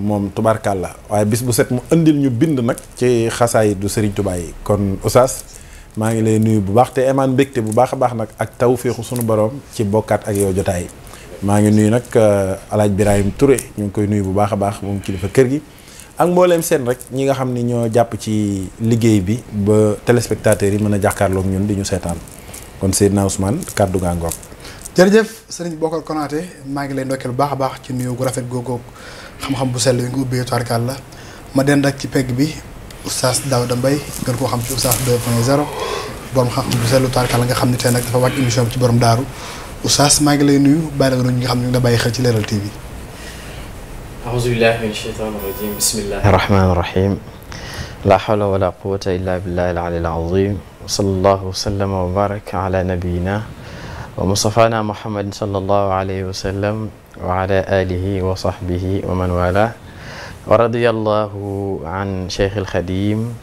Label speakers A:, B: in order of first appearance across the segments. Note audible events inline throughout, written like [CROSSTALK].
A: moom la waaye bis bu set mu indil ñu bind nag ci xasaay du Serigne Touba yi kon Oustaz maa ngi lay nuyu bu baax te emaan mbégte bu baax a baax nag ak tawféexu sunu boroom ci bokkaat ak yow jotaay maa ngi nuyu nag euh, alaaj Birahim Touré ñu ngi koy nuyu bu baax a baax moom kilifa kër gi ak mbooleem seen rek ñi nga xam ni ñoo jàpp ci liggéey bi ba téléspectateurs yi mën a jàkkaarloog ñun di ñu seetaan kon Seydina Ousmane kàddu gaa ngoog
B: jërëjëf sëriñ Bokar Konaté maa ngi lay ndokkeel bu baax a baax ci nuyu gu rafet googu xam-xam bu sell bi nga ubbee tubaarkaal la ma dend ak ci pegg bi oustaz Daouda Mbaye gën koo xam ci oustaz 2.0 borom xam-xam bu sell tubaarkaal la nga xam ne tey nag dafa wàcc émission ci borom daaru oustaz maa ngi lay nuyu bàyyi la ñi nga xam ne ñu ngi la bàyyi xel ci Leral TV.
C: aouzubillahi min shaytaani rajim bismillahi rahmaani rahim la hawla wala quwata illa billahi al-aliyyil wa ala alihi wa sahbihi wa man wala wa radiyallahu an cheikh alxadim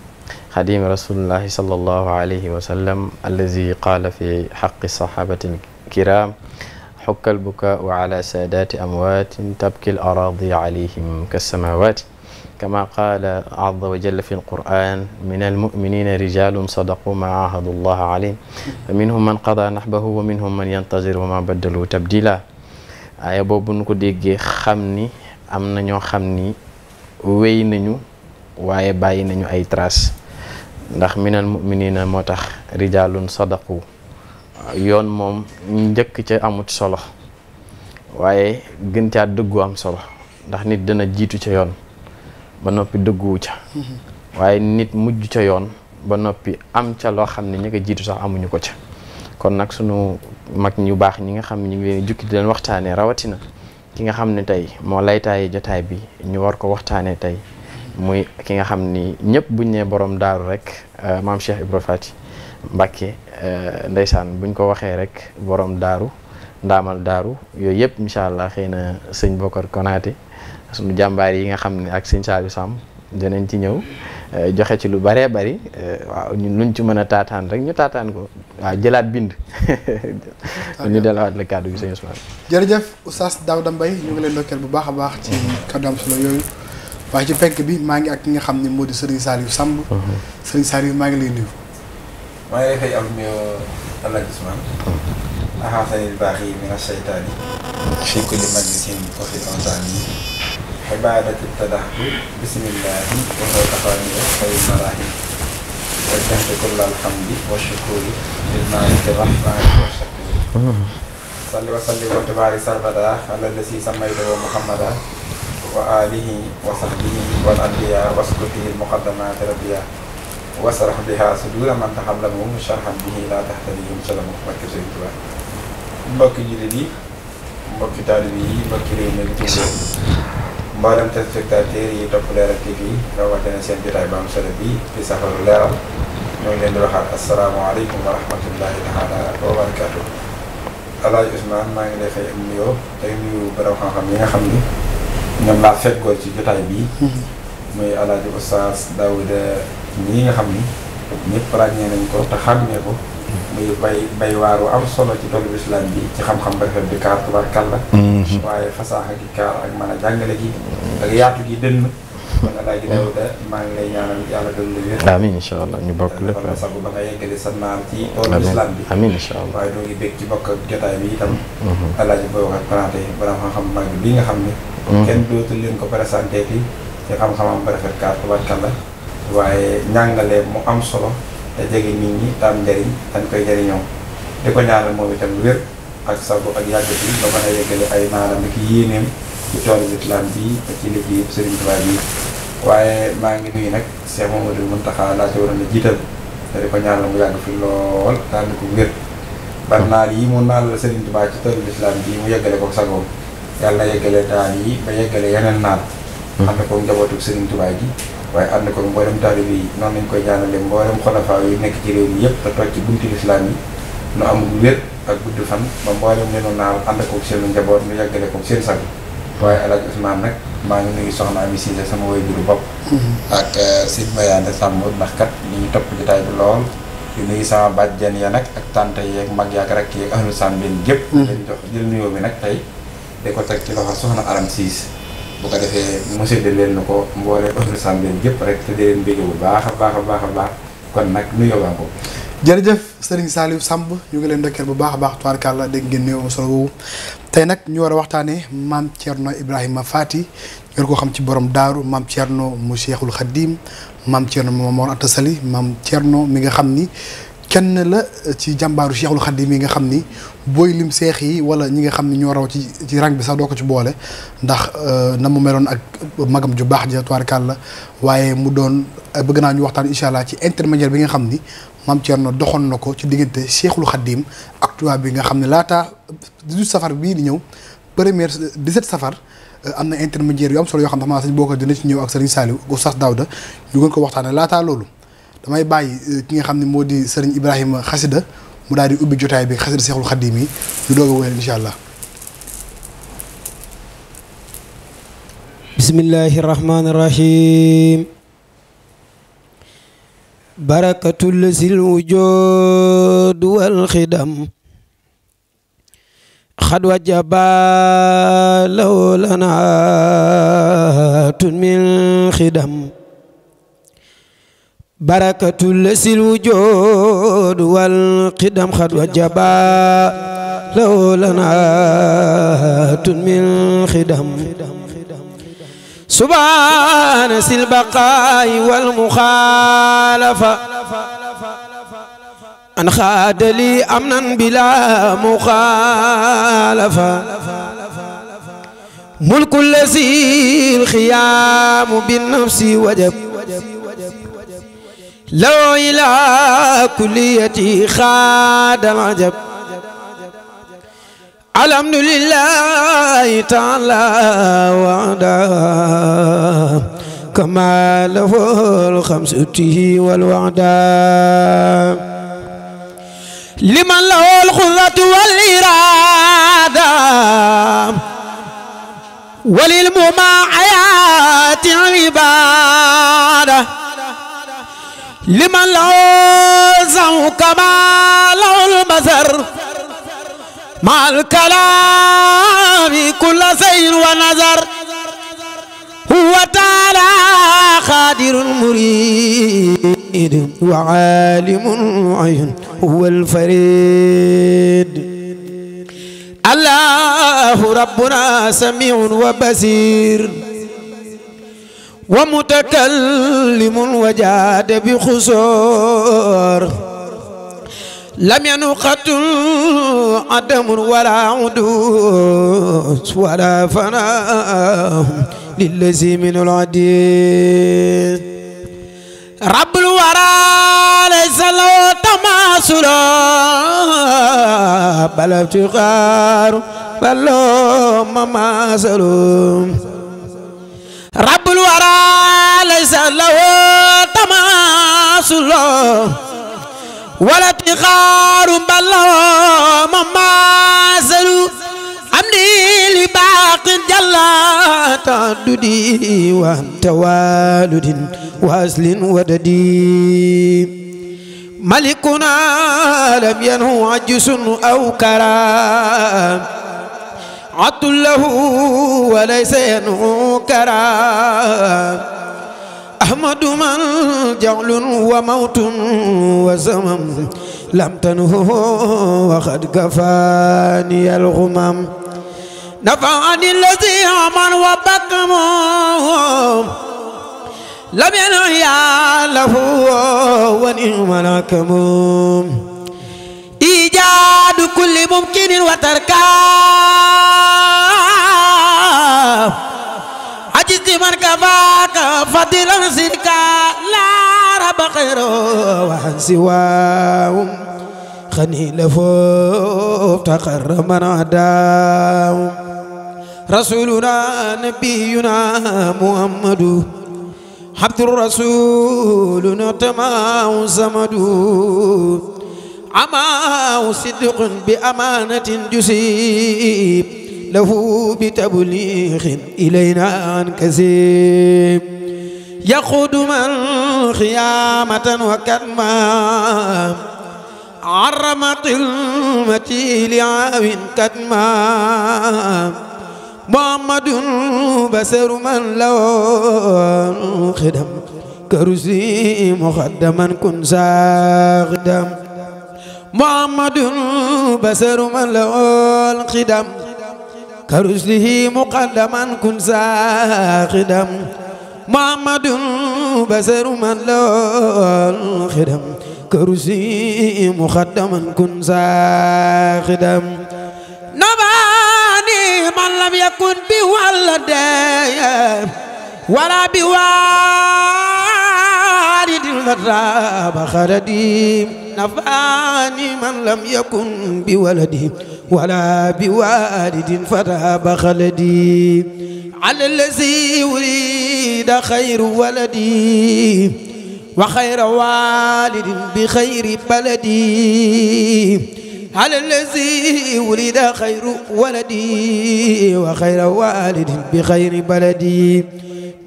C: xadim rasulillahi sallallahu alayhi wa sallam allazi qaala fi xaqi sahabati alkiram xukka albukaa ala saadaati amwaatin tabki al-araadi alayhim kassamaawaati kama qaala azza wa jalla fi alquran min almuminina rijalun sadaqu ma ahadu allaha alayhim fa minhum man qadaa nahbahu wa minhum man yantazir wa ma baddalu tabdila aaya boobu nu ko déggee xam ni am na ñoo xam ni wéy nañu waaye bàyyi nañu ay traces ndax minal muminina moo tax rijaalun sadaqu yoon moom njëkk ca amut solo waaye gën caa dëggu am solo ndax nit dana jiitu ca yoon ba noppi dëgguwu ca mhm. waaye nit mujj ca yoon ba noppi am ca loo xam ne ñi jiitu sax amuñu ko ca kon nag suñu mag ñu baax ñi nga xam ñu ngi leen jukki di waxtaanee rawatina ki nga xam ne tey moo laytaayi jotaay bi ñu war ko waxtaanee tey muy ki nga xam ni ñëpp buñ nee borom daaru rek euh, maam Cheikh Ibra yi Mbàkke euh, ndeysaan buñ ko waxee rek borom daaru ndaamal daaru yooyu yëpp incha allah xëy na sëñ Bokar Konaté sunu jàmbaar yi nga xam ne ak sëñ Saliou Samb dinañ ci ñëw Euh, joxe ci lu bëree bëri euh, waaw ñun luñ ci mën a taataan rek ñu taataan ko waaw jëlaat bind. [LAUGHS] ñu delluwaat la kàddu gi sëñ Ousmane.
B: jërëjëf Oustaz Daouda Mbaye ñu ngi leen ndokkeel bu baax a baax. ci kàddu am solo yooyu. waaye ci fekk bi maa ngi ak ki nga xam ni moo di Serigne Saliou Samb. Mhm. Serigne Saliou maa ngi lay nuyu.
D: maa ngi lay fay am nuyoo Alaaji Ousmane. Mhm. axaasani baax yi mina seytaani. fii kulli majlisin wa fi awtaani عبادة ابتدأت بسم الله وهو كفاني خير المراحل وجهت كل الحمد والشكر للمالك الرحمن والشكور صل وسلم وتبارك سرمدا على الذي سميته محمدا وآله وصحبه والأنبياء واسكته المقدمات ربيا وسرح بها صدور من تحلمهم شرحا به لا تحتلهم سلام مكة سيد الله mbokki jullit yi mbokki taalib yi mbokki réew mi mboolem téléspectateur yi topp Leral TV rawatina seen jotaay ba am solo bii di safaru leeral ñoo ngi leen di waxaat asalaamaaleykum wa rahmatullahi taala wa barakaatu. Alaaji maa ngi lay fay am nuyoo tey nuyu borom xam-xam yi nga xam ni ñoom laa fekkoo ci jotaay bi muy Alaaji Oustaz Daouda ñii nga xam ni ñëpp ràññee nañ ko te xàmmee ko. muy bay bay waaru am solo ci toolu islam bi ci xam-xam ba rafet bi kaar tubaarkàlla mhm. waaye fasaaxa gi kaar ak mën jàngale gi ak yaatu gi dënn kon alaaj maa ngi lay ñaanal yàlla gën la wér amiin incha allah ñu bokk lépp sabu ba sa naam ci toolu islam bi amiin waaye doo ngi bég ci bokk ak jotaay bi itam mhm. alaaji booy wax ak planté borom xam-xam bi nga xam ne mhm. kenn dootul leen ko présenté ci xam-xamam ba rafet kaar tubaarkàlla waaye ñàngale mu am solo jege nit ñi tam njëriñ dañ koy jëriñoo di ko ñaanal moom itam wér ak sago ak yàgg bi ba mën a yeggale ay maanaam ki yéeneem ci toolu lislaam bi ak ci liggéey Sëriñ Tuubaa bi waaye maa ngi nuyu nag Cheikh Mamadou Mountakha laa ci waroon a jiital te di ko ñaanal mu yàgg fi lool daal ko wér bar naal yi mu naal la Sëriñ Tuubaa ci toolu lislaam bi mu yeggale ko sagoom yàlla yeggale daal yi ba yeggale yeneen naal xam hmm. ne ko njabootu Sëriñ Tuubaa ji waaye ànd ko mboolem taalibe yi noonu lañ koy ñaanale mboolem xolafaa yu nekk ci réew mi yëpp te toog ci bunti lislaam yi nu amul wér ak gudd fan ba mboolem leenu naal ànd koog seenu njaboot nu yàggale koog seen sag waaye alaaj Ousmane nag maa ngi nuyu soxna Ami Cissé sama waajuru bopp ak eh, sëñ Mayaande Sàmm ndax kat li ñu topp jotaay bi lool di nuyu sama baat bàjjen ya nag ak tante yeeg mag yaak rek yeeg ahlu sàmm benn gépp hmm. leen jox jël nuyoo bi nag tey di ko teg ci loxo soxna Aram Cissé boo ko defee mu séddale leen na ko mboolee autorisation leen yëpp rek te dee bu baax a baax a baax a baax kon nag nu yobaa ko
B: jërëjëf sëriñ Saliou Samb ñu ngi leen ndokkeel bu baax a baax tubaarkàlla dégg ngeen néew solo woowu tey nag ñu war a waxtaanee maam Thierno Ibrahima Faty ñu war koo xam ci borom daaru maam Thierno mu Cheikhul Khadim maam Thierno mu Mor Anta Sali maam noo mi nga xam ni kenn la ci jàmbaaru Cheikhul Khadim yi nga xam ni booy lim seex yi wala ñi nga xam ni ñoo raw ci ci rang bi sax doo ko ci boole ndax euh, na mu meloon ak magam ju baax ja la waaye mu doon euh, bëgg naa ñu waxtaan incha allah ci intermédiaire bi nga xam ni maam Thierno doxoon na ko ci diggante Cheikhul Khadim ak tubaab bi nga xam ne laataa 18 safar bii di ñëw première 17 safar. Euh, am na intermédiaire yu am solo yoo xam ne xam naa sëñ boo ko dina ci ñëw ak sëriñ Saliou ak Oustaz Daouda ñu ko waxtaanee laataa loolu. damay bàyyi euh, ki nga xam ne moo di sëriñ Ibrahima xasida mu daal di ubbi jotaay bi xasida seexul xaddim yi ñu doog a wéyal incha allah.
E: bismillahi barakatul sil wujud wal xidam. xad wajaba law lanaatun min xidam. barakatul sil wujood wal qidam xad wa jaba law lanaatun min xidam subhaana sil baqaay wal muxaalafa an xaadali amnan bila muxaalafa mulku lasil xiyaamu bi nafsi wajab لو إلى كليتي خاد العجب الحمد لله تعالى وعدا كما له الخمسة والوعدا لمن له القدرة والإرادة وللمما حياة عباده liman law zaw kama lawul basar ma al kalami kulla sayin wa nazar huwa taala qadirun murid wa alimun ayun huwa al farid allahu rabbuna samiun wa basir wa mutakallimun wajaade bi xusoor lam yanuqatu adamun wala udus wala fanaahu lillazi minul adid rabbul wara laysa lahu tamasula bal iftiqaaru bal mamasalo rabbul waraa laysa lahu tamaasulo wala tixaaru mbaloo ma maasalu am ni li baaqin jallata dudi wa tawaludin wa aslin wadadi malikuna lam yanhu ajusun aw karam عطله وليس ينكرا أحمد من جعل وموت وزمم لم تنه وقد كفاني الغمم نفعني الذي عمر وبكم لم ينعيا له ونعم لكم إيجاد كل ممكن وتركه وعن سواهم خنيل فابتقر من عداهم رسولنا نبينا محمد عبد الرسول نعتماه زمد عماه صدق بأمانة جسيب له بتبليغ إلينا عن كذب يقود من خيامة وكدما عرمت المتي لعاو كدما محمد بسر من لو خدم كرسي مخدما كن ساخدم محمد بسر من لو الخدم كرسله مقدما كن ساخدم محمد بزر من لا الخدم كرسي مخدما كن ساخدم نباني من لم يكن بولد ولا بوالد قد راب خردي نفعني من لم يكن بولدي ولا بوالد فراب خلدي على الذي يريد خير ولدي وخير والد بخير بلدي على الذي ولد خير ولدي وخير والد بخير بلدي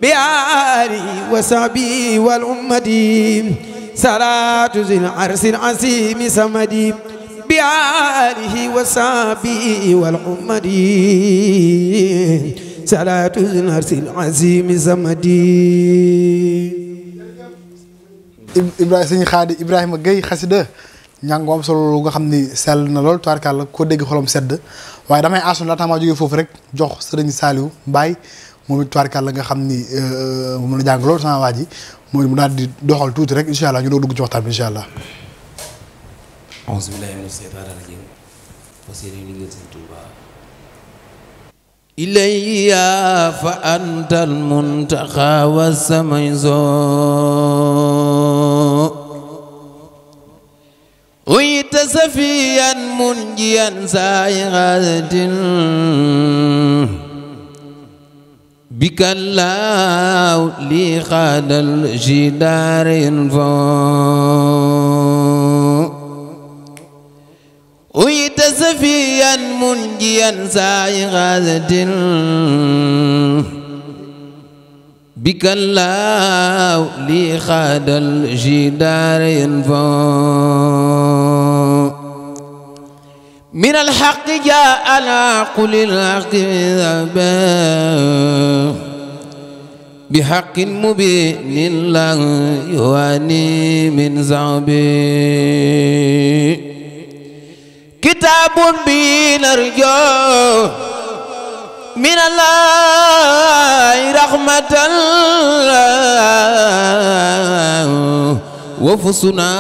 E: بآلي وصحبي والأمة صلاة ذي العرس العظيم سمدي بآله وصحبه والأمة صلاة ذي العرس العظيم
B: سمدي Ibrahima Sëñ Xaadi Ibrahima Gueye xasida njàngu am solo lu nga xam ni sell na lool tubaarkàlla ko dégg xolam sedd waaye damay aasoon laataa ma jógee foofu rek jox sëriñ Saliou Mbaye moom it tubaarkàlla nga xam ni euh, moom la jàng lool sama waa ji mooy mu daal di doxal tuuti rek incha allah ñu doon dugg ci waxtaan bi
F: incha fa antal muntaxa samay zoon. غيت سفيا منجيا سائغات بك الله لي خاد الجدار فوق غيت سفيا منجيا سائغات بك الله لي خاد الجدار ينفو من الحق جاء على قل الحق بحق مبين لا يواني من زعبي كتاب بي نرجو من الله رحمة وفصنا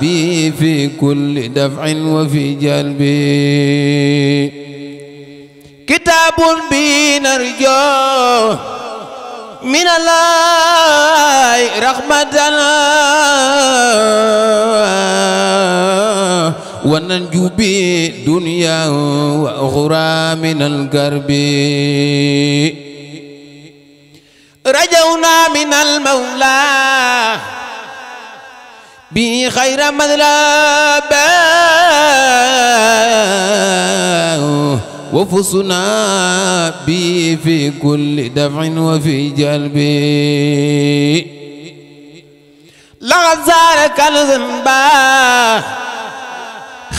F: به في كل دفع وفي جلب كتاب به نرجو من الله رحمة وننجو بدنيا وأخرى من الكرب رجونا من المولى به خير مذلاب وفصنا به في كل دفع وفي جلب لغزارك الذنبا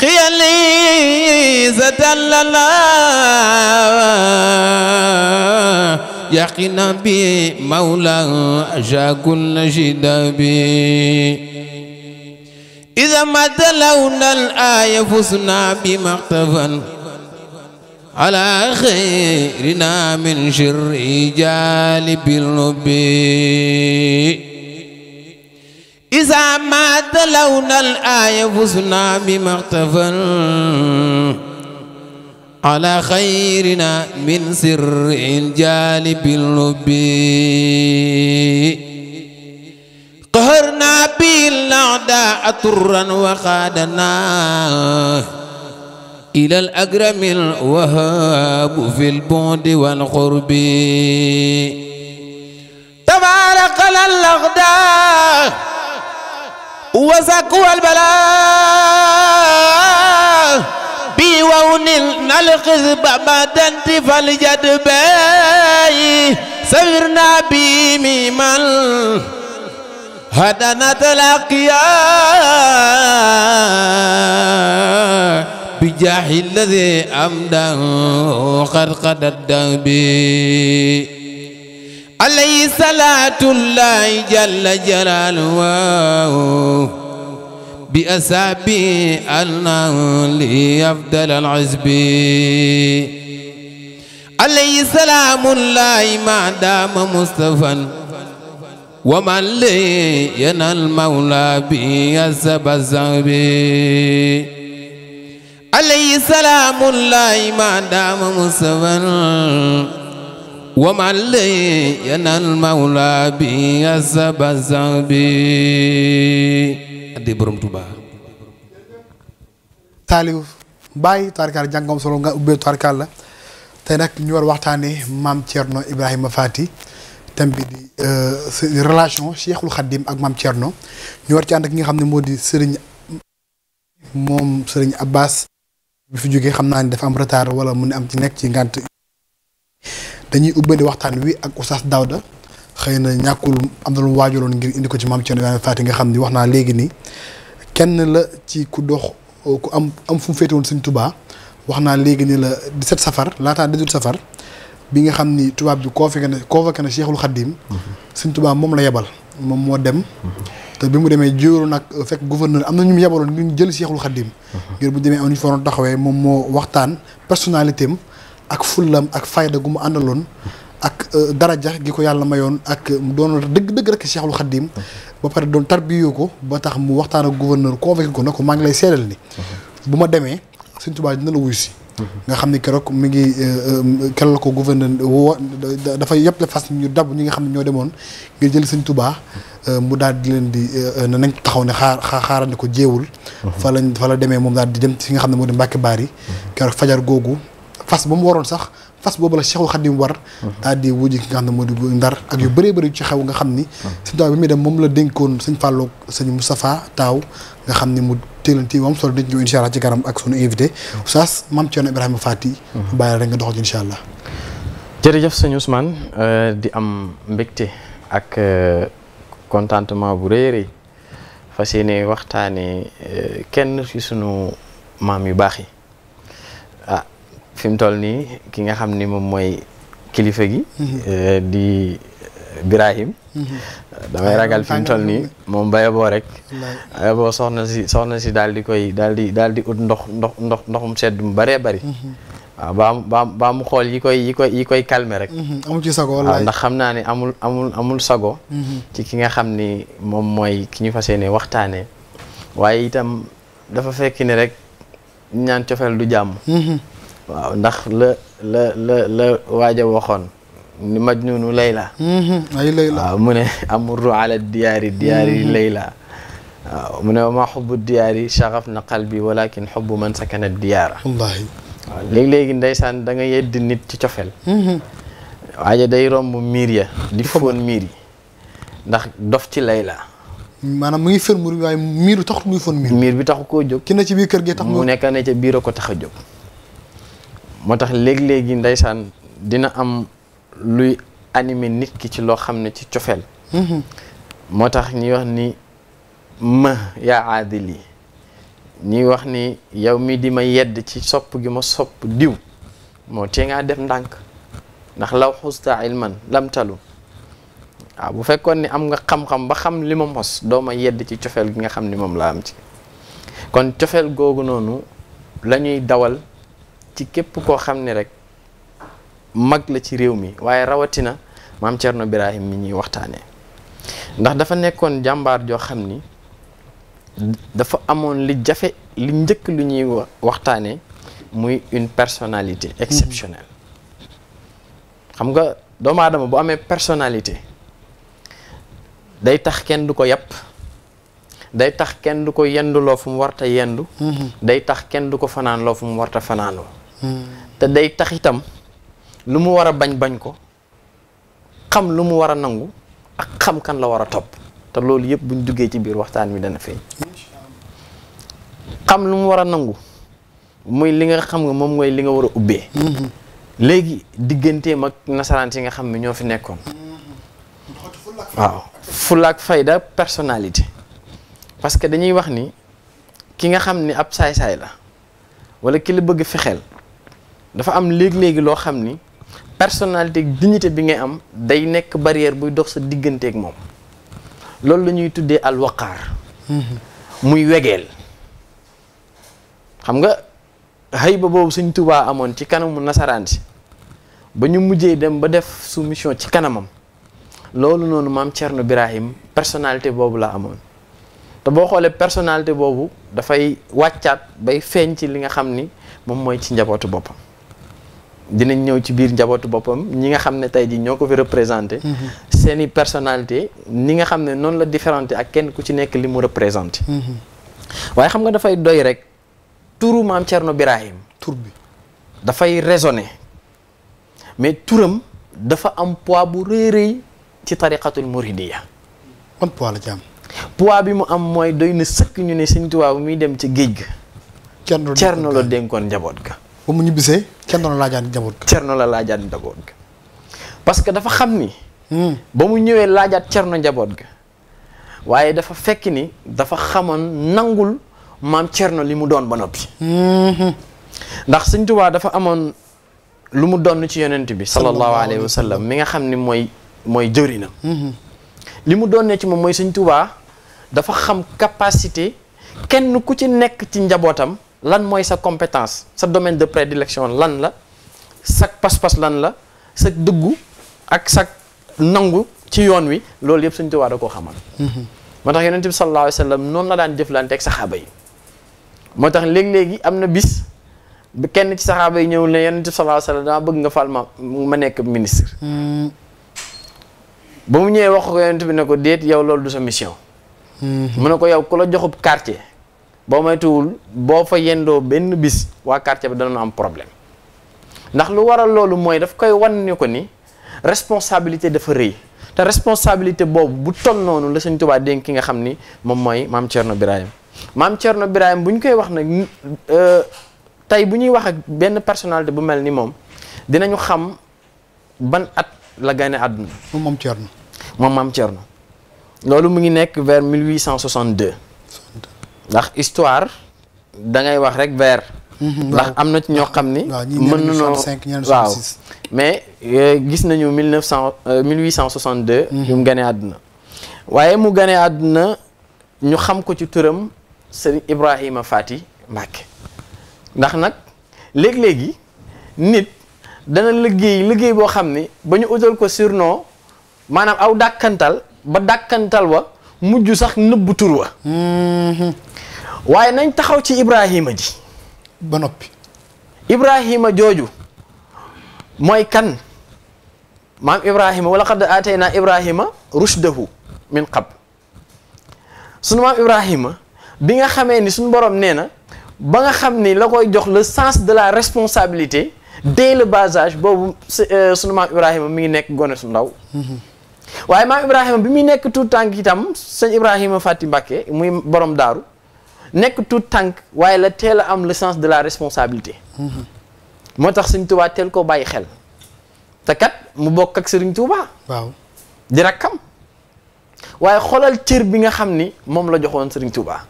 F: خيالي زدللا يقينا بي مولا جا كل جدابي إذا ما تلونا الآية فزنا بما اقتفن على خيرنا من شر جالب الربي إذا ما تلونا الآية فزنا بما اختفل على خيرنا من سر جالب اللب قهرنا بالأعداء طرا وخادنا إلى الأكرم الوهاب في البعد والقرب
E: تبارك الأغدار هو سكوى البلاء بيون نلقذ
F: بعد انتفال جدبي سمرنا بميمن هدنا تلقيا بجاه الذي أمده قد قدد به alayhi salaatullahi jalla jalaaluhu bi asaabi alna li afdal al azbi alayhi salaamullahi ma daama mustafan wa man li yanal mawla bi asaba zahbi alayhi salaamullahi ma daama mustafan ومن لينا المولى بي الزبزبي addi borom Tuuba
B: taaliw bàyyi tarkaal jàngam solo nga ubbee tarkaal la te nag ñu war waxtaane maam Thierno Ibrahima Fati thème bi di euh, relation Cheikhul Khadim ak maam Thierno ñu war ci ànd ak ñi nga xam ne moo di Serigne moom Serigne Abbas bi fi jógee xam naa ni dafa am retard wala mun ne am ci nekk ci ngànt dañuy ubbandi waxtaan wi ak Oustaz Daouda xëy na ñàkkul am na lu waajaloon ngir indi ko ci maam Thierno Ibrahima Faty nga xam ni wax naa léegi ni kenn la ci ku dox ku am am fu mu féetewoon Sëñ wax naa léegi ni la 17 safar laataa 18 safar bi nga xam ni tubaab bi convoqué na convoqué na Cheikhul Khadim mhm. Sëñ Tuubaa moom la yebal moom moo dem mhm. te bi mu demee jiwru nag fekk gouverneur am na ñu mu yebaloon ngir ñu jël Cheikhul Khadim mhm. ngir bu demee am ñu taxawee moom moo waxtaan personnalité am ak fullam ak fayda gu mu àndaloon ak euh, daraja gi ko yàlla mayoon ak doon dëgg dëgg rekk rek Cheikhul Khadim ba pare doon tarbiyo ko ba tax mu waxtaan ak gouverneur convoqué ko na ko maa ngi lay seedal ni bu ma demee Sëñ Tuubaa dina la wuyu si nga xam ni keroog mi ngi euh, euh, keroog ko gouverneur woo dafa yëpp la fas ñu dab ñi nga xam ne ñoo demoon ngir jël Sëñ Tuubaa mu daal di leen di na nañ taxaw ne xaar xaarandi ko jéewul fa lañ fa la demee moom daal di dem ci nga xam ne moo di Mbàkke Baari keroog fajar googu fas ba mu waroon sax fas boobu la Cheikhul Khadim war daal di wuji ki nga xam ne moo di ndar ak yu bëree bëri ci xew nga xam ni sëñ Tuubaa bi muy dem moom la dénkoon sëñ Fallou sëñ Moustapha Taaw nga xam ni mu téelanti moom solo dañ ñëw incha allah ci kanam ak sunu invité Oustaz Mame Thierno Ibrahima Faty bàyyi rek nga doxal incha allah
C: jërëjëf sëñ Ousmane euh, di am mbégte ak euh, contentement bu rëy rëy fas yéene waxtaane euh, kenn ci sunu maam yu baax yi fi mu toll nii ki nga xam ni moom mooy kilifa gi. Eh, di Birahim. damay ragal fi mu toll nii moom bayaboo rek. bayaboo soxna si soxna si daal di koy daal di daal di ut ndox ndox ndox ndoxum sedd mu bëree bëri. waaw baa mu xool yi koy yi yi koy calmer rek. ci sago ndax xam naa ni amul amul amul sago. ci ki nga xam ni moom mooy ki ñu fas yéene waxtaane waaye itam dafa fekk ni rek ñaan cofeel du jàmm. waaw ndax la la la la waxoon ni majnunu layla mhm, layla waaw mu ne amurru ala diyaari diyaari mhm. layla waaw mu ne ma xubbu diyaari saxaf na qalbi walakin xubbu man sakana diyaara wallaahi waaw léegi-léegi ndeysaan da nga yeddi nit ci cofel mhm. waaja day romb miir ya di foon miir yi ndax dof ci layla
B: maanaam mu ngi fër mur bi waaye miir bi taxul muy foon miir bi taxu koo jóg ki na ci biir kër gi tax mu nekk ne ca biir a ko tax a jóg
C: moo tax léegi-léegi ndeysaan dina am luy animer nit ki ci loo xam ne ci cofeel mm-hmm. moo tax ñuy wax ni ma yaa aadili ñuy wax ni yow mii di ma yedd ci sopp gi ma sopp diw moo tee ngaa def ndànk ndax law xusta ilman lam talu waaw bu fekkoon ni am nga xam-xam ba xam li ma mos dooma yedd ci cofeel gi nga xam ni moom laa am ci kon cofeel googu noonu lañuy dawal ci képp koo xam ne rek mag la ci réew mi waaye rawatina maam Thierno Birahim mi ñuy waxtaane ndax dafa nekkoon jàmbaar joo xam ni dafa amoon li jafe li njëkk lu ñuy waxtaanee muy une personnalité exceptionnelle xam nga doomu aadama bu amee personnalité day tax kenn du ko yàpp day tax kenn du ko yendu loo fu mu warta yendu mm-hmm. day tax kenn du ko fanaan loo fu mu warta fanaanoo te day tax itam lu mu war a bañ bañ ko xam lu mu war a nangu ak xam kan la war a topp te loolu yëpp buñ duggee ci biir waxtaan wi dana feeñ xam lu mu war a nangu muy li nga xam nga moom mooy li nga war a ubbee léegi digganteem ak nasaraan si nga xam ne ñoo fi nekkoon waaw fulaak fayda personnalité parce que dañuy wax ni ki nga xam ni ab saay-saay la wala ki la bëgg fexeel dafa am léegi-léegi loo xam ni personnalité dignité bi ngay am day nekk barrière buy dox sa digganteeg moom loolu la ñuy tuddee alwaqaar muy wegeel xam nga xëy boobu suñ tubaa amoon ci kanamu nasaraan si ba ñu mujjee dem ba def soumission ci kanamam loolu noonu maam Thierno Birahim personnalité boobu la amoon te boo xoolee personnalité boobu dafay wàccaat bay feeñ ci li nga xam ni moom mooy ci njabootu boppam dinañ ñëw ci biir njabootu boppam ñi nga xam ne tey jii ñoo ko fi représenté. Mm-hmm. seen i personnalité ni nga xam ne noonu la différenté ak kenn ku ci nekk li mu représenté.
G: Mm-hmm.
C: waaye xam nga dafay doy rek turu maam Thierno Birahim. tur bi dafay raisonné mais turam dafa am pois bu rëy rëy ci tariqatul muridiya. ban poids la ci am. poids bi mu am mooy doy na sëkk ñu ne Sëñ Tuubaa bu muy dem ci géej ga. Thierno la dénkoon njaboot ga.
B: ba mu ñibbisee Cerno
C: la laajaan njaboot ga. Cerno la laajaan njaboot parce que dafa xam ni. Hmm. ba mu ñëwee laajaat Cerno njaboot gi waaye dafa fekk ni dafa xamoon nangul maam Cerno li mu doon ba noppi.
G: Hmm.
C: ndax Sëñ Tuubaa dafa amoon lu mu doon ci yonent bi. sallallahu alayhi wa sallam mi nga xam ni mooy mooy na hmm. li mu doon ne ci moom mooy Sëñ Tuubaa dafa xam capacité kenn ku ci nekk ci njabootam. lan mooy sa compétence sa domaine de prédilection lan la sa pas-pas lan la sa dëggu ak sa nangu ci yoon wi loolu yëpp suñ tubaab da koo xamal. Mhm. moo tax yonent bi sallallahu alayhi wa sallam noonu la daan jëflanteeg saxaaba yi moo tax léeg-léegi am na bis kenn ci saxaaba yi ñëw ne yonent bi sallallahu alayhi wa sallam bëgg nga fal ma ma nekk ministre. Mhm. ba mu ñëwee wax ko yonent bi ne ko déet yow loolu du sa mission. Mhm. mu ne ko yow ku la joxub quartier. boo moytuwul boo fa yendoo benn bis waa quartier bi danañu am problème ndax lu waral loolu mooy daf koy wan ni ko ni responsabilité dafa rëy te responsabilité boobu bu toll noonu la Sëñ Tuubaa dénk ki nga xam ni moom mooy maam Thierno Birahim maam Thierno Birahim bu ñu koy wax nag euh, tey bu ñuy wax ak benn personnalité bu mel ni moom dinañu xam ban at la gane àdduna moom maam Thierno moom maam Thierno loolu mu ngi nekk vers 1862 ndax histoire da ngay wax rek vers. Mhm. ndax am na ci ñoo xam ni. mën nañoo waaw mais euh, gis nañu mille neuf cent euh, mille huit cent soixante deux. yu mhm. mu ganee àdduna. waaye mu gane àdduna ñu xam ko ci turam sëriñ Ibrahima Fati Mbacke ndax nag léeg léegi nit dana liggéey liggéey boo xam ni ba ñu utal ko surno maanaam aw dàkkantal ba dàkkantal wa mujj sax nëbbu tur wa.
G: Mhm.
C: waaye nañ taxaw ci Ibrahima ji. ba noppi. Ibrahima jooju mooy kan maam Ibrahima wala xad aataynaa Ibrahima rushdahu min qabl sunu maam Ibrahima bi nga xamee ni suñu borom nee na ba nga xam ni la koy jox la sens de la responsabilité dès le bas âge boobu euh, sunu maam Ibrahima mi ngi nekk gone su ndaw. Mm-hmm. waaye maam Ibrahima bi muy nekk tout tànk itam sëñ Ibrahima Fati Mbàkke muy borom daaru nekk tout tànk waaye la teel a am le de la responsabilité. moo tax Sëriñ Tuubaa teel koo bàyyi xel. te kat mu bokk ak Sëriñ Tuubaa. waaw di rakkam. waaye xoolal cër bi nga xam ni moom la joxoon Sëriñ Tuubaa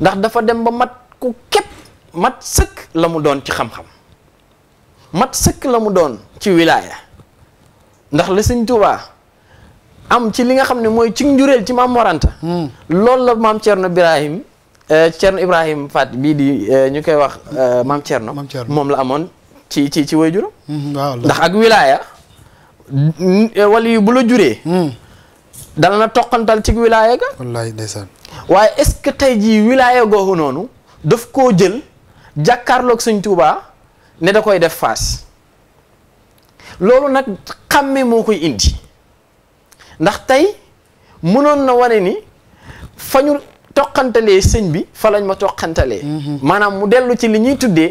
C: ndax dafa dem ba mat ku képp mat sëkk la mu doon ci xam-xam mat sëkk la mu doon ci wilaaya ndax la Sëriñ Tuubaa am ci li nga xam ne mooy ci njureel ci maam Moranta. Hmm. loolu la maam Thierno Birahim Euh, Thierno Ibrahim Fat bii di euh, ñu koy wax euh, maam Thierno moom la amoon ci ci ci way juróom
G: mm-hmm, ndax
C: ak wilaaya wala yu bu la juree mm. dana na toqantal ci wilaaya ga waaye est-ce que tey jii wilaaya googu noonu daf koo jël jàkkaarloog Sëñ Tuubaa ne da koy def faas loolu nag xàmme moo koy indi ndax tey mënoon na wane ni fañu toqantalee sëñ bi fa lañ ma toqantalee. Mhm. maanaam mu dellu ci li ñuy tuddee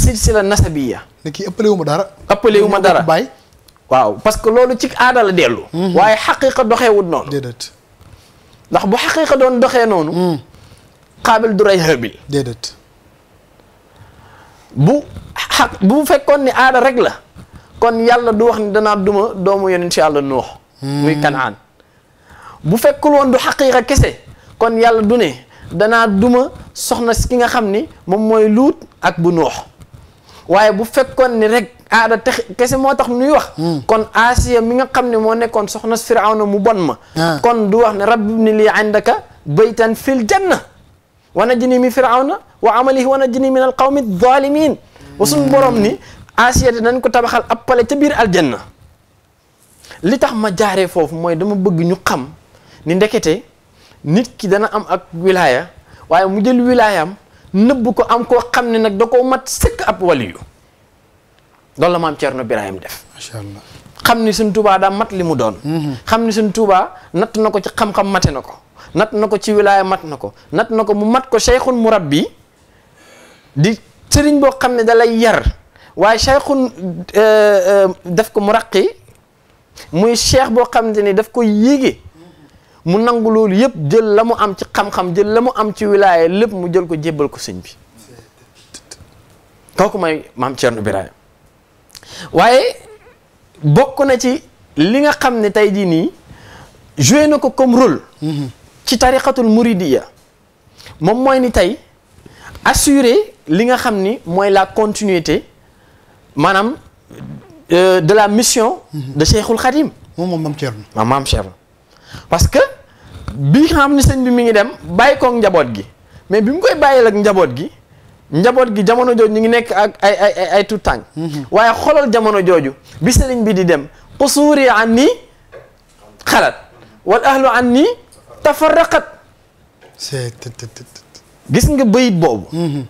C: silsila nasabiya. ne kii ëppale wu ma dara. ëppale wu ma dara waaw parce que loolu ci aada la dellu. Mhm. waaye xaqiqa doxeewut noonu. déedéet. ndax bu xaqiqa doon doxee noonu. xaabil mhm. du rey xaabil. déedéet. bu xa bu fekkoon ni aada rek la. kon yàlla du wax ni danaa duma doomu yonent yàlla noox. muy kanaan bu fekkul woon du xaqiqa kese. kon yàlla du ne danaa duma soxna ki nga xam ni moom mooy luut ak bu noox waaye bu fekkoon ni rek aada tex kese moo tax nuy wax hmm. kon Asiya mi nga xam ne moo nekkoon soxna Firawna mu bon ma ah. kon du wax ne rabbi ibni lii indaka baytan fil janna wana jini mi Firawna wa amalihi wana jini min al qawmi zalimin wa suñ borom ni Asiya dinañ ko tabaxal ab pale ca biir aljanna li tax ma jaare foofu mooy dama bëgg ñu xam ni ndekete nit ki dana am ak wilaaya waaye mu jël wilaayaam nëbb ko am koo xam ne nag da koo mat sëkk ab waliyu loolu la maam Thierno Birahim def. macha xam ni suñ tubaa daa mat li mu doon. Mm-hmm. xam ni suñ tubaa natt na ko ci xam-xam na ko natt na ko ci wilaaya mat na ko natt na ko mu mat ko cheikhun murabbi di sëriñ boo xam ne da lay yar waaye cheikhun euh, euh, def ko muraqi muy cheikh boo xam ne daf ko yéege. mu nangu loolu yëpp jël la mu am ci xam-xam jël la mu am ci wilaaya lépp mu jël ko jébbal ko sëñ bi kooku mooy maam Thierno Birahim waaye bokk na ci li nga xam ne tey jii nii joué na ko comme rôle. Mhm. ci tariqatul muridiya moom mooy ni tey assurer li nga xam ni mooy la continuité maanaam euh, de la mission. Mhm. de Cheikhul Khadim. moom moom maam Thierno. parce que bi xam ni sëñ bi mi ngi dem bàyyi koog njaboot gi mais bi mu koy bàyyil ak njaboot gi njaboot gi jamono jooju ñu ngi nekk ak ay ay ay ay tànk mhm. waaye xolal jamono jooju bi sëriñ bi di dem qusuuri an nii xalaat wal ahlu an nii tafarraqat gis nga bayit boobu mhm.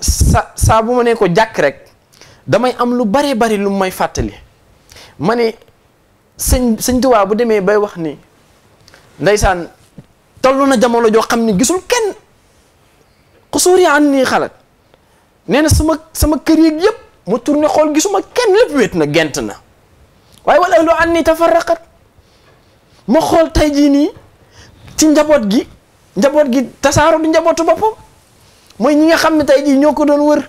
C: sa saa bu ma ne ko jàkk rek damay am lu bare bari lu may fàttali ma ne sëñ sëñ Tuubaa bu demee bay wax ni ndeysaan toll na jamono joo xam ne gisul kenn xusuur yaa an nii xalaat nee na sama sama kër yeeg yëpp mu turne xool gisuma kenn lépp wéet na gent na waaye wala lu an nii tafarraqat ma xool tey jii nii ci njaboot gi njaboot gi tasaaroo du njabootu boppam mooy ñi nga xam ne tey jii ñoo ko doon wër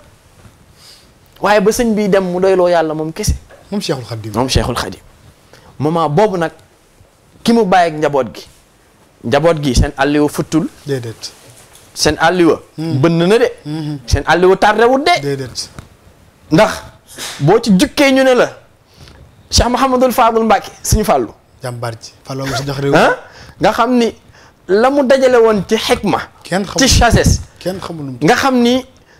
C: waaye ba sëñ bii dem mu doyloo yàlla moom kese. moom Cheikhul Khadim moom Cheikhul Khadim moment boobu nag ki mu bàyyi njaboot gi. njaboot gi seen àlliwa futtul déedéet seen àlliwa hmm. bënn na de hmm. seen àlliwa tardewut de déedéet ndax boo ci jukkee ñu ne la Cheikh Mouhamadul Fadul Mbacke suñu fàllu jàmbaar ji fàllu ma si jox réew nga xam ni la mu dajale woon ci xikma ci sagesse kenn xamul nga xam ni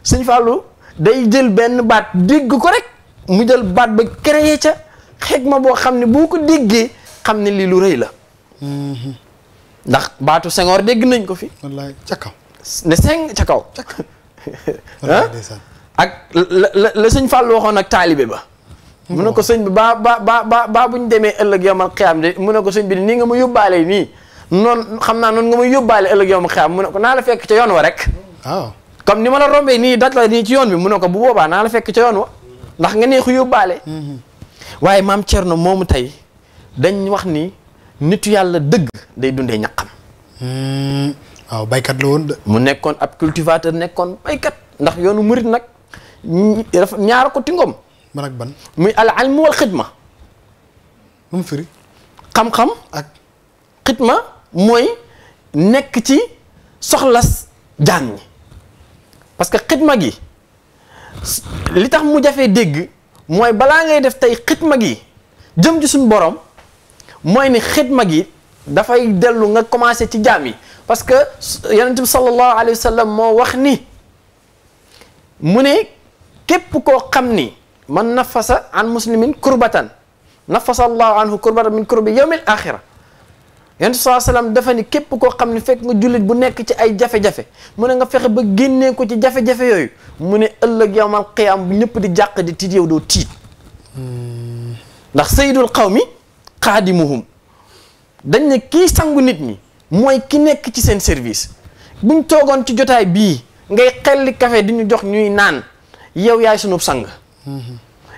C: suñu fàllu day jël benn baat dégg ko rek mu jël baat ba créé ca xikma boo xam ne boo ko déggee xam ne lii lu rëy la hmm. ndax baatu Senghor dégg nañ ko fi. wallaay ca kaw. ne seng ca kaw. [LAUGHS] ak la la sëñ Fall waxoon ak taalibe ba. Hmm. mun ne ko sëñ bi ba baa ba ba bu ñu demee ëllëg yomal xiyaam de mu ne ko sëñ bi nii nga ma yóbbaale nii noon xam naa noonu nga ma yóbbaale ëllëg yomal xiyaam mu ne ko naa la fekk ca yoon wa rek. waaw comme ni ma la rombee nii daj la nii ci yoon bi mun ne ko bu boobaa naa la fekk ca yoon wa ndax nga neexu yóbbaale. Hmm. waaye maam Thierno moomu tey dañ wax nii nitu yàlla dëgg day dundee ñaqam. Hmm. waaw baykat la woon mu nekkoon ab cultivateur nekkoon baykat ndax yoonu murit nag dafa ñaara ko tingoom. muy al alm wal xidma. nu mu firi. xam-xam ak xidma mooy nekk ci soxlas jaan ñi parce que xidma gi li tax mu jafee dégg mooy balaa ngay def tey xidma gi jëm ji suñu boroom mooy ni xidma gi dafay dellu nga commencé ci jaam yi parce que yonent bi sallallahu alayhi wa sallam moo wax ni mu ne képp koo xam ni man nafasa an muslimin kurbatan nafasa allahu anhu kurbatan min kurbi yawmil axira yonent bi sallallahu alayhi wa sallam képp koo xam ni fekk nga jullit bu nekk ci ay jafe-jafe mu ne nga fexe ba génnee ko ci jafe-jafe yooyu mu ne ëllëg yawmal qiyaam bu ñëpp di jàq di tiit yow doo tiit hmm. ndax sayyidul qawmi xaadi xaadimuhum dañ ne kii sangu nit ñi mooy ki nekk ci seen service buñ toogoon ci jotaay bii ngay xelli kafe di ñu jox ñuy naan yow yaay sunub sang mhm.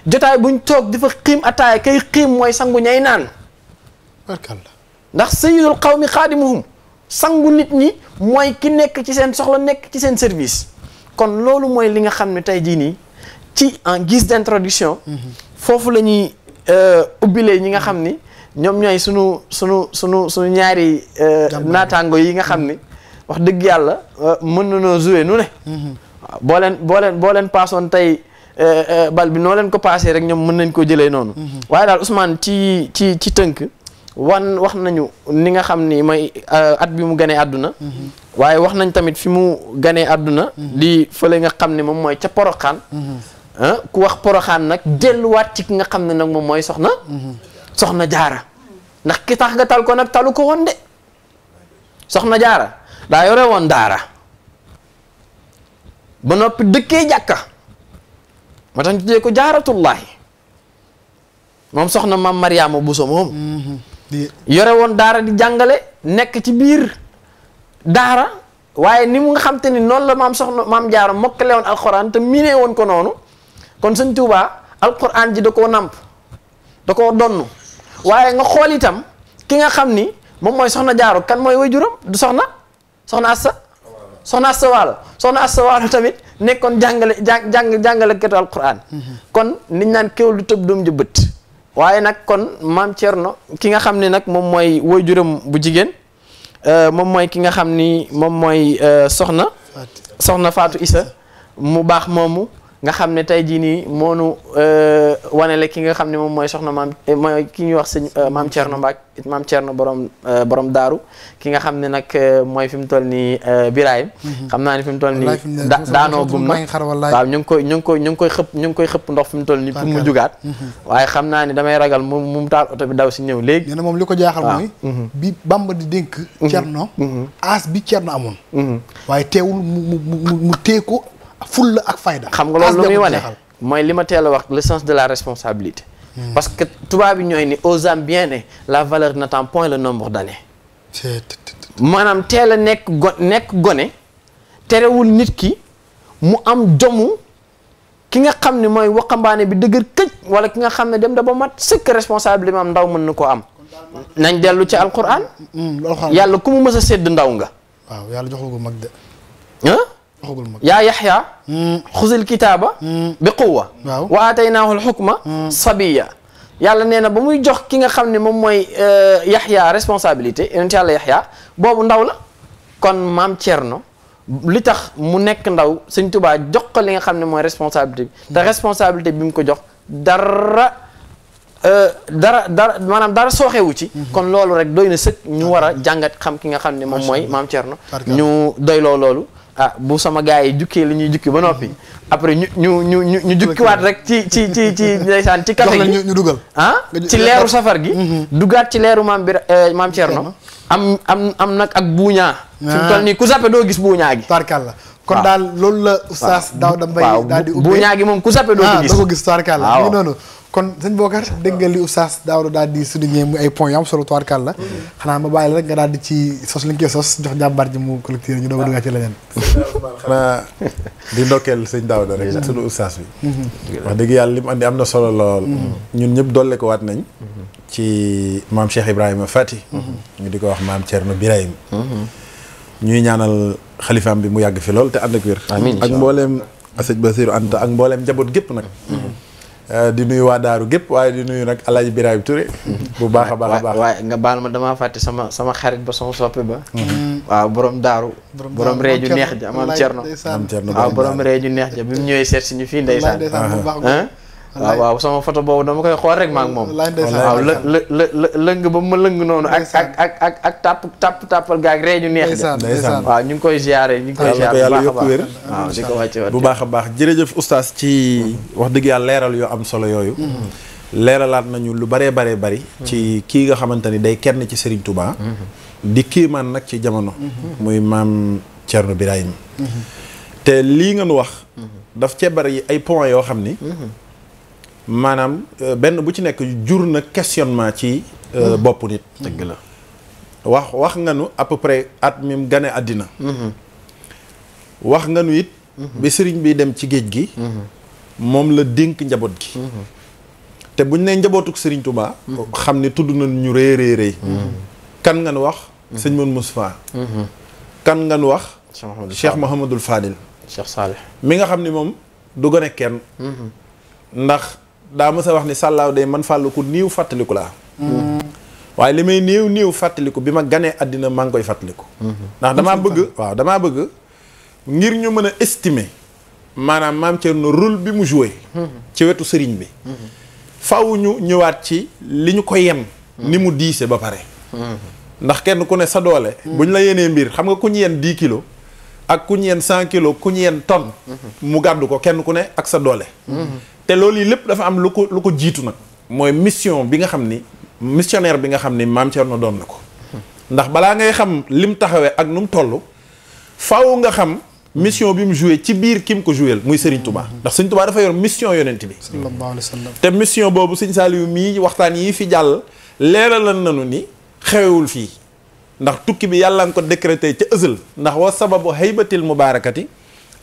C: jotaay buñ toog dafa xiim ataaya kay xiim mooy sangu ñay naan ndax sayyidul qawmi xaadimuhum sangu nit ñi mooy ki nekk ci seen soxla nekk ci seen service kon loolu mooy li nga xam ne tey jii nii ci en guise d'introduction mhm. foofu la ñuy euh, ubbilee ñi nga xam ni ñoom ñooy sunu sunu sunu sunu ñaari euh, naataango yi nga xam ni mm-hmm. wax dëgg yàlla euh, mën nanoo jouer nu ne mm-hmm. waaw boo leen boo leen boo leen paasoon tey euh, bal bi noo leen ko paasee rek ñoom mën nañ koo jëlee noonu mm-hmm. waaye daal Ousmane ci ci ci tënk wan wax nañu ni nga xam ni mooy at bi mu ganee àdduna waaye wax nañ tamit fi mu ganee àdduna di fële nga xam ni moom mooy ca Poroxaan ah, ku wax Poroxaan nag delluwaat ci ki nga xam ne nag moom mooy soxna soxna jaara ndax ki tax nga tal ko nag talu ko woon de soxna jaara daa yore woon daara ba noppi dëkkee jàkka moo ko jaaratullaahi moom soxna maam Mariama Bousso moom mhm. yore woon daara di jàngale nekk ci biir daara waaye ni mu xam te ni noonu la maam soxna maam jaara mokkale woon alxuraan te woon ko noonu kon sëñ ji da koo nàmp da koo donn waaye nga xool itam ki nga xam ni moom mooy soxna jaaru kan mooy waajuram du soxna soxna Assa soxna Assa Waalo soxna Assa Waalo tamit nekkoon jàngale jàng jàng jàngalekatu alquran kon niñ naan kéwul du tëb doom ji bët waaye nag kon maam Thierno ki nga xam ne nag moom mooy waajuram bu jigéen euh, moom mooy ki nga xam ni moom mooy euh, soxna soxna faatu isa mu baax moomu nga xam ne tey jii nii moonu euh, ki nga xam ne moom mooy soxna maam eh, mooy ki ñuy wax sëñ euh, maam Thierno Mbac maam Thierno borom euh, borom daaru ki nga xam ne nag mooy fi mu toll nii Birayim. Mhm. xam naa ne fi mu toll nii da daanoo gum na waaw ñu ngi koy ñu ngi koy ñu ngi koy xëpp ñu koy xëpp ndox fi mu toll nii pour mu jugaat. Mhm. waaye xam naa ne damay bi daw si ñëw léegi. nee na moom li ko jaaxal mooy. Mhm.
B: bi Bamba di dénk. Thierno. aas bi Thierno amoon. waaye teewul mu mu mu fulla ak fayda. xam nga loolu lu muy wane
C: mooy li ma teel a wax le sens de la responsabilité. Hmm. parce que tubaab yi ñooy ni osam bien ne la valeur n'attend point le nombre d'années. maanaam teela nekk nekk gone terewul nit ki mu am jomu ki nga xam ni mooy waxambaane bi dëgër këj wala ki nga xam ne dem da ba mat sëkk responsable bi ndaw mën na ko am. nañ dellu ci alquran.
B: Hmm, hmm, yàlla
C: ku mu mës a sédd ndaw nga.
B: waaw mag waxagul
C: yaa yaxya hmm. xusil kitaaba hmm. bi quwa wa aataynaahu alxukma hmm. sabiya yàlla nee na ba muy jox ki nga xam ne moom mooy euh, yaxya responsabilité yonent yàlla yaxya boobu ndaw la kon maam Thierno li tax mu nekk ndaw Sëñ Tuubaa jox ko li nga xam ne mooy responsabilité bi te responsabilité mu ko jox dara euh, dara dara maanaam dara sooxewu ci kon loolu rek doy na sëkk ñu ah. war a jàngat xam ki nga xam ne moom mooy maam Thierno ñu doy loolu a ah, bu sama gars yi jukkee li ñuy jukki ba noppi après ñu ñu ñu ñu ñu jukkiwaat rek ci ci ci ci ndeysaan ci café ñu dugal ah ci leeru safar gi mhm. dugaat ci leeru maam bi euh, maam Thierno am am am nag ak buuñaa su mu ah. toll nii ku zappe doo gis buuñaa gi tarkalla
B: kon daal loolu la oustaz Daouda Mbaye daal di ubbi gi moom ku zappe ah, doo ko gis tarkalla noonu kon sëñ boo dégg nga li oustaz Daouda daal di souligné muy ay points yu am solo tubaarkàlla la. Mm-hmm. xanaa ma bàyyi la rek nga daal di ci sos li nga koy sos jox jàmbaar ji mu collecté ñu doog a duggaat ci
A: di ndokkeel sëñ Daouda rek. sunu oustaz bi. Mm-hmm. wax dëgg yàlla li mu andi am na solo lool. Mm-hmm. ñun ñëpp dolle ko waat nañ. ci maam Cheikh Ibrahima Fati. ñu di ko wax maam Thierno Birahim. ñuy ñaanal xalifaam bi mu yàgg fi lool te ànd ak wér. amiin ak mbooleem Assène Bassirou Anta ak mbooleem njaboot gépp nag. Euh, di nuyu waa daaru gépp waaye di nuyu nag Alaaji Biraay Touré bu baax a baax a baax waaye nga baal ma damaa fàtte
C: sama sama xarit ba sama soppe ba mm-hmm. waaw borom daaru borom reeju neex ja maam Cerno waaw borom reeju neex ja bi mu ñëwee seet si ñu fii ndeysaan waaw waaw sama photo boobu dama koy xool rek ma ak moom.
G: waaw lë
C: lë lë lëng ba ma lëng noonu. ak ak ak ak ak tàpp tàpp tàppal gaag ree ñu neex. ndeysaan waaw ñu ngi koy ziare ñu ngi koy ziare bu baax a baax waaw di ko
A: wàcce bu baax a baax jërëjëf oustaz ci wax dëgg yàlla leeral yu am solo yooyu. Mm-hmm. leeralaat nañu lu baree baree bari. Mm-hmm. ci kii nga xamante ni day kenn ci Serigne Touba. Mm-hmm. di kiimaan nag ci jamono. muy maam Thierno Birahim. te lii ngeen wax. daf cee bari ay point yoo xam ni. maanaam euh, benn bu ci nekk jur na questionnement ci euh, mm-hmm. bopp nit mm-hmm. dëgg la wax wax nga nu à peu près at mim gane àddina mm-hmm. wax nga nu it bi sëriñ bi dem ci géej gi moom la dénk njaboot gi te buñ ne njabootuk sëriñ tubaa xam ne tudd nañ ñu rëy rëy kan nga nu wax sëñ Moon Moustapha kan nga nu wax Cheikh Mouhamadul Fadil Cheikh Saleh mi nga xam ne moom du gone kenn ndax daa mës a wax ni sàllaaw day man fàll ku niiw fàttaliku laa waaye li may niiw néew fàttaliku bi ma ganee àddina maa ngi koy fàttaliku ndax damaa bëgg waaw damaa bëgg ngir ñu mën a estimer maanaam maam Thierno rôle bi mu joué ci wetu sëriñ bi faw ñu ñëwaat ci li ñu ko yen ni mu diise ba pare ndax kenn ku ne sa doole bu ñu la yenee mbir xam nga ku ñu yen dix kilos ak ku ñu yen cent kilos ku ñu yen tonne mu gàdd ko kenn ku ne ak sa doole te loolu yi lépp dafa am lu ko lu ko jiitu nag mooy mission bi nga xam ni missionnaire bi nga xam ni maam na doon na ko ndax balaa ngay xam lim taxawee ak nu mu toll faaw nga xam mission bi mu joué ci biir ki mu ko joué muy Serigne Touba ndax Serigne Touba dafa yor mission yonent bi
B: sallallahu alayhi wasallam
A: te mission boobu Serigne Saliou mii waxtaan yii fi jàll leeral leeralal nañu ni xewewul fii ndax tukki bi yàlla nga ko décrété ca ësël ndax wa sababu haybatil mubaarakati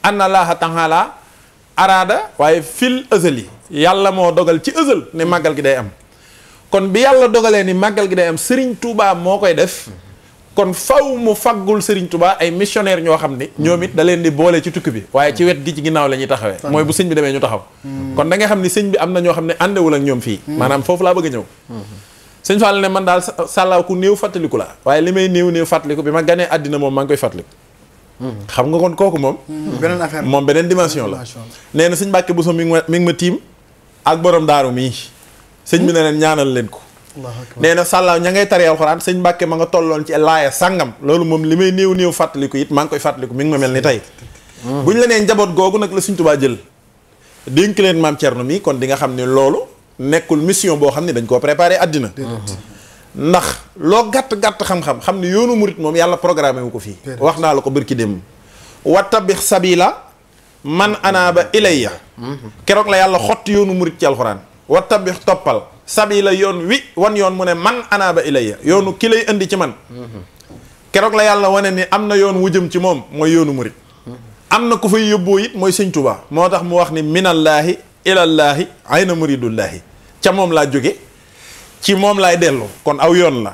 A: anna laaha taala araada waaye fil ëzël yi yàlla moo dogal ci ëzël ne màggal gi day am kon bi yàlla dogalee ni màggal gi day am Serigne Touba moo koy def kon faw mu faggul Serigne Touba ay missionnaire ñoo xam ni ñoom it da leen di boole ci tukki bi waaye ci wet gi ci ginnaaw lañuy taxawee mooy bu sëñ bi demee ñu taxaw hmm. kon da nga xam ni sëñ bi am na ñoo xam ne àndewul ak ñoom fii hmm. maanaam foofu laa bëgg a ñëw hmm. sëñ Fall ne man daal sàllaaw ku néew fàttaliku la waaye li may néew néew fàttaliku bi ma ganee àddina moom maa ngi koy fàttaliku xam nga kon kooku moom. beneen affaire moom beneen dimension la. nee na sëñ Mbàkke Bousso mi ngi ma mi ma tiim ak borom daaru mii. sëñ bi ne leen ñaanal leen ko. nee na sàllaaw ña ngay tari alxuraan sëñ Mbàkke ma nga tolloon ci laaya sàngam loolu moom li may néew néew fàttaliku it maa ngi koy fàttaliku mi ngi ma mel ni tey. Mm. bu ñu la njaboot googu nag la sëñ Tuubaa jël. dénk leen maam Thierno mi kon di nga xam ne loolu nekkul mission boo xam ne dañ koo préparé àddina ndax loo gàtt-gàtt xam-xam xam ne yoonu murit moom yàlla programmé wu ko fii wax naa la ko bërki démb wa tabix sabila man anaaba ilayya keroog la yàlla xotti yoonu murit ci alxuraan wa tabix toppal sabila yoon wi wan yoon mu ne man anaaba ilayya yoonu ki lay indi ci man keroog la yàlla wane ni am na yoon wu jëm ci moom mooy yoonu murit am na ku fay yóbboo it mooy sëñ Tuubaa moo tax mu wax ni minallaahi ilallaahi ayna muridullaahi ca moom laa jóge ci moom laay dellu kon aw yoon la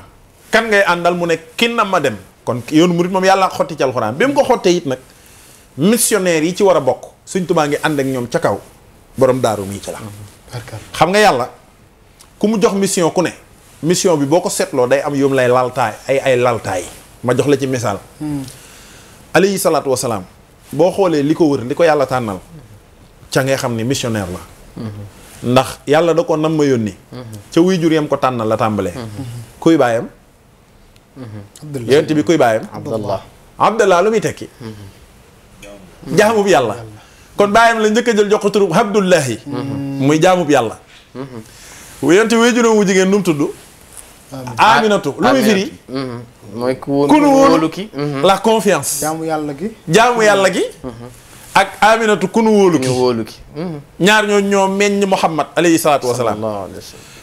A: kan ngay àndal mu ne kin na ma dem kon yoonu murit moom yàlla xotti ci alxuraan bi mu ko xottee it nag missionnaire yi ci war a bokk Sëñ Tuubaa ngi ànd ak ñoom ca kaw borom daaru mii ci la
G: mm-hmm.
A: xam nga yàlla ku mu jox mission ku ne mission bi boo ko seetloo day am yoom lay laltaay ay ay laltaay ma jox la ci misaal mm-hmm. alayhi salaatu wasalaam boo xoolee li ko wër li ko yàlla tànnal ca ngay xam ni missionnaire la mm-hmm. ndax yàlla da ko nam ma yónni ca wuy jur yam ko tànnal la tàmbalee kuy baayam yonent bi kuy baayam abdallah abdallah lu muy tekki bu yàlla kon baayam la njëkk jël jox ko turu abdullahi muy jaamub yàlla yonent bi wuy juróom wu jigéen nu mu tudd aminatu lu muy firi mooy ku la confiance jaamu
B: yàlla gi jaamu yàlla gi
A: ak aminatu ku nu wóolu ki ki ñaar ñoo ñoo meññ Muhammad alayhi salaatu wasalaam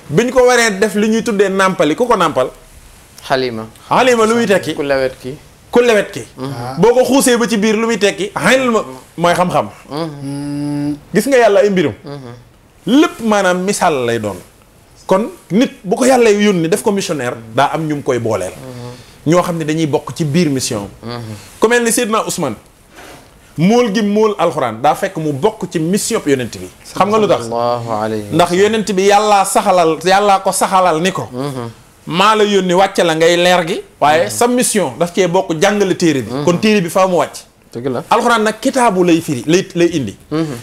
A: bi ñu ko waree def li ñuy tuddee nàmpali ku ko nàmpal xalima xalima lu muy tekki ku lewet ki ku lewet ki boo ko xuusee ba ci biir lu muy tekki xel ma mooy xam-xam gis nga yàlla ay mbirum lépp maanaam misaal lay doon kon nit bu ko yàlla yónni def ko missionnaire daa am ñu mu koy booleel ñoo xam ne dañuy bokk ci biir mission ku mel ni Seydina Ousmane mool gi mool alxuraan daa fekk mu bokk ci mission bi yonent bi xam nga lu tax ndax yonent bi yàlla saxalal yàllaa ko saxalal ni ko mhm. maa la yónni wàcce la ngay leer gi waaye mhm. sa mission daf cee bokk jàngale téere bi mhm. kon téere bi faa mu wàcc dëgg la alxuraan nag kitaabu lay firi lay lay indi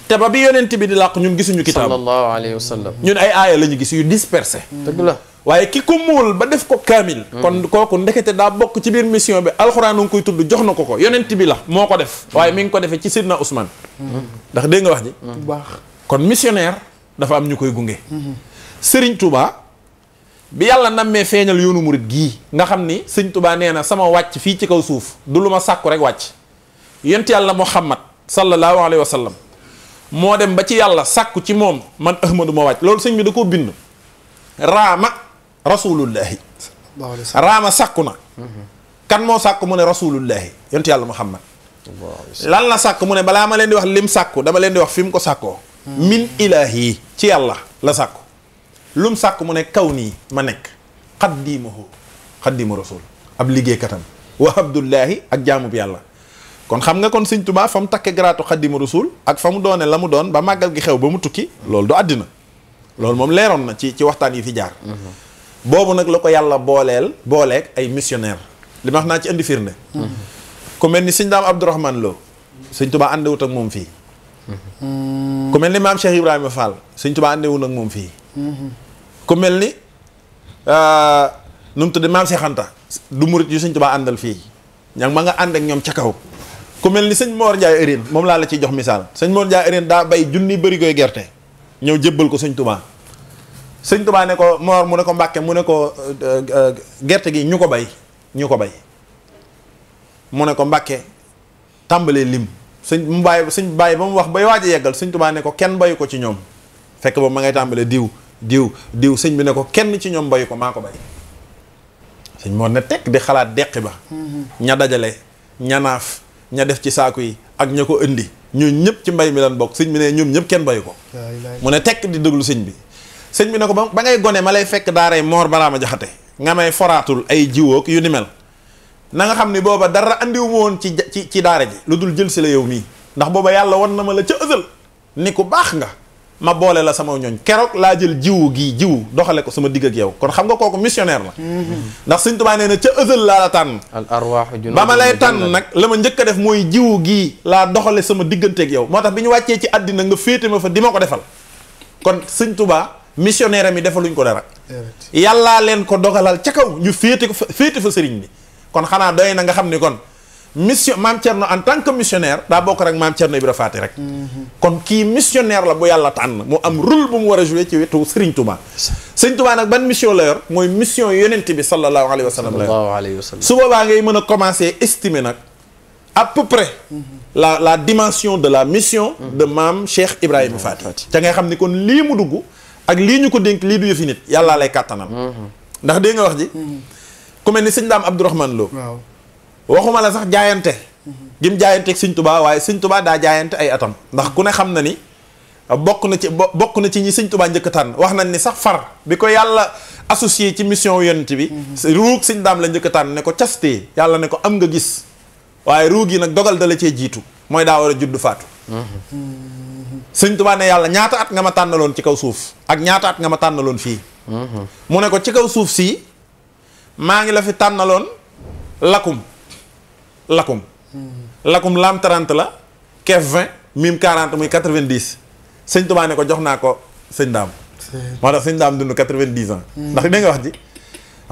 A: te ba bi yonent bi di làq ñun gisuñu kitaabu
C: sallallahu alayhi wa sallam
A: ñun ay aaya la ñu gis yu dispersé dëgg la waaye ki ko muul ba def ko kaamil mm-hmm. kon kooku ndekete daa bokk ci biir mission bi alxuraan nga koy tudd jox na ko ko yonent bi la moo ko def mm-hmm. waaye mi ngi ko defee ci Sidna Ousmane mm-hmm. ndax dégg nga wax ji baax kon missionnaire dafa am ñu koy gunge Serigne Touba bi yàlla nammee feeñal yoonu murit gii nga xam ni Serigne tubaa nee na sama wàcc fii ci kaw suuf du lu ma sàkku rek wàcc yent yàlla Muhammad sallallahu alayhi wa sallam moo dem ba ci yàlla sàkku ci moom man Ahmadu ma wàcc loolu sëñ bi da koo bind rasulullahi raama sàkku na kan moo sàkk mu ne rasulullahi yontu yàlla muhammad lan la sàkk mu ne balaa ma leen di wax lim sàkku dama leen di wax fi mu ko sàkkoo min ilaahi ci yàlla la sàkku lum sàkk mu ne kaw nii ma nekk xaddiimahu xaddiimu rasul ab liggéeykatam wa abdullahi ak jaamub yàlla kon xam nga kon sëñ Tuubaa fa mu takke garaatu xaddiimu rasul ak fa mu doone la mu doon ba màggal gi xew ba mu tukki loolu du àddina loolu moom leeroon na ci ci waxtaan yi fi jaar boobu nag la ko yàlla booleel booleeg ay missionnaire li ma wax naa ci indi firnde ku mel ni sëñ daam Abdourahman Lo sëñ tubaa àndewut ak moom fii ku mel ni maam Cheikh Ibrahima Fall sëñ tubaa ak moom fii ku mel ni euh, nu mu tudd maam Cheikh du murit yu sëñ tubaa àndal fii ña ma nga ànd ak ñoom ca kaw ku mel ni sëñ Mor Ndiaye Erine moom laa la ciy jox missaal sëñ Mor Ndiaye Erine daa bay junni bëri koy gerte ñëw jëbbal ko sëñ tubaa sëñ Tuubaa ne ko Mor mu ne ko Mbàkke mu ne ko eh, eh, gerte gi ñu ko bay ñu ko bay mu ne ko Mbàkke tàmbalee lim sëñ mu bàyyi sëñ bàyyi ba mu wax bay waaj a yeggal sëñ Tuubaa ne ko kenn bayu ko ci ñoom fekk ba ma ngay tàmbalee diw diw diw sëñ bi ne ko kenn ci ñoom bayu ko maa ko bay sëñ Mor ne tekk di xalaat deqi ba mm-hmm. ña dajale ña naaf ña def ci saaku yi ak ña ko indi ñun ñëpp ci mbay mi lan bokk sëñ bi ne ñoom ñëpp kenn bayu ko mu ne tekk di déglu sëñ bi sëñ bi ne ko ba ba ngay gone ma lay fekk daaray moor baraama jaxate nga may foraatul ay jiwoog yu ni mel na nga xam ni booba dara andiwu ma woon ci ci ci daara ji lu dul jël si la yow mii ndax yàlla wan na ma la ca ësal ni ku baax nga ma boole la sama ñooñ keroog laa jël jiwu gii jiwu doxale ko sama digg yow kon xam nga kooku missionnaire la
G: mm-hmm.
A: ndax sëñ Tuubaa na ca ësal laa la tànn
C: al arwaaxu ba ma lay tànn
A: nag la ma njëkk a def mooy jiwu gii laa doxale sama diggante ak yow moo tax bi ñu wàccee ci àddina nga féete ma fa di ma ko defal kon sëñ missionnaire am yi defaluñ ko dara. yàllaa leen ko dogalal ca kaw ñu féete ko féete fa sëriñ bi kon xanaa doy na nga xam ni kon mission maam Thierno en tant que missionnaire daa bokk rek maam Thierno Ibra Faati rek. Mm-hmm. kon kii missionnaire la bu yàlla tànn mu am rôle bu mu war a ci wetu Serigne Touba. Serigne Touba nag ban mission la mooy mission yonent bi sallallahu alayhi wa sallam la yor su boobaa ngay mën a commencé estimer nag à peu près. Mm-hmm. la la dimension de la mission. Mm-hmm. de maam Cheikh Ibrahima Faati. ca ngay xam ni kon lii mu dugg. ak lii ñu ko dénk lii du yëfi nit yàllaa lay kàttanal mm-hmm. ndax dégg nga wax ji mm-hmm. ku mel ni sëñ daam Abdourahmane Lo waxuma la sax jaayante mm-hmm. gim jaayanteeg sëñ tubaa waaye sëñ tubaa daa jaayante ay atam ndax ku ne xam na ni bokk na ci bokk na ci ñi sëñ tubaa njëkk tànn wax nañ ni sax far bi ko yàlla associé ci mission yonent bi ruug sëñ daam la njëkk tànn ne ko caste yàlla ne ko am nga gis waaye ruug yi nag dogal da la cee jiitu mooy daa war a judd faatu sëñ Tuubaa yàlla ñaata at nga ma tànnaloon ci kaw suuf ak ñaata at nga ma tànnaloon fii mhm. mu ne ko ci kaw suuf sii maa ngi la fi tànnaloon lakkum lakkum lakum lam mhm. la keef 20 mim 40 muy 90 sëñ Tuubaa ko jox naa ko sëñ daam moo tax sëñ daam dund 90 ans mhm. ndax dégg nga wax ji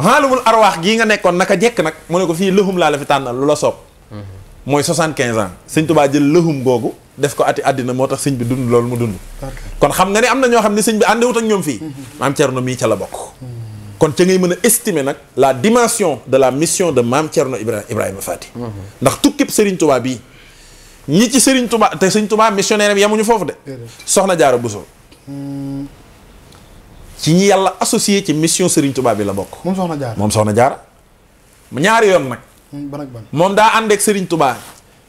A: xaalumul arwaax gii nga nekkoon naka jekk nag mu ne ko fii lëxum laa la fi tànnal lu la soob mooy soixante-quinze ans sëñ Tuubaa jël lëhum googu def ko ati àddina moo tax sëñ bi dund loolu mu dund kon xam nga ne am na ñoo xam ne sëñ bi àndiwut ak ñoom fii maam Thierno mii ca la bokk kon ca ngay mën a estimer nag la dimension de la mission de maam Thierno Ibra Ibrahima Fati mhm. ndax tukkib sëriñ Tuubaa bii ñi ci sëriñ Tuubaa te sëriñ Tuubaa missionnaire bi yamuñu foofu de soxna Jaara Buso hmm. ci ñi yàlla associé ci mission sëriñ Tuubaa bi la bokk moom soxna Jaara moom soxna Jaara ñaari yoon nag Hmm, ban ak ban moom daa àndeek ak Serigne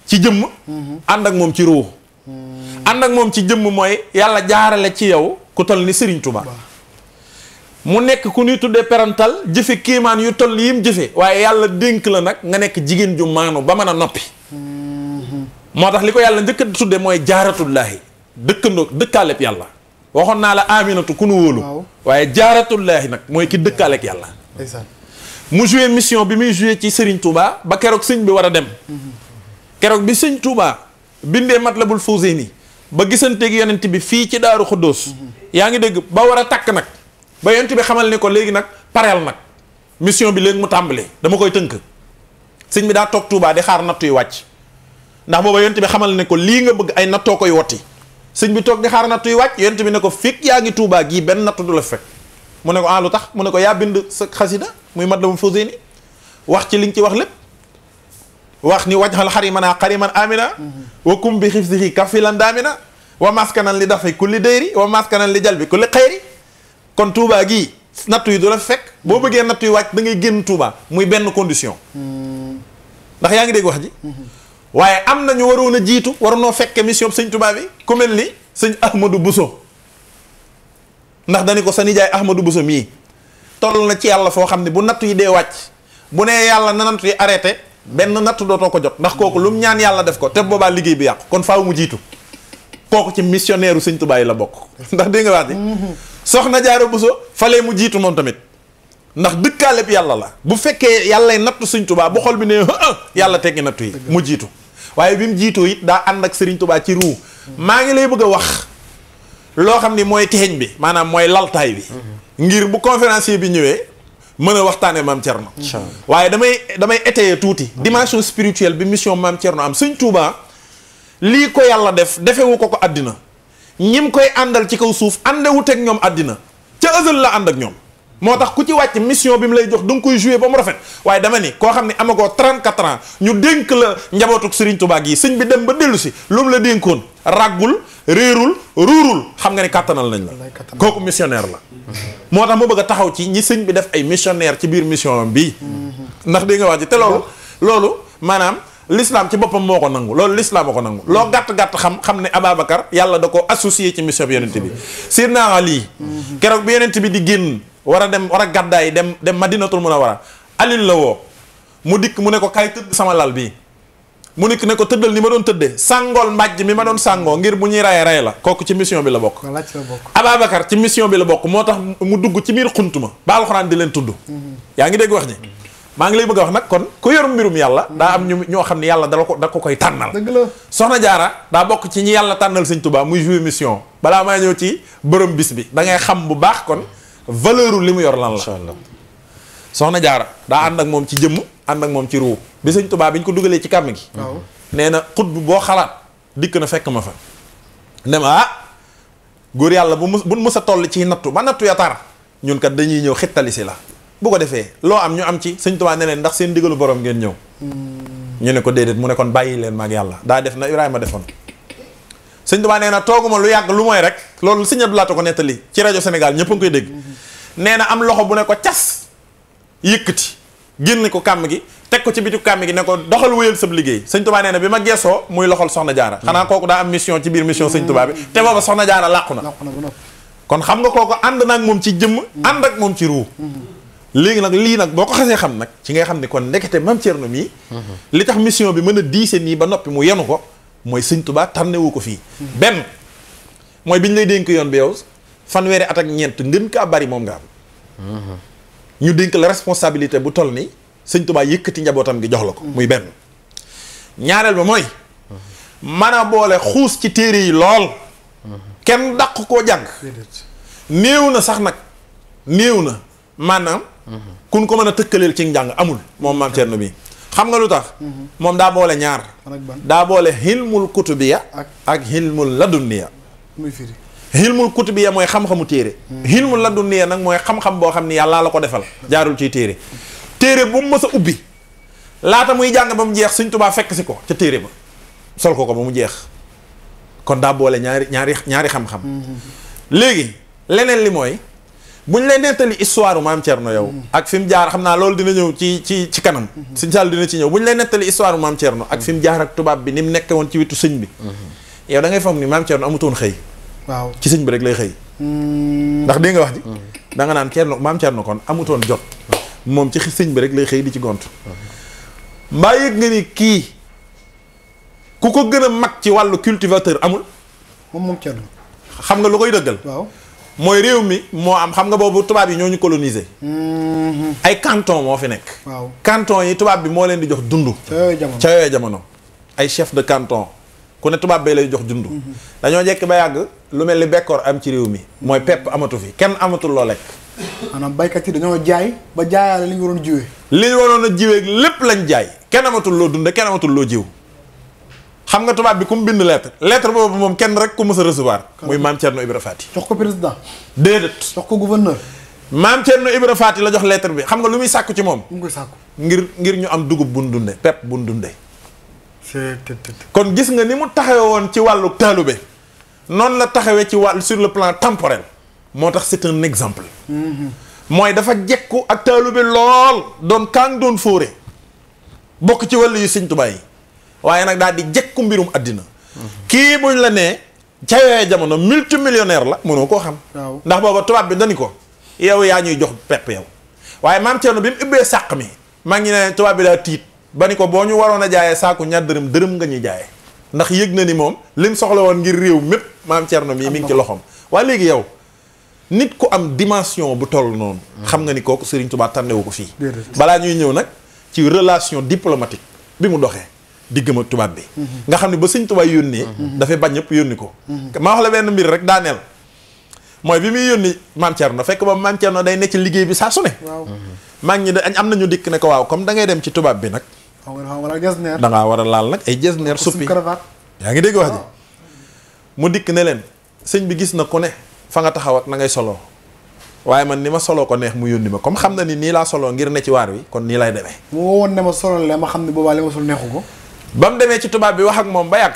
A: ci jëmm. Hmm. ànd ak moom ci ruux. Hmm. ànd ak moom ci jëmm mooy yàlla jaarale ci yow ku toll ni Serigne Touba. mu nekk ku ñuy tuddee parental jëfe kiimaan yu toll yim jëfe waaye yàlla dénk la nag nga nekk jigéen ju ba mën a noppi. moo tax li ko yàlla njëkk a tudde mooy jaaratullaahi dëkkandook dëkkaaleb yàlla waxoon naa la aminatu ku nu wóolu waaye jaaratullaahi nag mooy kii dëkkaaleeg yàlla mu joué mission bi muy joué ci Serigne Touba ba keroog sëñ bi war a dem keroog bi sëñ tuubaa bindee mat Matlabul Fawzayni ba gisanteeg yonent bi fii ci Daaru Xuddoos yaa ngi dégg ba war a takk nag ba yonent bi xamal ne ko léegi nag pareel nag mission bi léegi mu tàmbalee dama koy tënk sëñ bi daa toog Touba di xaar nattu yu wàcc ndax booba yonent bi xamal ne ko lii nga bëgg ay nattoo koy wotti sëñ bi toog di xaar nattu yu wàcc yonent bi ne ko fik yaa ngi Touba gii benn nattu du la fekk mu ne ko ah lu tax mu ne ko yaa bind sa xasida muy mat la mu fausé ni wax ci li nga ci wax lépp wax ni wajxal xarimana xariman amina wa kum bi xifsihi kafilan daamina wa maskanan li dafa kulli dayri wa maskanan li jalbi kulli xayri kon Touba gi nattu yi du la fekk boo bëggee nattu yi wàcc da ngay génn Touba muy benn condition ndax yaa ngi dégg wax ji waaye am nañu waroon a jiitu waroonoo fekke mission bi sëñ Touba bi ku mel ni sëñ Ahmadou Bousso ndax dañu ko sa nijaay Ahmadou Bousso mii toll na ci yàlla foo xam ne bu nattu yi dee wàcc bu nee yàlla na natt yi arrêté benn natt dootoo ko jot ndax kooku lu mu ñaan yàlla def ko te boobaa liggéey bi yàqu kon faaw mu jiitu kooku ci missionnaire u sëñ Tuubaa yi la bokk [LAUGHS] ndax dégg nga wax ni soxna jaaro Bousso falee mu jiitu moom tamit ndax bi yàlla la bu fekkee yàllay nattu sëñ Tuubaa bu xol bi ne yàlla teggi nattu yi mu jiitu waaye bi mu jiitoo it daa ànd ak sëriñ Tuubaa ci ruu maa ngi lay bëgg a wax loo xam ni mooy teeñ bi maanaam mooy laltaay bi ngir bu conférencier bi ñëwee mën a waxtaane maam Thierno waaye damay damay étayer tuuti dimension spirituelle bi mission maam Thierno am Sëñ Tuubaa lii ko yàlla def defewu ko ko àddina ñi ñim koy àndal ci kaw suuf àndewut ak ñoom àddina ca ësël la ànd ak ñoom moo tax ku ci wàcc mission bi mu lay jox da nga koy joué ba mu rafet waaye dama ni koo xam ne amagoo 34 ans ñu dénk la njabootuk Serigne Touba gi sëñ bi dem ba dellu si lu la dénkoon ràggul réerul ruurul xam nga ni kàttanal nañ la kooku missionnaire la moo tax mu bëgg a taxaw ci ñi sëñ bi def ay missionnaire ci biir mission bi ndax dégg nga wax ji te loolu loolu maanaam l'islam ci boppam moo ko nangu loolu l'islam moo ko nangu loo gàtt-gàtt xam xam ne Ababacar yàlla da ko associé ci mission bi yonent bi Seydina Ali keroog bi yonent bi di génn war a dem war a gàddaay dem dem Madinatul Munawwara alin la woo mu dikk mu ne ko kay tëdd sama lal bii mu nekk ne ko tëddal ni ma doon tëddee sàngool mbàjj mi ma doon sàngoo ngir bu ñuy raye raye la kooku ci mission bi la bokk Ababacar ci mission bi la bokk moo tax mu dugg ci biir xunt ma ba alxuraan di leen tudd yaa ngi dégg wax ji maa ngi lay bëgg a wax nag kon ku yor mbirum yàlla daa am ñu ñoo xam ne yàlla dala ko da ko koy tànnal dëgg la soxna jaara daa bokk ci ñu yàlla tànnal sëñ Tuubaa muy jouer mission balaa maa ñëw ci borom bis bi dangay xam bu baax kon valeur li mu yor lan la soxna jaara daa ànd moom ci jëmm ànd ak moom ci ruu bi sëñ tubaa bi ñu ko dugalee ci kàmm gi nee na xut bu boo xalaat dikk na fekk ma fa ne ma ah góor yàlla bu mu bu mu sa toll ci nattu ba nattu ya tar ñun kat dañuy ñëw xittali la bu ko defee loo am ñu am ci sëñ Tuubaa ne leen ndax seen digalu borom ngeen ñëw
G: hmm.
A: ñu ne ko déedéet mu ne kon bàyyi leen mag yàlla daa def na Ibrahima defoon sëñ Tuubaa nee na tooguma lu yàgg lu mooy rek loolu sëñ Abdou Lahat ko nettali ci rajo Sénégal ñëpp a ngi hmm. nee na am loxo bu ne ko cas yëkkati génn ko kàmm gi teg ko ci bitu kàmm gi ne ko doxal wéyal sab liggéey sëñ tubaa nee na bi ma geesoo muy loxol soxna jaara xanaa kooku daa am mission ci biir mission sëñ tubaa bi mm. te booba soxna jaara làqu na kon xam nga kooku ànd naag moom ci jëmm mm. ànd ak moom ci ruu mm. léegi nag lii nag boo ko xasee xam nag ci ngay xam ne kon ndekete mam Cerno mii mm-hmm. li tax mission bi mën a diise nii ba noppi mu yenu ko mooy sëñ tubaa tànnewu ko fii benn mooy biñ lay dénk yoon bi yow fanweeri at ak ñeent ngën kaa bari moom nga am mm-hmm. ñu dénk la responsabilité bu toll ni sëñ Tuubaa yëkkati njabootam gi jox la ko. muy benn ñaareel ba mooy. mën a boole xuus ci téere yi lool. kenn daq koo jàng. néew na sax nag néew na maanaam. kun ko mën a tëkkaleel ci njàng amul moom maam Thierno bi xam nga lu tax. moom daa boole ñaar. daa boole xilmul kutubiya. ak ak xilmul ladunniya. muy xilmul kutubiya mooy xam-xamu téere xilmul hmm. ladunniya nag mooy xam-xam boo xam ni yàlla la ko defal jaarul ciy téere téere bu mu mës a ubbi laata muy jàng ba mu jeex suñ tubaa fekk si ko ca téere ba sol ko ko ba mu jeex kon daa boole ñaari ñaari ñaari xam-xam hmm. léegi leneen li mooy buñ lay nettali histoire maam Thierno yow hmm. ak fi mu jaar xam naa loolu dina ñëw ci ci ci kanam sëñ Sall dina ci ñëw buñ lay nettali histoire maam Thierno ak jaar ak tubaab bi ni mu nekk woon ci wetu suñ bi yow da ngay foog ni maam Thierno amutoon xëy waaw ci sëñ bi rek lay xëy.
G: Hmm. ndax dégg nga wax ji. Hmm.
A: da nga naan Thierno maam Thierno kon amutoon jot. moom ci sëñ bi rek lay xëy di ci gont. mbaa yëg nga ni kii ku ko gën a mag ci wàllu cultivateur amul. moom moom xam nga lu koy dëggal. waaw mooy réew mi moo am xam nga boobu tubaab yi ñoo ñu coloniser. Hmm. ay canton moo fi nekk. waaw yi tubaab bi moo leen di jox dund. ca yooyu jamono ay chef de canton. ku ne tubaab bay lay jox dund dañoo njëkk ba yàgg lu mel ni bekkoor am ci réew mi mooy pepp amatu fi kenn amatul loo
B: lekk maanaam baykat yi dañoo jaay ba jaayaale li ñu waroon jiwee
A: li waroon a jiwee lépp lañ jaay kenn amatul loo dund kenn amatul loo jiw xam nga tubaab bi ku mu bind lettre lettre boobu moom kenn rek ku mës a recevoir muy maam Thierno Ibra Fati jox ko président déedéet jox ko gouverneur maam Thierno Ibra Fati la jox lettre bi xam nga lu muy sàkku ci moom mu ngi koy sàkku ngir ngir ñu am dugub bu nu dunde pepp bu nu dunde kon gis nga ni mu taxawe woon ci wàllu taalube noonu la taxawee ci wàllu sur le plan temporel moo tax c'est un exemple mooy dafa jekku ak taalube lool doon kaang doon fóore bokk ci wàllu yu Sëñ Tuubaa yi waaye nag daal di jekku mbirum àddina kii buñ la nee ca yooyee jamono millionaire la mënoo koo xam ndax booba tubaab bi dani ko yow yaa ñuy jox pepp yow waaye maam Thierno bi mu ubbee sàq mi maa ngi ne tubaab bi daa tiit ba ni ko boo ñu waroon a jaayee saaku ñaar dërëm dërëm nga ñuy jaaye ndax yëg na ni moom lim soxla woon ngir réew mépp maam Thierno mii mi ngi ci loxoom waaye léegi yow nit ku am dimension bu toll noonu xam nga ni kooku Serigne Touba tànnewu ko fii balaa ñuy ñëw nag ci relation diplomatique bi mu doxee diggam ak tubaab bi mhm. nga xam ne ba Serigne Touba yónnee mhm. dafay bañ ñëpp yónni ko mhm. maa wax la benn mbir rek daaneel mooy bi muy yónni maam Thierno fekk ba maam Thierno day nekk liggéey bi saa su ne maa ngi ñu am nañu dikk ne ko waaw comme da ngay dem ci tubaab bi nag
B: da
A: ngaa war a laal nag ay jesneer suppi yaa ngi dégg wax ji ah. mu dikk ne leen sëñ bi gis na ku ne fa nga taxaw ak na ngay soloo waaye man ni ma soloo ko neex mu yónni ma comme xam na ni nii laa soloo ngir ne ci waar wi kon nii lay demee
B: mu woon ne ma soloo la ma xam ne boobaa li ma sol neexu ko ba mu demee ci tubaab bi wax ak moom ba yàgg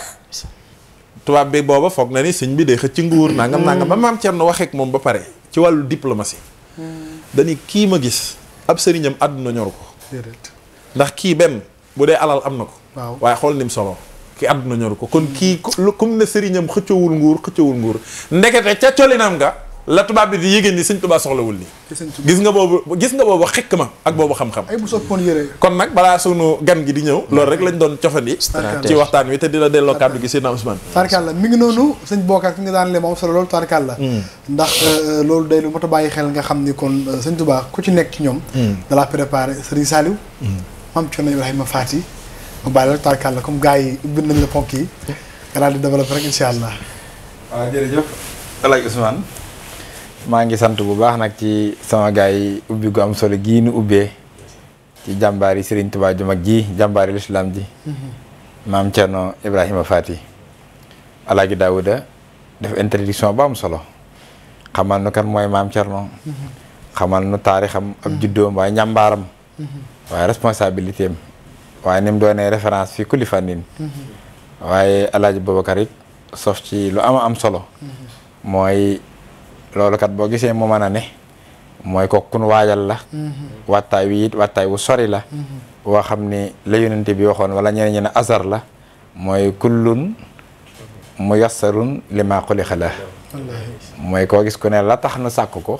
A: tubaab bi booba foog na ni sëñ bi dee xëcc ci nguur nangam nangam ba maam na waxee ak moom ba pare ci wàllu diplomasi hmm. dañuy kii ma gis ab sëriñam àdduna ñor ko ndax kii benn bu dee alal am na ko. waaw waaye xool ni mu solo. ki àdduna ñoru ko kon kii comme ne sëriñam xëccawul nguur xëccawul nguur ndekete ca colinam nga la tubaab bi di yëgéen ni sëñ tubaa soxlawul li gis nga boobu gis nga boobu xekk ma ak boobu xam-xam kon nag balaa sunu gan gi di ñëw loolu rek lañ doon cofandi ci waxtaan wi te di la delloo kàddu gi seen Ousmane
B: tarkalla mi ngi noonu sëñ bokkaar fi nga daan le moom solo loolu la hmm. ndax euh, loolu day lu moto bàyyi xel nga xam ni kon euh, sëñ tubaa ku ci nekk ci ñoom hmm. dalaa préparé sëriñ Saliou hmm. maam Thierno Ibrahima Fati mu bàyyi la tarkal la comme gars yi bind nañu la ponk yi nga daal di développé rek incha allah.
D: waaw maa ngi sant bu baax nag ci sama gars yi ubbi gu am solo gii nu ubbee ci jàmbaar yi Serigne Touba mag ji jàmbaar yi lislaam ji. Mm-hmm. maam Thierno Ibrahima Fati El Hadj Daouda def introduction ba am solo xamal nu kan mooy maam Thierno. Mm-hmm. xamal nu taarixam ab mm-hmm. juddoom waaye njàmbaaram. waaye responsabilité am waaye ni mu doonee référence fii kulli fànnin mm-hmm. waaye alaaji Babacar it sof ci lu ama am solo mm-hmm. mooy loolu kat boo gisee mu mën a ne mooy ko waajal la mm-hmm. wattaay wi it wattaay wu sori la woo xam ni la yonent bi waxoon wala ñeneen ñi ne asar la mooy kullun mu yassarun li maa xuliqa mooy koo gis ku ne la tax nu sàkk ko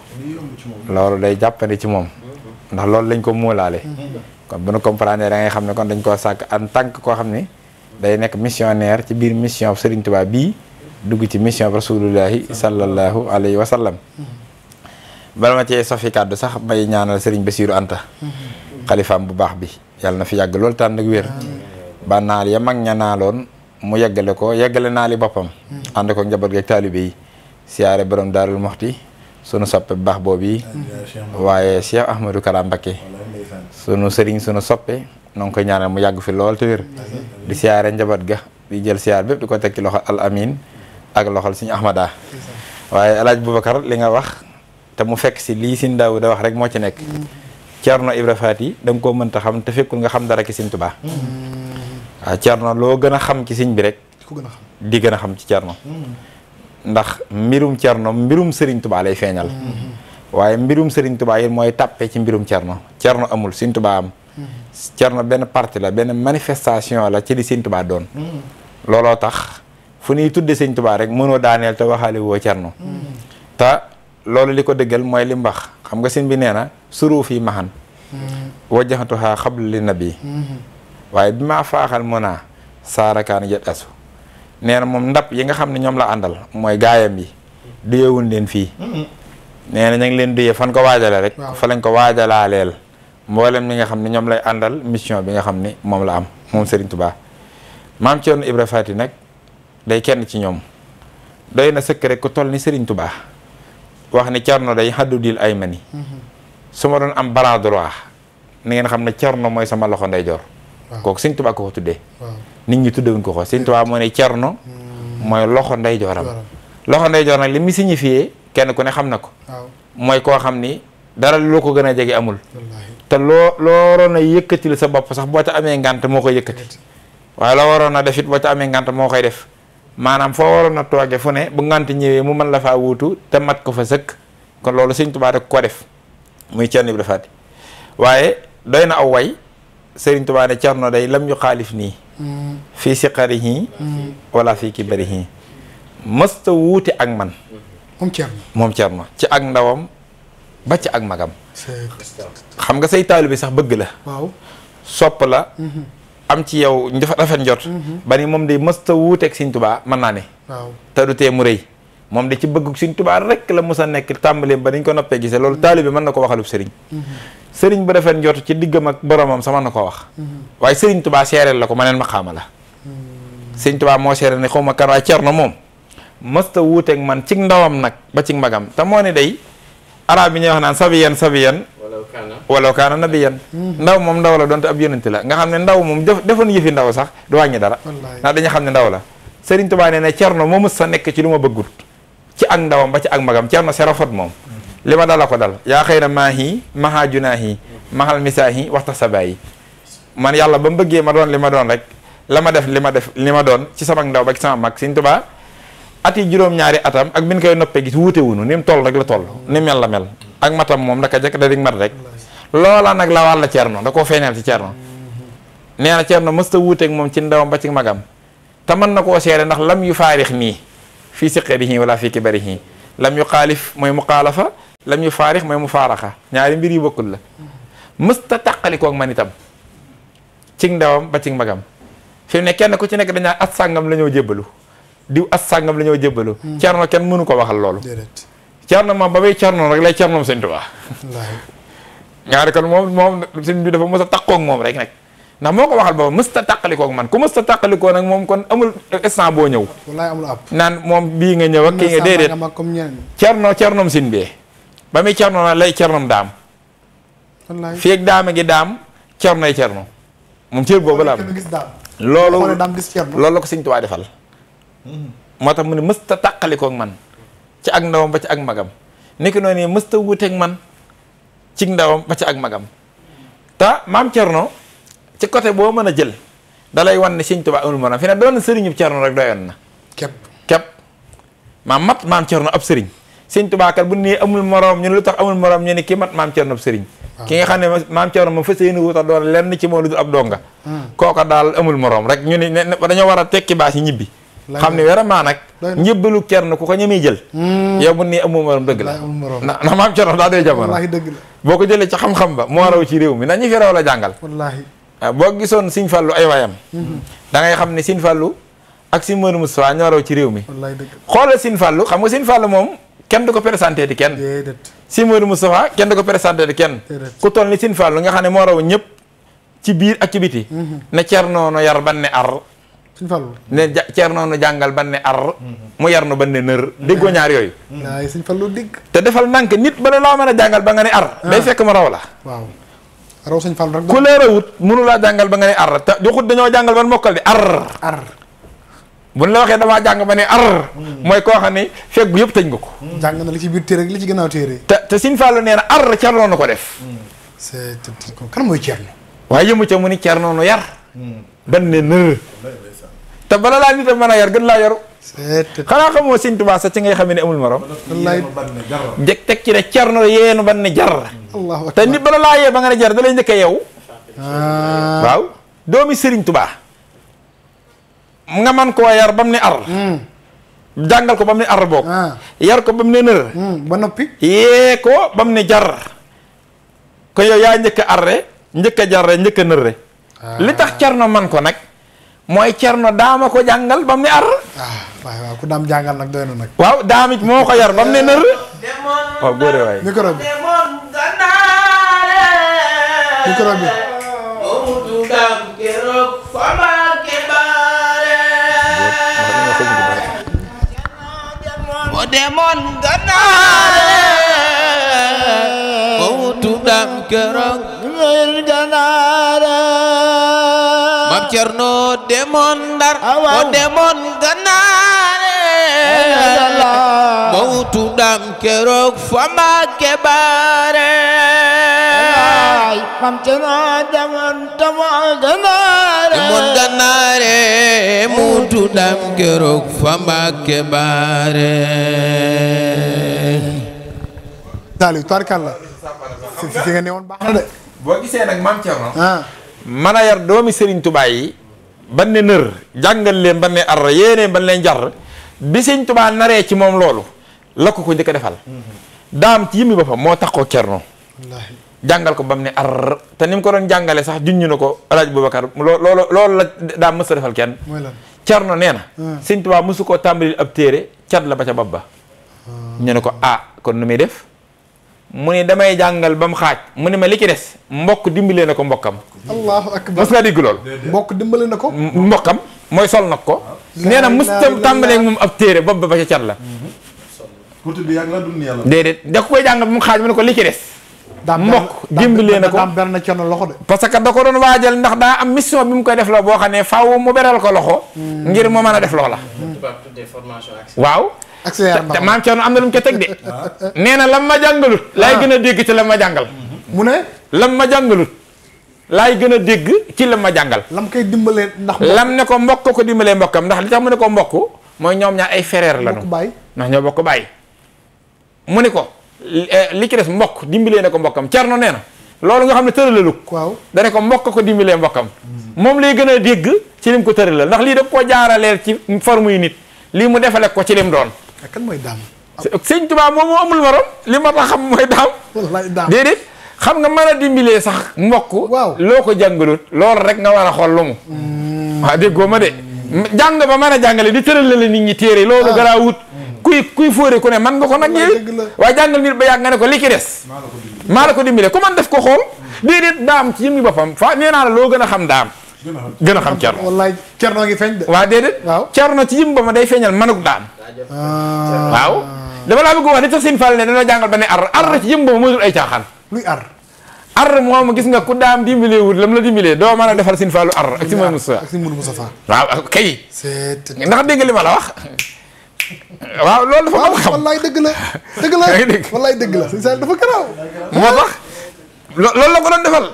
D: loolu day jàppandi ci moom ndax loolu lañ ko muulaale kon bu nu comprendre da ngay xam ne kon dañ koo sàkk en tant koo xam ne day nekk missionnaire ci biir mission Serigne Touba bii dugg ci mission rasulullahi sallallahu alayhi wa sallam bala ma cee sofi kàddu sax may ñaanal Serigne Bassirou Anta xalifaam bu baax bi yàlla na fi yàgg loolu tànn ak wér ba naal ya mag ña naaloon mu yeggale ko yeggale naali boppam ànd ko njaboot geeg taalibe yi siyaare borom daarul moxti sunu soppe bu baax boobu waaye Cheikh Ahmadou Kara Mbacké sunu sëriñ sunu soppee noo ngi koy ñaanal mu yàgg fi lool te wér di siyaare njaboot ga di jël siyaar bépp di ko teg ci loxo al amin ak loxol suñu ahmada waaye alaaj Boubacar li nga wax te mu fekk si lii sin daawu da wax rek moo ci nekk Ceerno Ibra Faati da nga koo mënta xam te fekkul nga xam dara ki Sëñ Tuubaa waaw Ceerno loo gën a xam ci Sëñ bi rek di gën a xam ci Ceerno hmm. ndax mbirum no mbirum Serigne Touba lay feeñal. Mm-hmm. waaye mbirum Serigne tubaa yi mooy tàppe ci mbirum cerno cerno amul Serigne Touba am.
G: Mm-hmm.
D: cerno benn parti la benn manifestation la ci li Serigne Touba doon. Mm-hmm. looloo tax fu ñuy tudde Serigne tubaa rek mënoo daaneel te waxaale woo cerno. te loolu li ko dëggal mooy li mbax xam nga Serigne bi nee na suru fii maxan. wajjahatuha xabla li nabi waaye bi maa faaxal mun naa saarakaan yet asu nee na moom ndap yi nga xam ne ñoom la àndal mooy gaayam yi duyewuñ leen fii mm-hmm. nee na ñu leen duyee fan ko waajale rek fa lañ ko waajalaaleel mboolem mi nga xam ne ñoom lay àndal mission bi nga xam ne moom la am moom Serigne Touba maam Thierno Ibra Fati nag day kenn ci ñoom doy na sëkk rek ku toll ni Serigne Touba wax ne Thierno day xaddu dil ay mani mm-hmm. su ma doon am bras droit ni ngeen xam ne Thierno mooy sama loxo ndeyjoor kooku Serigne Touba ko ko tuddee nit ñi tuddewuñ ko ko Sëñ Tuubaa moo ne cerno mooy loxo ndeyjooram loxo ndeyjoor nag li mu signifié kenn ku ne xam na ko mooy koo xam ni dara loo ko gën a jege amul te loo loo waroon a yëkkatil sa bopp sax boo ca amee ngànt moo koy yëkkati waaye loo waroon a def it boo ca amee ngante moo koy def maanaam foo waroon a tooge fu ne bu ngante ñëwee mu man la faa wutu te mat ko fa sëkk kon loolu Sëñ Tuubaa rek ko def muy Cerno Ibrahima Faty waaye doy na aw way Sëriñ Tuubaa ne Cerno day lam xaalif nii fii siqarihi wala fii kibarihi mësta wuute ak man moom Thierno moom ci ak ndawam ba ci ak magam xam nga say taalibe sax bëgg la waaw sopp la mhm. am ci yow rafet njot mhm. ba ni moom de mësta wuuteeg Sëñ Tuubaa mën naa ne te du tee mu rëy moom de ci bëgg suñ tubaa rek la mos a nekk tàmbali ba dañ ko noppee gisee loolu taalibe mën na ko waxalub sëriñ mhm. sëriñ bu defee njort ci diggam ak boromam sama na ko wax mhm. waaye sëriñ tubaa seereel la ko ma neen xaama la mhm. sëriñ moo seereel ne xaw ma kan waaye cerno moom mësta wuuteeg man cig ndawam nag ba cig magam te moo ne day bi ñuy wax naan sabiyan sabiyan walaw kaana nabiyan ndaw moom ndaw la doonte ab yonente la nga xam ne ndaw moom def defoon yëfi ndaw sax du wàññi dara ndax dañu xam ne ndaw la sëriñ tubaa nee ne cerno moo mës sa nekk ci lu ma bëggut ci ak ndawam ba ci ak magam ceerno serofot moom li ma dala ko dal yaa xëy na maahi maha junaahi mahal misaahi waxta sabaayi man yàlla ba mu bëggee ma doon li ma doon rek la ma def li ma def li ma doon ci sama ndaw ba ci sama mag Sëñ Tuubaa at yi juróom-ñaari atam ak bin koy noppee gis wuute wunu ni mu toll rek la toll ni mel la mel ak matam moom daka jekk da di mat rek loola nag la wàlla ceerno da koo feeñal ci ceerno nee na ceerno mësta wuuteeg moom ci ndawam ba ci magam te mën na koo seere ndax lam yu faarix nii fii siqarihi wala fii kibarihi lam yu xaalif mooy muxaalafa lam yu faarix mooy mu faaraxa ñaari mbir yi bokkul la mësta taqalikook man itam cig ndawam ba cig magam fi ne kenn ku ci nekk dañaa at sàngam lañoo ñoo jébbalu diw at sàngam la ñoo hmm. cerno kenn mënu ko waxal loolu cerno moom ba bay cerno rek lay cernoom sëñ Tuubaa ñaari kon moom moom sëñ bi dafa mës a taqoog moom rek nag ndax moo ko waxal booba mësta tàqalikook man ku mësta tàqalikoo nag moom kon amul instant boo ñëw wallaay amul ab naan moom bii nga ñëw ak kii nga déedéet cerno cernom sin bee ba muy cerno na lay cernom daam feeg ngi daam cernoy cerno moom cër boobu la am loolu loolu la ko Sëñ Tuubaa defal mm-hmm. moo tax mu mësta tàqalikoo man ci ak ndawam ba ci ak magam nekk noonu mësta wuuteeg man ci ndawam ba ci ak magam te maam cerno ci côté boo mën a jël da lay wan ne Sëñ Tuubaa amul morom fi ne doon sëriñu Cerno rek doyoon na. képp képp maam mat maam Cerno ab sëriñ Sëñ Tuubaa kat bu nee amul moroom ñu ne lu tax amul morom ñu ne ki mat maam Cerno ab sëriñ. ki nga xam ne maam Cerno moom fas yéene wuta doon lenn ci moo lu ab donga. Hmm. kooka daal amul morom rek ñu ne dañoo war a tekki baas yi ñibbi.
G: xam ne vraiment nag
D: njëbbalu Cerno ku ko ñemee jël hmm. yow bu nii amul morom dëgg la ndax maam Cerno daa dee jamono boo ko jëlee ci xam ba moo raw ci réew mi na ñi fi raw la jàngal Ah, boo gisoon Sëñ Fallu ay waayam. da ngay xam ne Sëñ Fallu ak Sëñ Moodu Mustafaa ci réew mi. wallaay dëgg xoolal Sëñ Fallu xam nga Sëñ Fallu moom kenn du ko présenté di kenn. déedéet Sëñ Moodu Mustafaa kenn du ko présenté di kenn. ku toll ni Sëñ Fallu nga xam ne moo raw ñëpp ci biir ak ci biti. Mhm. ne Cerno noonu yar ban ne ar. Sëñ Fallu ne ja Cerno noonu jàngal ban ne ar. Mhm. mu yar nu ban ne nër. déggoo ñaar yooyu.
B: waaye Sëñ Fallu digg.
D: te defal nank nit ba la laa mën a jàngal ba nga ne ar. Ah. day fekk ma raw la raw sëñ Fallou rek ku leer a wut mënu laa jàngal ba nga ne ar te joxut dañoo jàngal ban mokkal di ar. ar buñ la waxee damaa jàng ba ne ar. Hmm. mooy koo xam ne fekk bu yëpp tëj nga ko.
B: Hmm. jàng na li ci biir téere li ci gannaaw téere.
D: te te sëñ Fallou nee na ar Cerno na ko def.
B: Hmm. c'est kan
D: mooy Cerno. waaye yëmu ca mu ni Cerno nu yar. dan ne nër. te bala laa nit a mën a yar gën laa yaru. xanaa xamoo sëñ Tuubaa sax ci ngay xam ne amul morom. njëkk teg ci ne cerno yeenu ban ne jar. te nit bala laa yee ba nga ne jar da lay njëkk a yow. Ah. waaw doomi Serigne tubaa nga man koo yar ba ne ar. Hmm. jàngal ko ba mu ne ar boog. Ah. yar ko hmm, ba ne nër. noppi. yee ko ba mu ne jar. ko yow yaa njëkk a arre njëkk jar jarre njëkk a nërre. Ah. li tax car cerno man ko nag. mooy cerno daama ko jàngal ba mu ne ar. Ah,
B: waaw waaw ku daam jàngal nag doy na nag. waaw daamit moo ko yar ba mu ne nër. waaw góore waay micro bi. micro bi.
H: demoon gannaare.
F: cerno demoon ndar ah, o demoon gannaare mawtu dam keroog fama kebaare
H: mam cerno demoon gannaare
E: demoon
F: gannaare mawtu dam keroog fama
D: kebaare daal yu tarkal la si nga newoon baax na de boo gisee nag mam cerno ah. mën a yar doomi Serigne Touba yi ban ne nër jàngal leen ban ne ar yéeneen ban leen jar bi Serigne Touba naree ci moom loolu la ko ko njëkk a defal mhm. daam ci yëmmi boppam moo tax ko cerno jàngal ko ba mu ne ar te ni mu ko doon jàngale sax junñu na ko alaaj Boubacar loo loolu loolu la daam mës defal kenn cerno nee na hmm. Serigne mësu mosu koo tàmbalil ab téere cat la ba ca bopp ba ah. ñu ne ko ah kon nu muy def mu ne damay jàngal ba mu xaaj mu ne ma li ci des mbokk dimbalee na ko mbokkam.
B: allahu akbar mës nga dégg
D: mbokk dimbale na ko. mbokkam mooy sol nag ko. nee na mës tam tàmbalee moom ab téere bopp ba ba ca cat la.
A: kutu bi yàgg la dund yàlla.
D: koy jàngal ba mu xaaj mu ne ko li ci des. mbokk dimbalee na ko daam ber na coono loxo de parce que da ko doon waajal ndax daa am mission bi mu koy def la boo xam ne faaw mu beral ko loxo.
G: Hmm. ngir mu mën a def loola.
D: waaw. te maam Thierno am na lu mu ca teg de. [LAUGHS] Ah. nee na lam ma jàngalut. laay ah. gën a dégg ci lam ma jàngal. mu ne. lam ma jàngalut. laay gën a dégg ci lam ma jàngal. lam koy dimbalee ndax. lam ne ko mbokk ko dimbalee mbokkam ndax li tax mu ne ko mbokk mooy ñoom ay frère lañu. bokk bàyyi ndax ñoo bokk bàyyi. ne ko eh, li ci des mbokk dimbalee na ko mbokkam Thierno nee na. loolu nga xam ne tëralalu. waaw da ko mbokk ko dimbalee mbokkam. moom lay gën a dégg ci lim ko tëralal ndax lii def ko jaaraleel ci form yu nit lii mu defale ko ci lim doon mais eh, kan mooy daam. sëñ Tuubaa moom moo amul morom li ma tax xam mooy daam.
B: wallaay daam déedéet
D: xam nga mën a dimbilee sax mbokk. waaw loo ko jàngalut loolu rek nga war a xool lu mu. Mm. waaw déggoo ma de. jàng ba mën a jàngale di tëral la nit ñi téere loolu ah. garaa kuy kuy fóore ku ne man nga ko nag yooyu waaye jàngal nit ba yàgg nga ne ko li ki des maa la ko dimbile ku man def ko xool déedéet daam ci yëmi boppam fa nee naa la loo gën a xam daam gën a xam cerno wallaay cerno ngi feeñ de waaw déedéet cerno ci yëmi boppam day feeñal manuk daam Ah. waaw dama laa bëgg wax ne sax seen fàll ne dañoo jàngal ba ne ar ar ci jëm boobu mooy ay caaxaan luy ar ar moom gis nga ku daam dimbalee wut lam la dimbalee doo mën a defal sin faalu
B: ar ak si mooy Moussa ak si mooy waaw kay ndax dégg nga ma la wax waaw loolu dafa am xam wallaay dëgg la dëgg la [LAUGHS] dëgg la sa dafa garaaw moo loolu la ko doon defal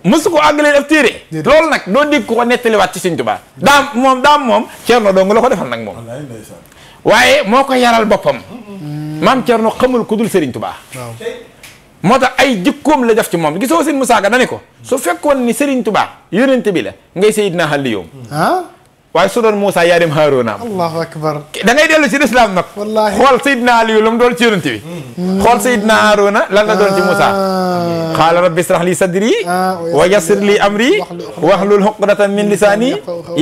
B: mësu mm-hmm. ko àggalee def téere loolu
D: nag doo dégg ko nettaliwaat ci Sëñ Tuubaa daam moom daam moom Ceerno dong la ko defal nag moom waaye moo ko yaral boppam maam Thierno xamul ku dul Serigne Touba moo tax ay jikkoom la def ci moom gisoo seen Musaa Ka dane ko soo fekkoon ni Serigne Touba yonent bi la ngay Seydina Aliyu ah? waaye su doon Moussa yaa dem Haaruna
B: allahu akbar
D: da ngay dellu ci lislaam nag wallaahi xool Seydina Aliyu lu mu doon ci yonent bi hmm. xool Seydina Haaruna lan la doon ci Moussa ah. qaala rabbi israh li sadri ah, wa yassir li amri wahlul uqdatan min lisaani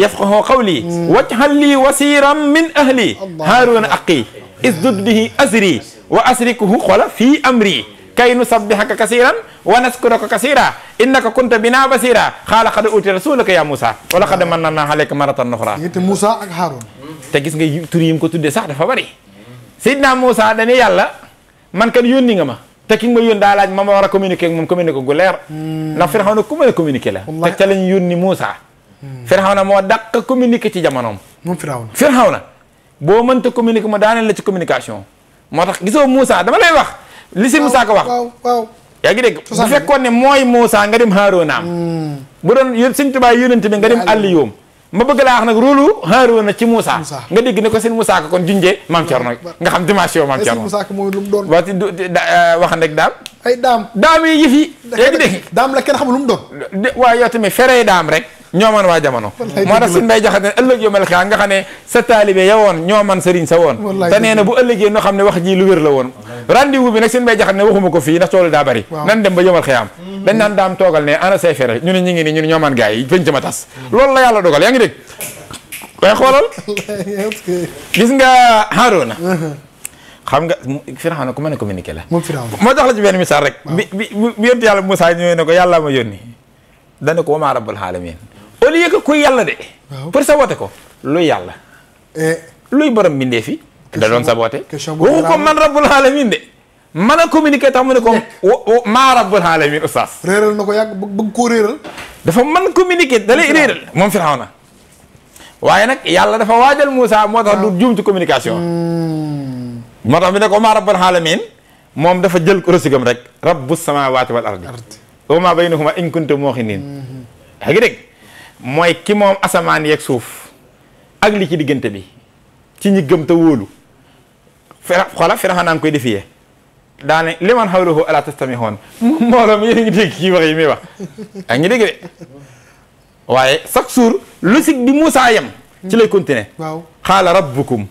D: yafqahu qawli hmm. wajhal li wasiran min ahli Haaruna aqi isdud bihi azri wa asrikhu xola fii amri kay nusabbihaka kasiran wa naskuruka kasira innaka kunta bina basira xaala xada uti rasulaka ya Moussa wala xada mën na naa aleyka maratan noxra te gis nga tur ko tuddee sax dafa bari Seydina Moussa dane yàlla man kan yónni nga ma te ki nga ma yónni daa ma ma war a communiquer moom communiquer gu leer
B: hmm. ndax
D: Firawna ku mën a communiquer la te ca lañ yónni Moussa hmm. Firawna moo dàq communiquer ci jamonoom moom Firawna Firawna boo mënta communiquer ma daaneel la ci communication moo tax gisoo Moussa dama lay li si Moussa ko wax waaw yaa ngi dégg bu fekkoon ne mooy Moussa nga dem Haaruna hmm. bu doon yéen sëñ Tuubaa yonent bi nga dem Aliyum ma bëgg laa wax nag rôle lu Haaruna ci Moussa nga dégg ne ko sëñ Moussa ko kon junjee maam Thierno nga xam dimension maam Thierno Moussa ko mooy rek eh, daam ay daam daam yi yëf yi yaa ngi dégg daam la kenn xamul lu mu doon waaw yow tamit ferey daam rek ñoo man waa jamono moo tax suñ bay jaxat ne ëllëg yomal xiyaam nga xam ne sa taalibe ya woon ñoo man sëriñ sa woon te nee na bu ëllëgee noo xam ne wax ji lu wér la woon rendez-vous bi nag suñ bay jaxat ne waxuma ko fii ndax toolu daa bari nan dem ba yomal xiyaam mm-hmm. dañ naan daam toogal ne ana say fere ñu ne ñu ngi nii ñu ne ñoo man gars yi fañ ci ma tas mm-hmm. loolu la yàlla dogal yaa ngi dégg [LAUGHS] gis nga Haaruna uh-huh. xam nga Firawna ku mën a communiquer la moo tax la ci benn misaal rek bi bi yonent yàlla Moussa ñëwee ne ko yàlla ma yónni dana ko wa maa rabbul au lieu que kuy yàlla de. pour saboter ko luy yàlla. Eh. luy borom bindee fi. da doon saboter. waxu ko man rabbul alamin de. mën a communiquer tax mu ne ko maa rabbul alamin oustaz. réeral na ko yàgg bëgg koo réeral. dafa mën communiquer da lay réeral moom Firawna waaye nag yàlla dafa waajal Moussa moo tax du ah. juum communication. Hmm. moo maa rabbul alamin moom dafa jël rësigam rek rabbu samaawaati wal ardi wa maa baynahuma in kuntum muuqinin. Hmm. mooy ki moom asamaan yeeg suuf ak li ci diggante bi ci ñi gëm te wóolu fira xoola firaxa naa ngi koy defiyee daane li man xawlahu ala tastamixoon [LAUGHS] mbooloo mi yéen ngi dégg ci wax yi muy wax ak ngi dégg de waaye chaque jour logique bi Moussa yem ci lay continuer xaala rabbukum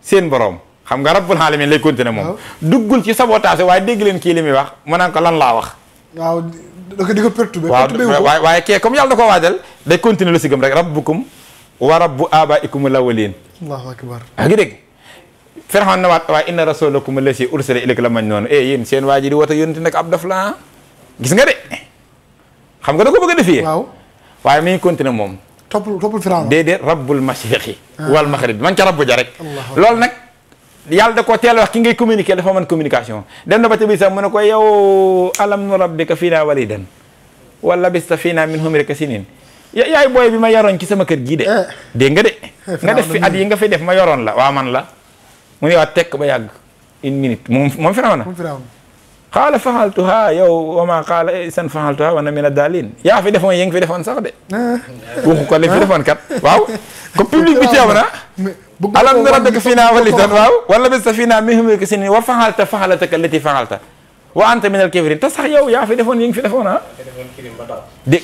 D: seen boroom xam nga rabbul alamin lay continuer moom duggul ci sabotage waaye dégg leen kii li muy wax mu naan ko lan laa wax da di ko perturbé perturbé wu waaye kee comme yàlla da koo waajal day continuer lu si gëm rek rabbukum wa rabbu abaikum lawalin allahu akbar a ngi dégg Firxoon na waat waaye inna rasulakum lasi ursila ilayka la mañ noonu eh yéen seen waa ji di woote yónni nag ah. gis nga de xam nga da ko bëgg a defee waaw waaye mi ngi continuer moom toppul toppul Firxoon déedéet rabbul mashriqi ah. wal maghrib man ca rabbu ja rek loolu nag yàlla da ko teel wax ki ngay communiquer dafa mën communication dem na ba te bi sax mu ne ko yow alam nu rabbika fiinaa walidan wala bista fiinaa min humrika sinin yaay booy bi ma yoroon ci sama kër gii de eh. dégg nga de eh, nga def at yi nga fi def ma yoroon la waa man la mu ne waa tekk ba yàgg une minute moom moom Firawna xaala faxaltuha yaw wa maa xaala san faxaltuha wa na mina daalin yaa fi defoon yi nga fi defoon sax de eh.
I: waxu ko li fi defoon
D: alam nara dëkk fii naa walidan waaw wala bés ta wa faxalta faxalataka lati faxalta wa anta minal kafirin te sax yow yaa fi defoon yi ngi fi defoon ah dé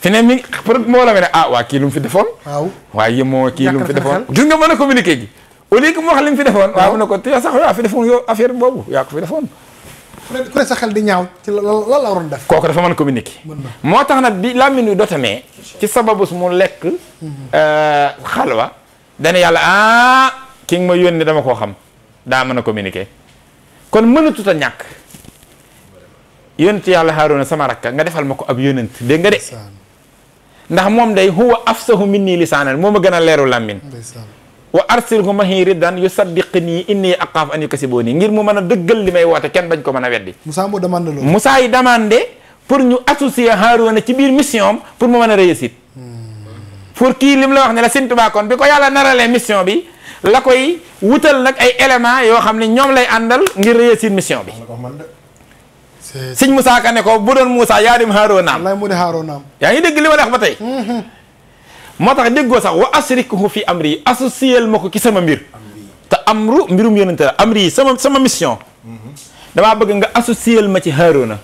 D: fi ne mi peut la ne ah waa kii mu fi defoon waaw waaye moo kii lu mu a communiqué gi au lieu que mu wax li mu fi defoon waaw ko te sax yaa fi defoon yow affaire boobu yaa fi defoon
B: ku ne sa xel di ñaaw ci la la waroon def
D: kooku dafa mën a communiqué moo tax na bi làmmiñ wi dootamee ci sababus mu lekk mhm. euh, xalwa dana yàlla ah ki nga ma yónni dama koo xam daa mën a communiquer kon mënatut a ñàkk yónent yàlla Haaruna sama rakka nga defal ma ko ab yónent dégg nga de ndax moom day huwa afsahu minni lisaanan moo ma gën a leeru làmmin wa arsilhu mahi riddan yusaddiqni inni ngir mu mën a dëggal li may woote kenn bañ ko mën a weddi
B: Moussa moo demandé loolu
D: Moussa yi demandé ci biir mission am pour mu mën a réussir pour kii lim la wax ne la Sëñ Tuubaa kon bi ko yàlla naralee mission bi la koy wutal nag ay éléments yoo xam ne ñoom lay àndal ngir réussir mission bi. sëñ Moussa Ka ne ko bu doon Moussa yaa dem Haaroona naam. yaa ngi dégg li ma la wax ba tey. Mm-hmm. moo tax déggoo sax wa asrikhu fi amri yi associel ma ko ci sama mbir. te amru mbirum yonente la amri yi sama sama mission. Mm-hmm. damaa bëgg nga associel ma ci Haaroona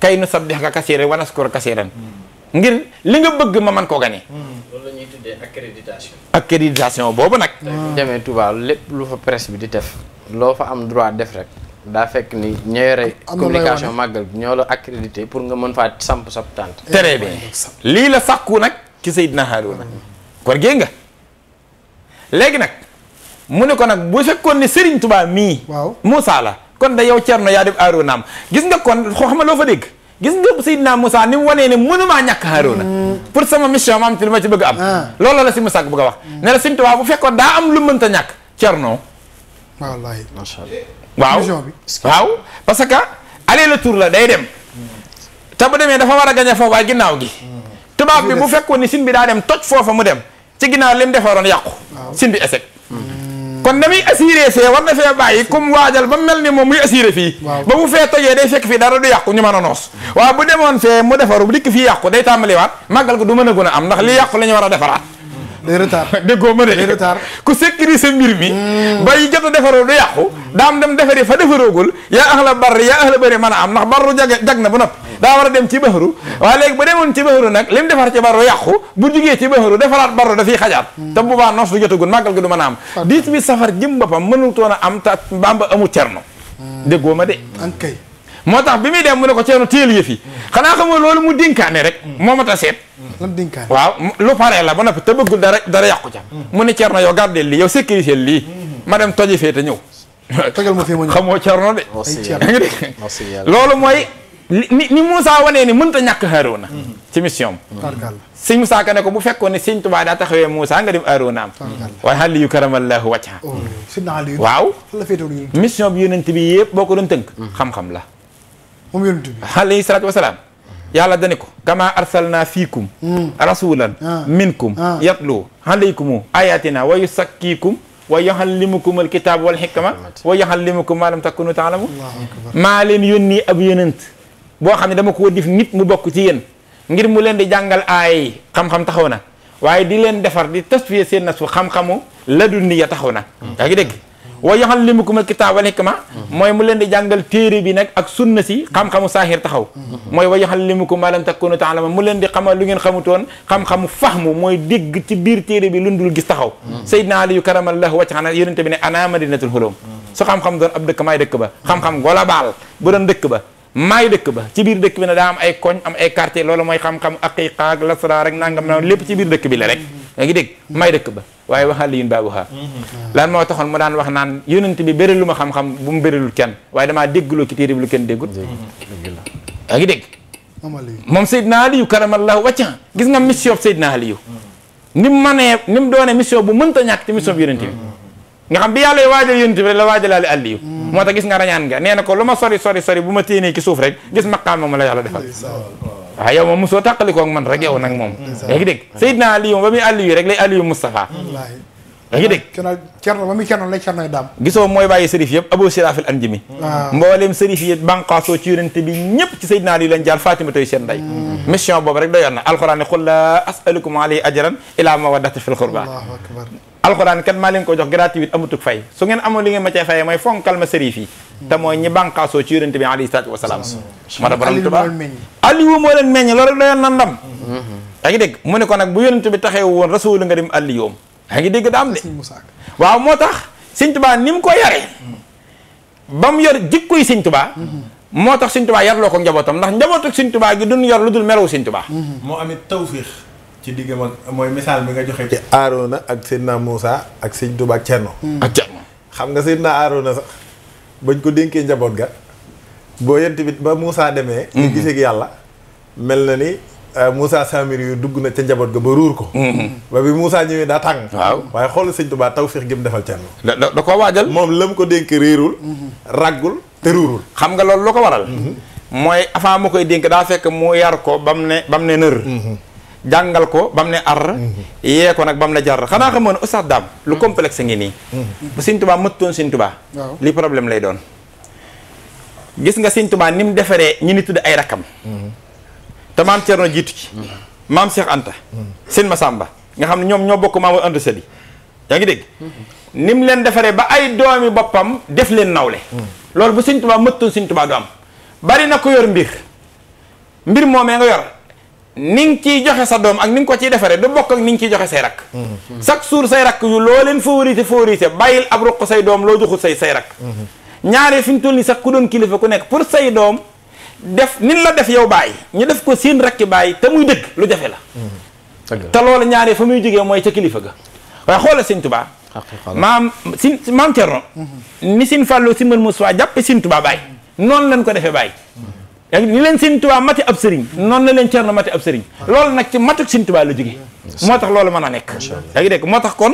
D: kay nu sabbihaka kasiiran wa naskuruka kasiiran mm. ngir li nga bëgg ma man koo gagné.
C: Hmm. loolu la ñuy tuddee accréditation.
D: accréditation boobu nag.
C: Hmm. Hmm. demee Touba lépp lu fa presse bi di def. loo fa am droit def rek. daa fekk ni ñoo yore communication màggal bi ñoo la accrédité pour nga mën faa samp sab tànt très bi lii
D: la sàkku nag ci Seydina Haaruna kor gée nga léegi nag mu ne ko nag bu fekkoon ni sëriñ tubaab mii waaw Moussa la kon da yow Cerno yaa def Haarunaam gis nga kon xoo ma loo fa dégg gis nga Seydina Moussa ni mu wanee ne mënumaa ñàkk Haaruna mm. pour sama mission am ci li ma ci bëgg am ah. loolu la si Moussa bëgg a wax mm. ne la Sëñ Tuubaa bu fekkoon daa am lu mënta ñàkk Cerno
B: wallaay macha Allah
D: waaw waaw parce que aller le tour la day dem mm. te bu demee dafa war a gañe foofu waaye ginnaaw gi tubaab bi bu fekkoon ni sin bi daa dem toj foofa mu dem ci ginnaaw li defaroon yàqu sin bi kon damuy assuré fee war na fee i comme waajal ba mel ni moom muy assuré fii ba mu fee tojee day fekk fii dara du yàqu ñu mën a noos waaw bu demoon fee mu defaru dikk fii yàqu day tàmbaliwaat màggal ko du mën a gën am ndax li yàqu la ñu war a defaraat day retard [LAUGHS] déggoo ma de day retard ku sécuriser mbir mi mm. bay jot defaroo du yàqu daam dem defari fa defaroogul yaa ax la barri yaa ax la bëri mën a am ndax barru jag jag na ba nopp daa war a dem ci baxaru waaye léegi ba demoon ci baxaru nag lim defar ci barru yàqu bu jugee ci baxaru defaraat barru dafiy xajaat mm. te bu baax noos du jotagul màggal gi du mën a am diit bi safar jëm boppam mënul toon a am ba bamba amul cerno mm. déggoo ma de moo tax bi muy dem mu ne ko ceeno téel yëf yi xanaa xamoo loolu mu dénkaane rek mm. moo mat a seet lam dénkaane waaw lu pare la ba noppi te bëggul dara dara yàqu ca mm. mu ne ceerno yow gardeel lii yow sécurité lii mm-hmm. ma dem toji fee te ñëw tojal ma fii ma ñëw xamoo ceerno de loolu mooy ni ni Moussa wanee ni mënta ñàkk Harouna mm-hmm. ci mission am mm-hmm. sëñ Moussa ka ne ko bu fekkoon ne sëñ Tuubaa daa taxawee Moussa nga dem Harouna am waaye xal yu karamallahu wacca
B: oh, waaw
D: mission bi yonent bi yëpp boo ko doon la moom yonent bi alayhi salaatu wasalaam yàlla dani ko kama arsalna fiikum hmm. rasulan ah. minkum ah. yatlu alaykum ayatina wa yusakkikum wa yuallimukum alkitaab wal hikma wa yuallimukum ma lam takunu taalamu maa leen yónni ab yonent boo xam ne dama ko def nit mu bokk ci yéen ngir mu leen di jàngal ay xam-xam taxaw na waaye di leen defar di tasfiye seen nasu xam-xamu la dun ni ya taxaw na yaa ngi dégg wa yuallimukum alkitaab wal hikma mooy mu leen di jàngal téere bi nag ak sunna si xam-xamu saahir taxaw mooy wa yuallimukum ma lam takunu taalamun mu leen di xamal lu ngeen toon xam-xamu fahmu mooy dégg ci biir téere bi lundul gis taxaw sayyidina Ali yu karamallahu wajhana yonente bi ne ana madinatul hulum su xam-xam doon ab dëkk maay dëkk ba xam-xam gola baal bu doon dëkk ba maay dëkk ba ci biir dëkk bi ne daa am ay koñ am ay quartier loolu mooy xam-xam aqiqa ak lasrar rek nangam na lépp ci biir dëkk bi la rek yaa ngi dégg may dëkk ba waaye waxal li yun baabu xaar lan moo taxoon mu daan wax naan yonent bi bëri lu ma xam-xam bu mu bërilul kenn waaye damaa déggloo ki téere bi lu kenn déggul yaa ngi dégg moom Seydina Aliyu karamallahu wacca gis nga mission Seydina Aliyu ni mu manee ni mu doonee mission bu mënta ñàkk ci mission bi yonent bi nga xam bi yàlla y waajal yonent bi la waajalaale Aliyu moo tax gis nga rañaan nga nee na ko lu ma sori s sori bu ma téenee ci suuf rek gis maqaam ma la yàlla defal waaw yow moom mosoo tàqalikoog man rek yow nag moom mm. yaa ngi dégg Seydina Aliou ba muy Aliou rek lay Aliou Moustapha
B: yaa ngi dégg cerno ba muy cerno lay cernoy daam
D: gisoo mooy bàyyi sërif yëpp abou sirafil an jimi mbooleem sërif yi banqaasoo ci yonente bi ñëpp ci Seydina Aliou lañ jaar Fatima toy seen nday mm. mission boobu rek doyoon na alxuraan ne qul laa asalukum alayhi ajran ilaa mawaddata fil qurbaa alxuraan kat maa leen ko jox gratuit amutuk fay su ngeen amoon li ngeen ma a fayee mooy fonkal ma sërif yi te mooy ñi bànqaasoo ci yonente moo tax borom tuba aliyu meññ loolu doyoon na ndam
B: mhm.
D: yaa ngi dégg mu ne ko nag bu yonente bi taxee woon rasulu nga dem aliyoom yaa ngi dégg daam de waaw moo tax sëñ tubaa ni mu ko yaree ba mu yor jikkoy sëñ tubaa mhm. moo tax sëñ tubaa yarloo ko njabootam ndax njabootuk sëñ tubaa gi duñ yor lu dul merew sëñ tubaa
A: mhm. moo amit tawfiix ci diggam ak mooy misaal bi nga joxe ci Aaroona ak Seydina Moussa ak Sëñ Tuubaa ak Cerno hmm. ak xam nga Seydina Aaroona sax bañ ko dénkee njaboot ga boo yent bi ba Moussa demee hmm. di gisee yàlla mel na ni euh, Moussa Samir yu dugg na ca njaboot ga ba ruur ko hmm. ba bi Moussa ñëwee daa tàng waaw waaye xool Sëñ Tuubaa tawfeex gi mu defal
D: Cerno da ko waajal moom la ko dénk réerul raggul te ruurul xam nga loolu loo ko waral mooy avant mu koy dénk daa fekk mu yar ko ba mu ne jàngal ko ba mu ne ar yee ko nag ba mu ne jar xanaa mm-hmm. xamoon ne oustaz daam lu mm-hmm. complexe ngi nii bu mm-hmm. Sëñ Tuubaa mëttoon Sëñ Tuubaa li problème lay doon gis nga Sëñ Tuubaa ni mu defaree ñi ni tudd ay rakkam te maam Cerno jiitu ci maam Cheikh Anta ma Masamba nga xam ne ñoom ñoo bokk maam indi seli yaa ngi dégg ni mu leen defaree ba ay doomi boppam def leen nawle loolu bu Sëñ Tuubaa mëttoon Sëñ Tuubaa du am bari na ko yor mbir mbir moomee nga yor ni nga ciy joxe sa doom ak ni nga ko ciy defaree du bokk ak ni nga ciy joxe say rakk chaque jour say rakk yu loo leen favoriser favoriser bàyyil ab ruq say doom loo joxul say say rakk ñaaree fi ñu toll nii sax ku doon kilifa ku nekk pour say doom def nin la def yow bàyyi ñu def ko seen rakki bàyyi te muy dëgg lu jafe la te loolu ñaare fa muy mooy ca kilifa ga waaye xoolal sëñ tubaa maam sin maam Cerno
G: mhm.
D: ni sin fàllu si mën mos waa jàppe sin tubaa bàyyi noonu lañ ko defee bàyyi ni leen Sëriñ Tuubaa mati ab sëriñ noonu la leen Cerno mati ab sëriñ loolu nag ci matuk Sëriñ Tuubaa la jóge moo tax loolu mën a nekk yaa ngi dégg moo tax kon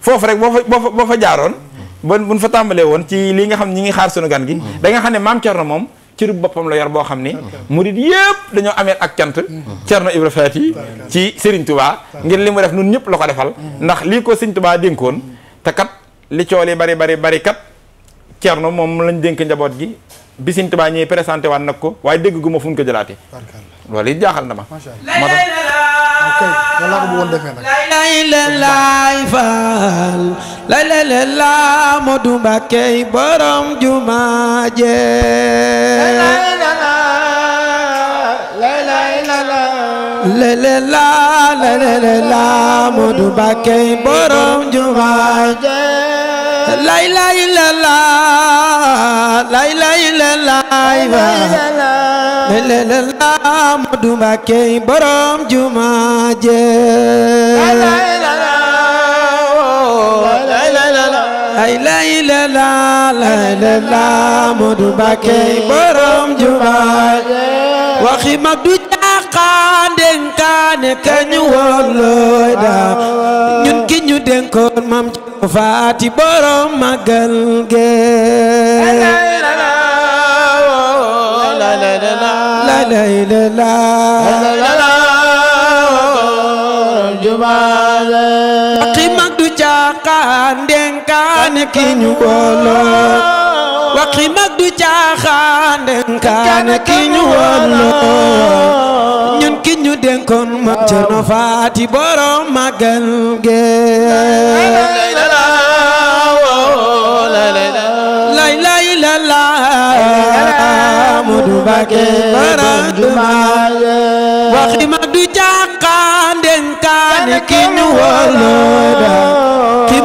D: foofu rek boo fa boo fa jaaroon ba buñ fa tàmbalee woon ci li nga xam ñi ngi xaar sunu gan gi hmm. danga xam ne maam Cerno moom cërub boppam la yor boo xam mu murid yëpp dañoo amee ak cant hmm. Cerno Ibra Faati hmm. ci Sëriñ Tuubaa ngir li mu def nun ñëpp la ko defal ndax lii ko Sëriñ Tuubaa dénkoon te kat li cool yi bari bari bari kat Cerno moom lañ dénk njaboot gi bi Sëñ Tuubaa ñëwee présenté waat nag ko waaye dégg gu ma fu ñu ko jëlaatee. jaaxal na ma. macha allah
B: la ko bëggoon defee nag.
E: lay la laay faal lay la la laa Modou Mbakke borom jumaa je. lay la la laa Modou Mbakke borom jumaa je. lay la la laa. lay lay la lay borom juma waxi mag du jaaxaan dénkaane kañu woon looy daaw ñun ki ñu dénkoon mam faati borom magal ge la la la la la la la jumaale ak mag du caaxaan dénkaane ki ñu booloo waxi mag du caaxaan denkaane ki ñu walloo ñun ki ñu denkoon mag Cerno Faati borom magal ge lay lay la la Amadu Mbàkke borom jumaa waxi mag du caaxaan denkaane ki ñu walloo ki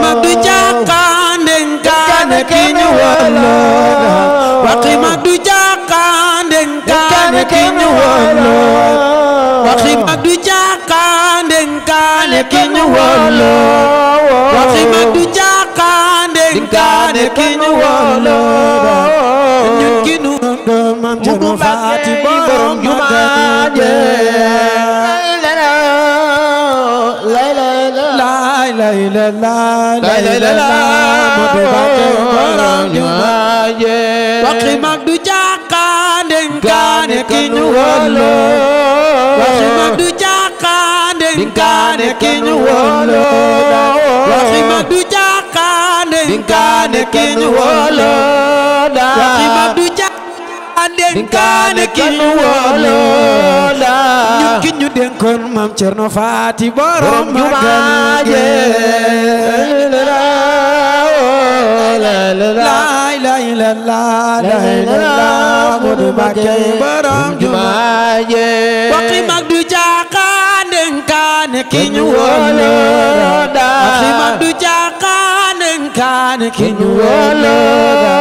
E: وقيمة جاقان كان كن ولو وقيمة جاقان كان كن ولو وقيمة جاقان كان كن ولو ñun kinu mam jamu fati borom jumaa la ilaha illallah la ilaha illallah mo de ba ko borom ñu maye waxi mag du jàkkaande ngaane ki ñu wóolu waxi mag du jàkkaande ngaane ki ñu wóolu waxi mag du jàkkaande ngaane ki ñu wóolu waxi mag du dénkaane ki ñu wóoloo la ñun ki ñu dénkoon maam Cerno Faati borom jumaa je la la la la Moodu Mbàkke borom jumaa je bokki mag du caaxaan dénkaane ki ñu wóoloo la bokki mag du caaxaan dénkaane ki ñu wóoloo la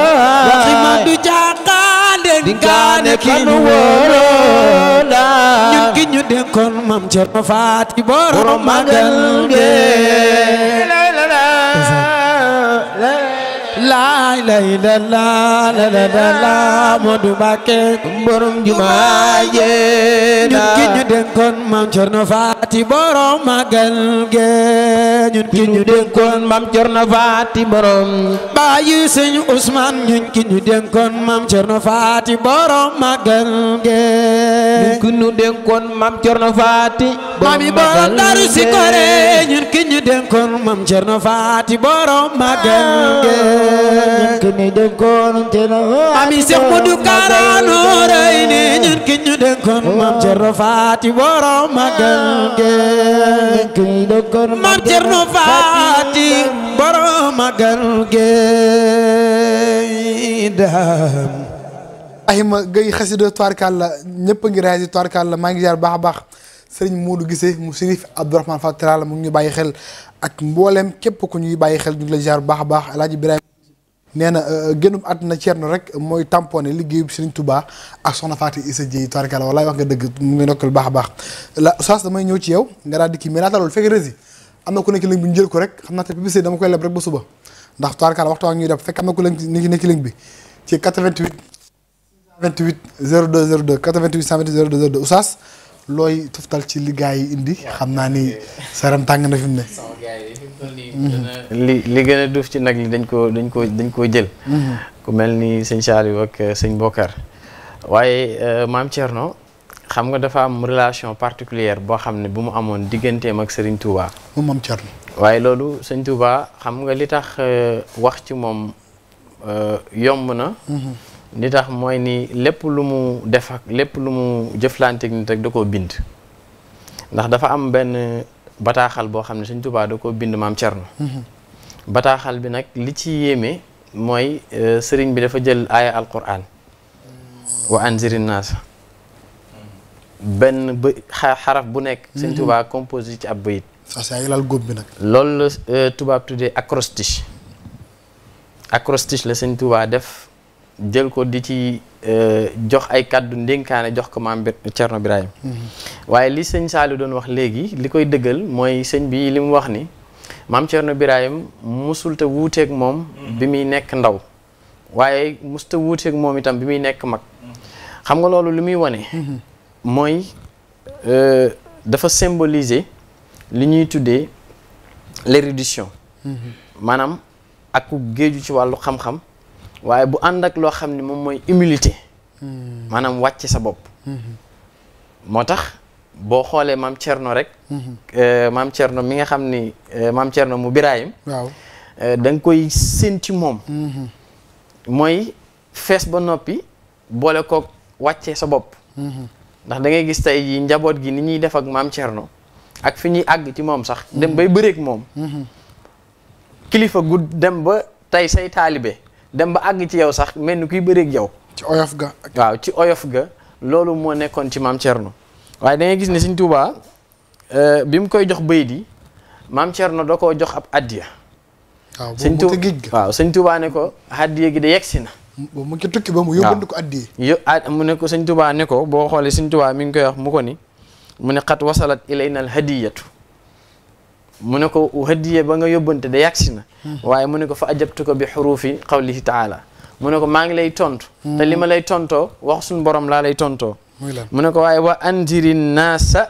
E: bokki mag du caaxaan dingaane kanu wóoroon ñun ki ñu dénkoon mam Cerno Faati borom magal ge la ilaha illallah la la la Modou Mbacké borom jumaa jee ñun ki ñu borom magal ge ñun ki ñu dénkoon Maam Cerno Faati borom baayu Sëñ Usmaan ki ñu dénkoon Maam Cerno Faati Faati mami borom daru kore ñun ki ñu dénkoon Maam Cerno Faati borom magal ge ami Cheikh Modou Kara Noreyni ñun ki ñu dénkoon oh. Mame borom magal gi Mame Thierno
B: ay ma gay xasida tubaarkàlla ñëpp a ngi réagi tubaarkàlla maa ngi jaar baax a baax sëriñ Modou Gisé mu Sérif Abdourahmane Faty Tall mu ñu bàyyi xel ak mboolem képp ku ñuy bàyyi xel ñu ngi lay jaar baax a baax Alaaji Ibrahima nee na euh, génnum àdduna Thierno rek mooy tamponné liggéeyub Serigne Touba ak soxna Faati Issa Dieye tarkala walaay wax nga dëgg mu ngi nokkal baax a baax la saas damay ñëw ci yow nga daal di kii mais laata loolu fekk rési am na ku nekk ligne bi ñu ko rek xam naa te publicité dama koy leb rek ba suba ndax tarkala waxtu waa ñuy def fekk am na ku nekk ligne bi ci 88 28 02 02 88 128 02 02 Oustaz looy tuftal ci li gars yi indi xam naa ni saram tàng na fi ne.
G: Mhm.
C: li li gën a duuf ci nag li dañ ko dañ koo dañ koo jël. Mhm. ku mel ni sëñ Saliou ak euh, sëñ Bokar waaye euh, maam Thierno xam nga dafa am relation particulière boo xam ne bu mu amoon digganteem ak Serigne Touba. mu maam Thierno. waaye loolu sëñ Touba xam nga li tax euh, wax ci moom yomb na. Mhm. li tax mooy ni lépp lu mu def ak lépp lu mu jëflanteeg nit rek da koo bind ndax dafa am benn bataaxal boo xam ne Sëñ Tuubaa da koo bind maam Cerno mhm. bataaxal bi nag li ci yéeme mooy euh, sëriñ bi dafa jël aaya alquran wa anziri naas benn ba xaraf bu nekk mhm. Sëñ Tuubaa composé ci ab bayit saa ah, yi loolu euh, tubaab tuddee acrostiche acrostiche la Sëñ Tuubaa def jël ko di ci euh, jox ay kàddu ndénkaane jox ko maam Thierno Birahim mm-hmm. waaye li sëñ Saliou doon wax léegi li koy dëggal mooy sëñ bi li mu wax ni maam Thierno Birahim musulta wuuteek moom bi muy nekk ndaw waaye musulta wuuteek moom itam bi muy nekk mag xam nga loolu li muy wane mm-hmm. mooy euh, dafa symboliser li ñuy tuddee l'érudition mm-hmm. maanaam ak ku géeju ci wàllu xam-xam waaye bu ànd ak loo xam ne moom mooy humilité hmm. maanaam wàcce sa bopp hmm. moo tax boo xoolee maam Thierno rek hmm. euh, maam Thierno mi nga xam ni euh, maam Thierno mu Birahim waaw euh, da nga koy sénti moom mooy fees ba noppi boole ko wàccee sa bopp ndax da ngay gis tey jii njaboot gi ni ñuy def ak maam Thierno ak fi ñuy àgg ci moom sax dem bay bëreek moom kilifa gu dem ba tey say taalibe dem ba àgg ci yow sax mel ni kuy bëreeg yow. ci oyof ga. waaw ci oyof ga loolu moo nekkoon ci maam Thierno waaye da gis ne Sëñ Tuubaa euh, bi mu koy jox bëy di maam Thierno da koo jox ab addiya.
G: waaw boobu
B: waaw Sëñ
C: Tuubaa ne ko addiya gi de yegsi na.
B: boobu mu tukki ba mu yóbbandu ko addiya.
C: yo mu ne ko Sëñ Tuubaa ne ko boo xoolee Sëñ Tuubaa mi ngi koy wax mu ko ni mu ne xat wasalat ilayna al hadiyatu mu ne ko hadiya ba nga yóbbante da yàgsi na hmm. waaye mu ne ko fa ajabtu ko bi xuruufi qawlihi taala mu ne ko maa ngi lay tontu hmm. te li ma lay tontoo wax suñu borom laa lay tontoo mu ne ko waaye wa andiri naasa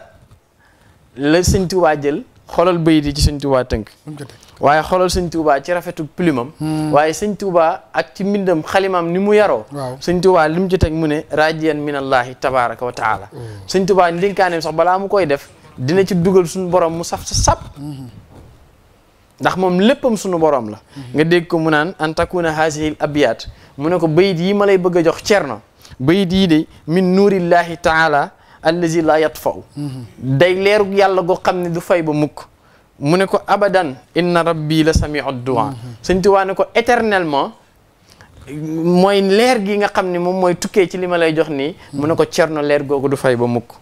C: la Sëñ jël xoolal bayit yi ci Sëñ Tuubaa tënk waaye xoolal Sëñ Tuubaa ci rafetu plumam hmm. waaye Sëñ ak ci mbindam xalimaam ni mu yaroo Sëñ Tuubaa li mu ci teg mu ne rajiyan min allahi tabaraka wa taala oh. Sëñ Tuubaa ndénkaaneem balaa mu koy def dina ci dugal suñu borom mu saf sa sab ndax moom léppam suñu borom la nga dégg ko mu naan an takuna haasihil abiyat mu ne ko bayit yi ma lay bëgg a jox cerno bayit yi de min nuurillahi taala allazi la yatfau day leerug yàlla goo xam ne du fay ba mukk mu ne ko abadan inna rabbi la samiu du'a sëñ waa ne ko éternellement mooy leer gi nga xam ni moom mooy tukkee ci li ma lay jox nii mu ne ko cerno leer googu du fay ba mukk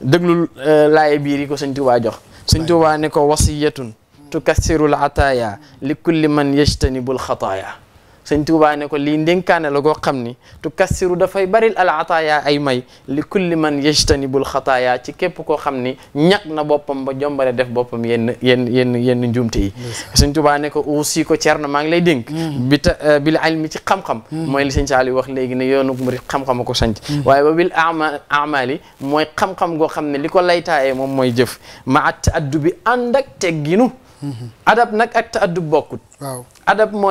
C: déglul euh, laaye biir yi ko sëñ Tuubaa jox sëñ Tuubaa ne ko wasiyatun tukassiru l ataaya li man yajtanibul xataaya sëñ Tuubaa ne ko lii ndénkaane la goo xam ni tu kassiru dafay bari al ataaya ay may li kulli man yajtanibul xataaya ci képp koo xam ni ñàkk na boppam ba jombale def boppam yenn yenn yenn yenn njuumte yi sëñ Tuubaa ne ko aussi ko cerno maa ngi lay dénk mm. bi ta euh, bil ilmi ci xam-xam mm. mooy li sëñ Saaliw wax léegi ne yoonu murit xam-xam ko sanc mm. waaye ba bil ama amali mooy xam goo xam ne li ko laytaayee moom mooy jëf ma at addu bi ànd ak tegginu mm-hmm. adab nag ak ta addu bokkut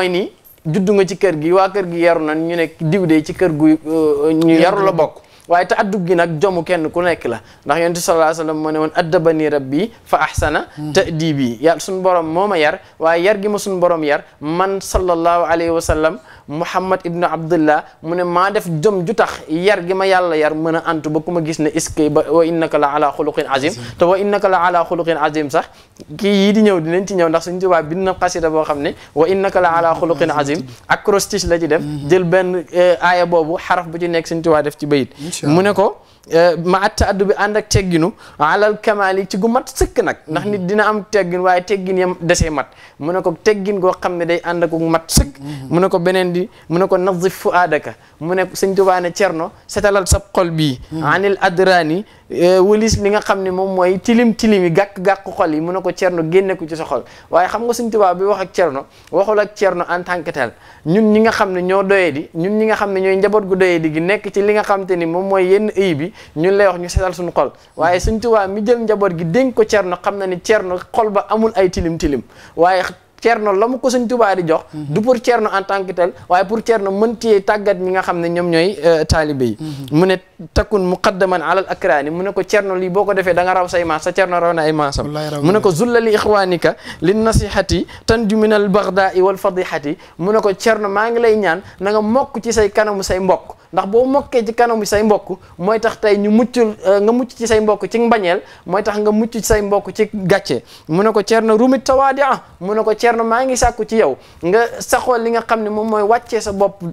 C: ni juddu nga ci kër gi waa kër gi yaru na ñu ne diw de ci kër gu uh, ñu yaru la bokk waaye te addub gi nag jomu kenn ku nekk la ndax yonent bi sallallahu alayhi wasallam moo ne woon addabani rabbi fa ahsana hmm. ta'dibi yàlla suñu borom moo ma yar waaye yar gi ma suñu borom yar man sallallahu alayhi wasallam Mouhammad ibnu Abdullah mu ne maa def jom ju tax yar gi ma yàlla yar mën a antu ba ku ma gis ne iskay ba wa innaka la ala xuluqin azim te wa innaka la ala xuluqin azim sax kii yi di ñëw dinañ ci ñëw ndax suñ tubaa bind na xasida boo xam ne wa innaka la ala xuluqin azim acrostiche la ci def mm-hmm. jël benn eh, aaya boobu xaraf bu ci nekk suñ tubaa def ci bayit mu ne ko Eh, ma atta addu bi ànd ak tegginu alal kamaal ci gu mat sëkk nag ndax nit dina am teggin waaye teggin yam desee mat mu ne ko teggin goo xam ne day ànd ak mat sëkk mu ne ko beneen di mu ne ko nazif fu aadaka mu ne sëñ Tuubaa ne cerno setalal sab xol bii hmm. anil adraani Euh, wëlis li nga xam ne moom mooy tilim tilim yi gàkk-gàkk xol yi mu ne ko cerno génne ko ci sa xol waaye xam nga Sëñ Tuubaa bi wax ak cerno waxul ak cerno en tant que tel ñun ñi nga xam ne ñoo doyee di ñun ñi nga xam ne ñooy njaboot gu doyee di nekk ci li nga xam ni moom mooy yenn ëy bi ñun lay wax ñu setal suñu xol waaye Sëñ Tuubaa mi jël njaboot gi dénk ko cerno xam na ni cerno xol ba amul ay tilim tilim waaye Cerno la mu ko Sëñ Tuubaa di jox. Mhm. du pour Cerno en tant que tel waaye pour mën cee tàggat ñi nga xam ne ñoom ñooy euh, taalibe yi. Mhm. takun muqaddaman alal akraani mu ne ko cerno lii boo ko defee danga raw say maas sa cerno raw na ay maasam mu ne ko zulla li ixwaanika li nasihati tanju min al baghdai wal fadihati mu ne ko cerno maa ngi lay ñaan na nga ci say kanamu say mbokk ndax boo mokkee ci kanamu say mbokk mooy tax tey ñu muccul euh, nga mucc ci say mbokk ci mbañeel mooy tax nga mucc say mbokk ci gàcce mu ne ko cerno rumit tawaadi ah mu ne ko cerno maa ngi sàkku ci yow nga saxoo li nga xam ne moom mooy wàccee sa bopp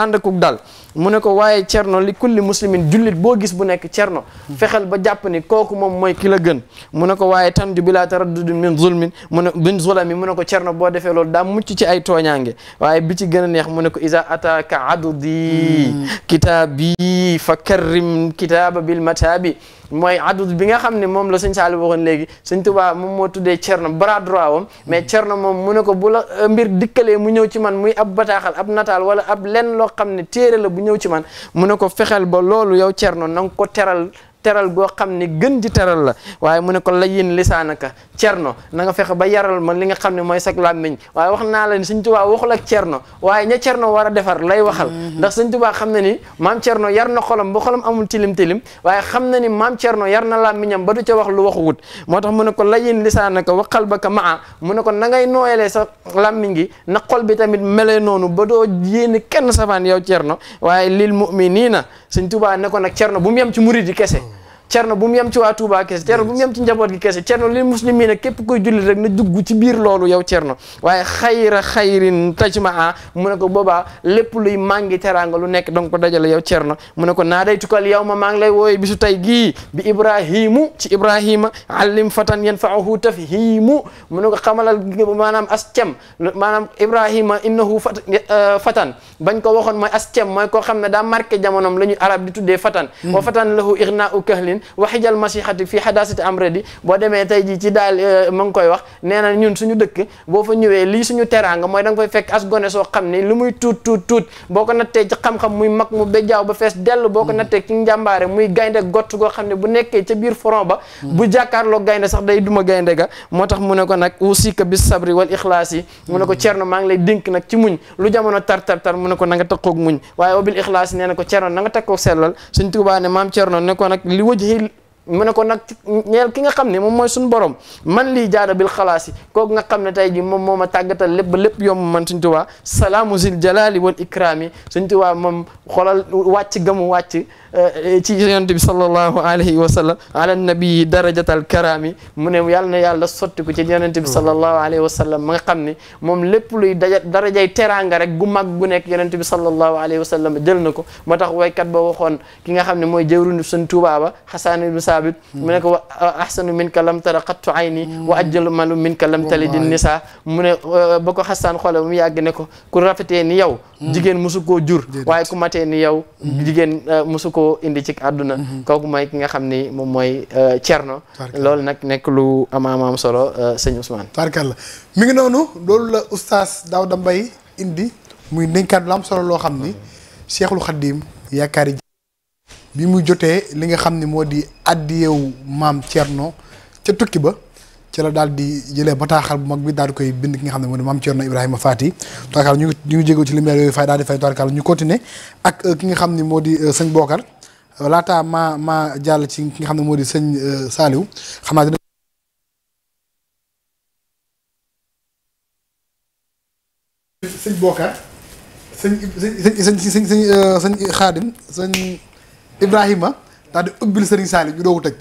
C: ànd akuk dal mu ne ko waaye cerno li kulli muslimin jullit boo gis bu nekk cerno fexeel ba jàpp ni kooku moom mooy gën mu ne ko waaye tanju bila taraddudin min zulmin mu ne min zulami mu ne ko cerno boo defee loolu daa mucc ci ay tooñaange waaye bi ci gën a neex mu ne ko isa ataka adudi hmm. kitaabi fa karrim kitaaba bil mataabi mooy adud bi nga xam ne moom la sëñ Saali waxoon léegi sëñ Tuubaa moom moo tuddee cerno bras droit wam mais cerno moom mu ne ko bu la euh, mbir dikkalee mu ñëw ci man muy ab bataaxal ab nataal wala ab lenn loo xam ne téere la bu ñëw ci man mu ne ko fexeel ba loolu yow cerno na nga ko teral teral goo xam ne gën ji teral la waaye mu ne ko layin lisaanaka cerno na nga fexe ba yaral man li nga xam ne mooy sag làmmiñ waaye wax naa la ni sëñ tubaa waxul ak cerno waaye ña cerno war a defar lay waxal mm-hmm. ndax sëñ tubaa xam na ni maam cerno yar na xolam ba xolam amul tilim-tilim waaye xam na ni maam cerno yar na làmmiñam ba du ca wax lu waxuwut moo tax mu ne ko layin lisaanaka wa qalbaka maa mu ne ko na ngay nooyalee sa làmmiñ gi na xol bi tamit melee noonu ba doo yéene kenn safaan yow cerno waaye lil muminina sëñ Tuubaa ne ko nag cerno bu mu yem ci muri di kese cerno bu mu yem ci waa ba kese cerno bu mu yem ci kese cerno lil muslimina képp koy julli rek na dugg ci biir loolu yow cerno waaye xayra xayrin tajma a mu ne ko boobaa lépp luy mangi teraanga lu nekk danga ko dajale yow cerno mu ne ko naa day tukal yow ma maa ngi lay wooye bisu tey gii bi ibrahimu ci ibrahima allim fatan yanfaahu tafhimu mu ne ko xamalal maanaam as cem maanaam ibrahima innahu eh, fatan bañ ko waxoon mooy as cem mooy ko xam ne daa marqué jamonom la arab di tuddee fatan hmm. wa fatan xaybin waxijal masihati fii hadasati am redi boo demee tey ji ci daal euh, ma ngi koy wax nee na ñun suñu dëkk boo fa ñëwee lii suñu teraanga mooy da nga fay fekk as gone soo xam ni lu muy tuut tuut tuut boo ko nattee ci xam muy mag mu béjjaaw mm. gaynde gott goo xam ne bu nekkee ca biir front ba mm. bu jàkkaarloo gaynde sax day duma gaynde ga moo tax mu ne ko nag usika bis sabri wal ixlaas yi mu ne ko mm. cerno maa ngi lay dink nag ci muñ lu jamono tar tar tar mu ne ko na nga ko na nga takkoog sellal suñ tubaa ne maam cerno ne ko هذه mu ne ko nag ñeel ki nga xam ne moom mooy suñu borom man lii jaada bil xalaasi kooku nga xam ne tey ji moom moo ma tàggatal lépp ba lépp yomb man suñ tubaa salaamu zil jalaali wal ikraami suñ tubaa moom xoolal wàcc gamu wàcc eh, ci yonent bi sallallahu alayhi wa sallam ala nabii darajatal karaami mu ne yàlla na yàlla sotti ko ci yonent bi sallallahu alayhi wa sallam ma nga xam ne moom lépp luy daja darajay teraanga rek gu mag gu nekk yonent bi sallallahu alayhi wa sallam jël na ko moo tax waykat ba waxoon ki nga xam ne mooy jëwriñu suñ tubaa mu ne ko wa ahsanu minka lam tara qattu ayni wa ajmalu minka lam talidi nisa mu ne euh, ba ko xasaan xoole mu yàgg ne ko ku rafetee ni yow mm. jigéen musu koo jur waaye ku matee ni yow mm-hmm. jigéen euh, musu koo indi ci àdduna mm-hmm. kooku mooy ki nga xam ni moom mooy Cerno euh, loolu nag nekk lu amaamaam solo sëñ Ousmane
B: tarkal mi ngi noonu loolu la oustaz Daouda Mbaye indi muy ndénkaat lu am solo loo xam ni Cheikhul Khadim yaakaari bi muy jotee li nga xam ni moo di addiyewu maam noo ca tukki ba ci la daal di jëlee bataaxal bu mag bi daal di koy bind ki nga xam ne moo di maam Thierno Ibrahima Faty toarkal ñu ñu ngi jégoo ci lumière yooyu fay daal di fay toarkal ñu continuer ak euh, ki nga xam ni moo di euh, sëñ Bokar laata maa maa jàll ci ki nga xam ne moo di sëñ euh, Saliou xam naa sëñ Bokar sëñ sëñ sëñ sëñ sëñ sëñ Xaadim sëñ Ibrahima daal di ubbil Serigne Saliou ñu doogu tëj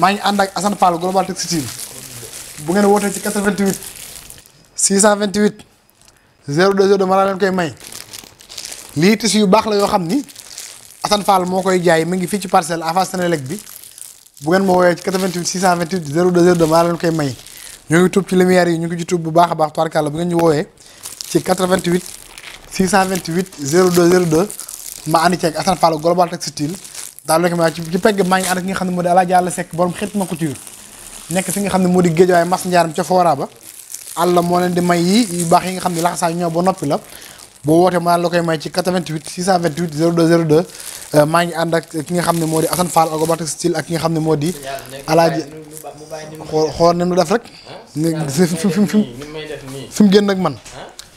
B: maa ngi ànd ak Assane Fall Global Tech Team bu ngeen wootee ci 88 628 0202 ma laa leen koy may lii tissu yu baax la yoo xam ni Assane Fall moo koy jaay mi ngi fii ci parcelle à face Sénélec bi bu ngeen ma woowee ci 88 laa leen koy may ñoo ngi tuub ci lumière yi ñu ngi ci tuub bu baax a baax tubaarkàlla bu ngeen ñu woowee ci 88 628 0202. ma ànd ceeg Assane Fall Global Textile daal nekk ma ci ci pegg maa ngi ànd ki nga xam ne moo di Alaaji Àlla Sekk borom xeet ma couture àlla moo leen di may yi baax yi nga xam ne laxasaa ñëw ba noppi la boo wootee ma la koy may ci 88 628 02 02 maa ngi ànd moo di Assane Fall ne moo di Alaaji xool xool ne mu def rek fi mu génn ak man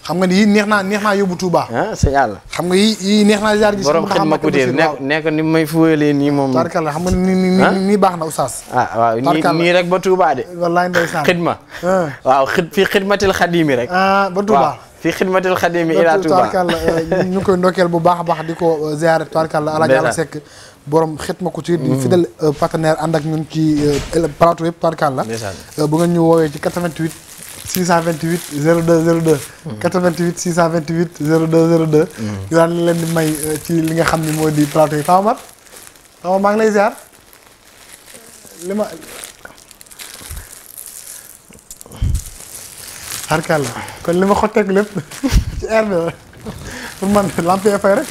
B: xam nga ni yii neex naa neex naa yóbbu Touba. ah sëñ Alla xam nga yii yii neex naa jaar gis. borom xel ma ku dee nekk
C: nekk ni may fuweelee nii
B: moom. tarkala xam nga ni nii nii ah? baax na oustaz. ah waaw nii nii rek ba Touba de. wallaay ndeysaan xidma.
C: Ah. waaw xid fii xidmatil xadimi rek. Ah, ba Touba fii xidmatil xadimi ila Touba tarkala
B: eh, ñu ngi koy ndokkeel bu baax a baax di ko eh, ziare tarkala ala jàll sekk borom xitma couture di mm. fidèle eh, partenaire ànd ak ñun ci plateau yëpp tarkala bu ngeen ñu woowee ci 88 628 02 02. 88 628 02 02. ñu daan leen di may euh, ci li nga xam ne moo di plateau yi Pape Omar Pape Omar maa ngi lay li ma. harkal kon li ma xotteeku lépp [LAUGHS] ci air bi la pour man lampe yee fay rek.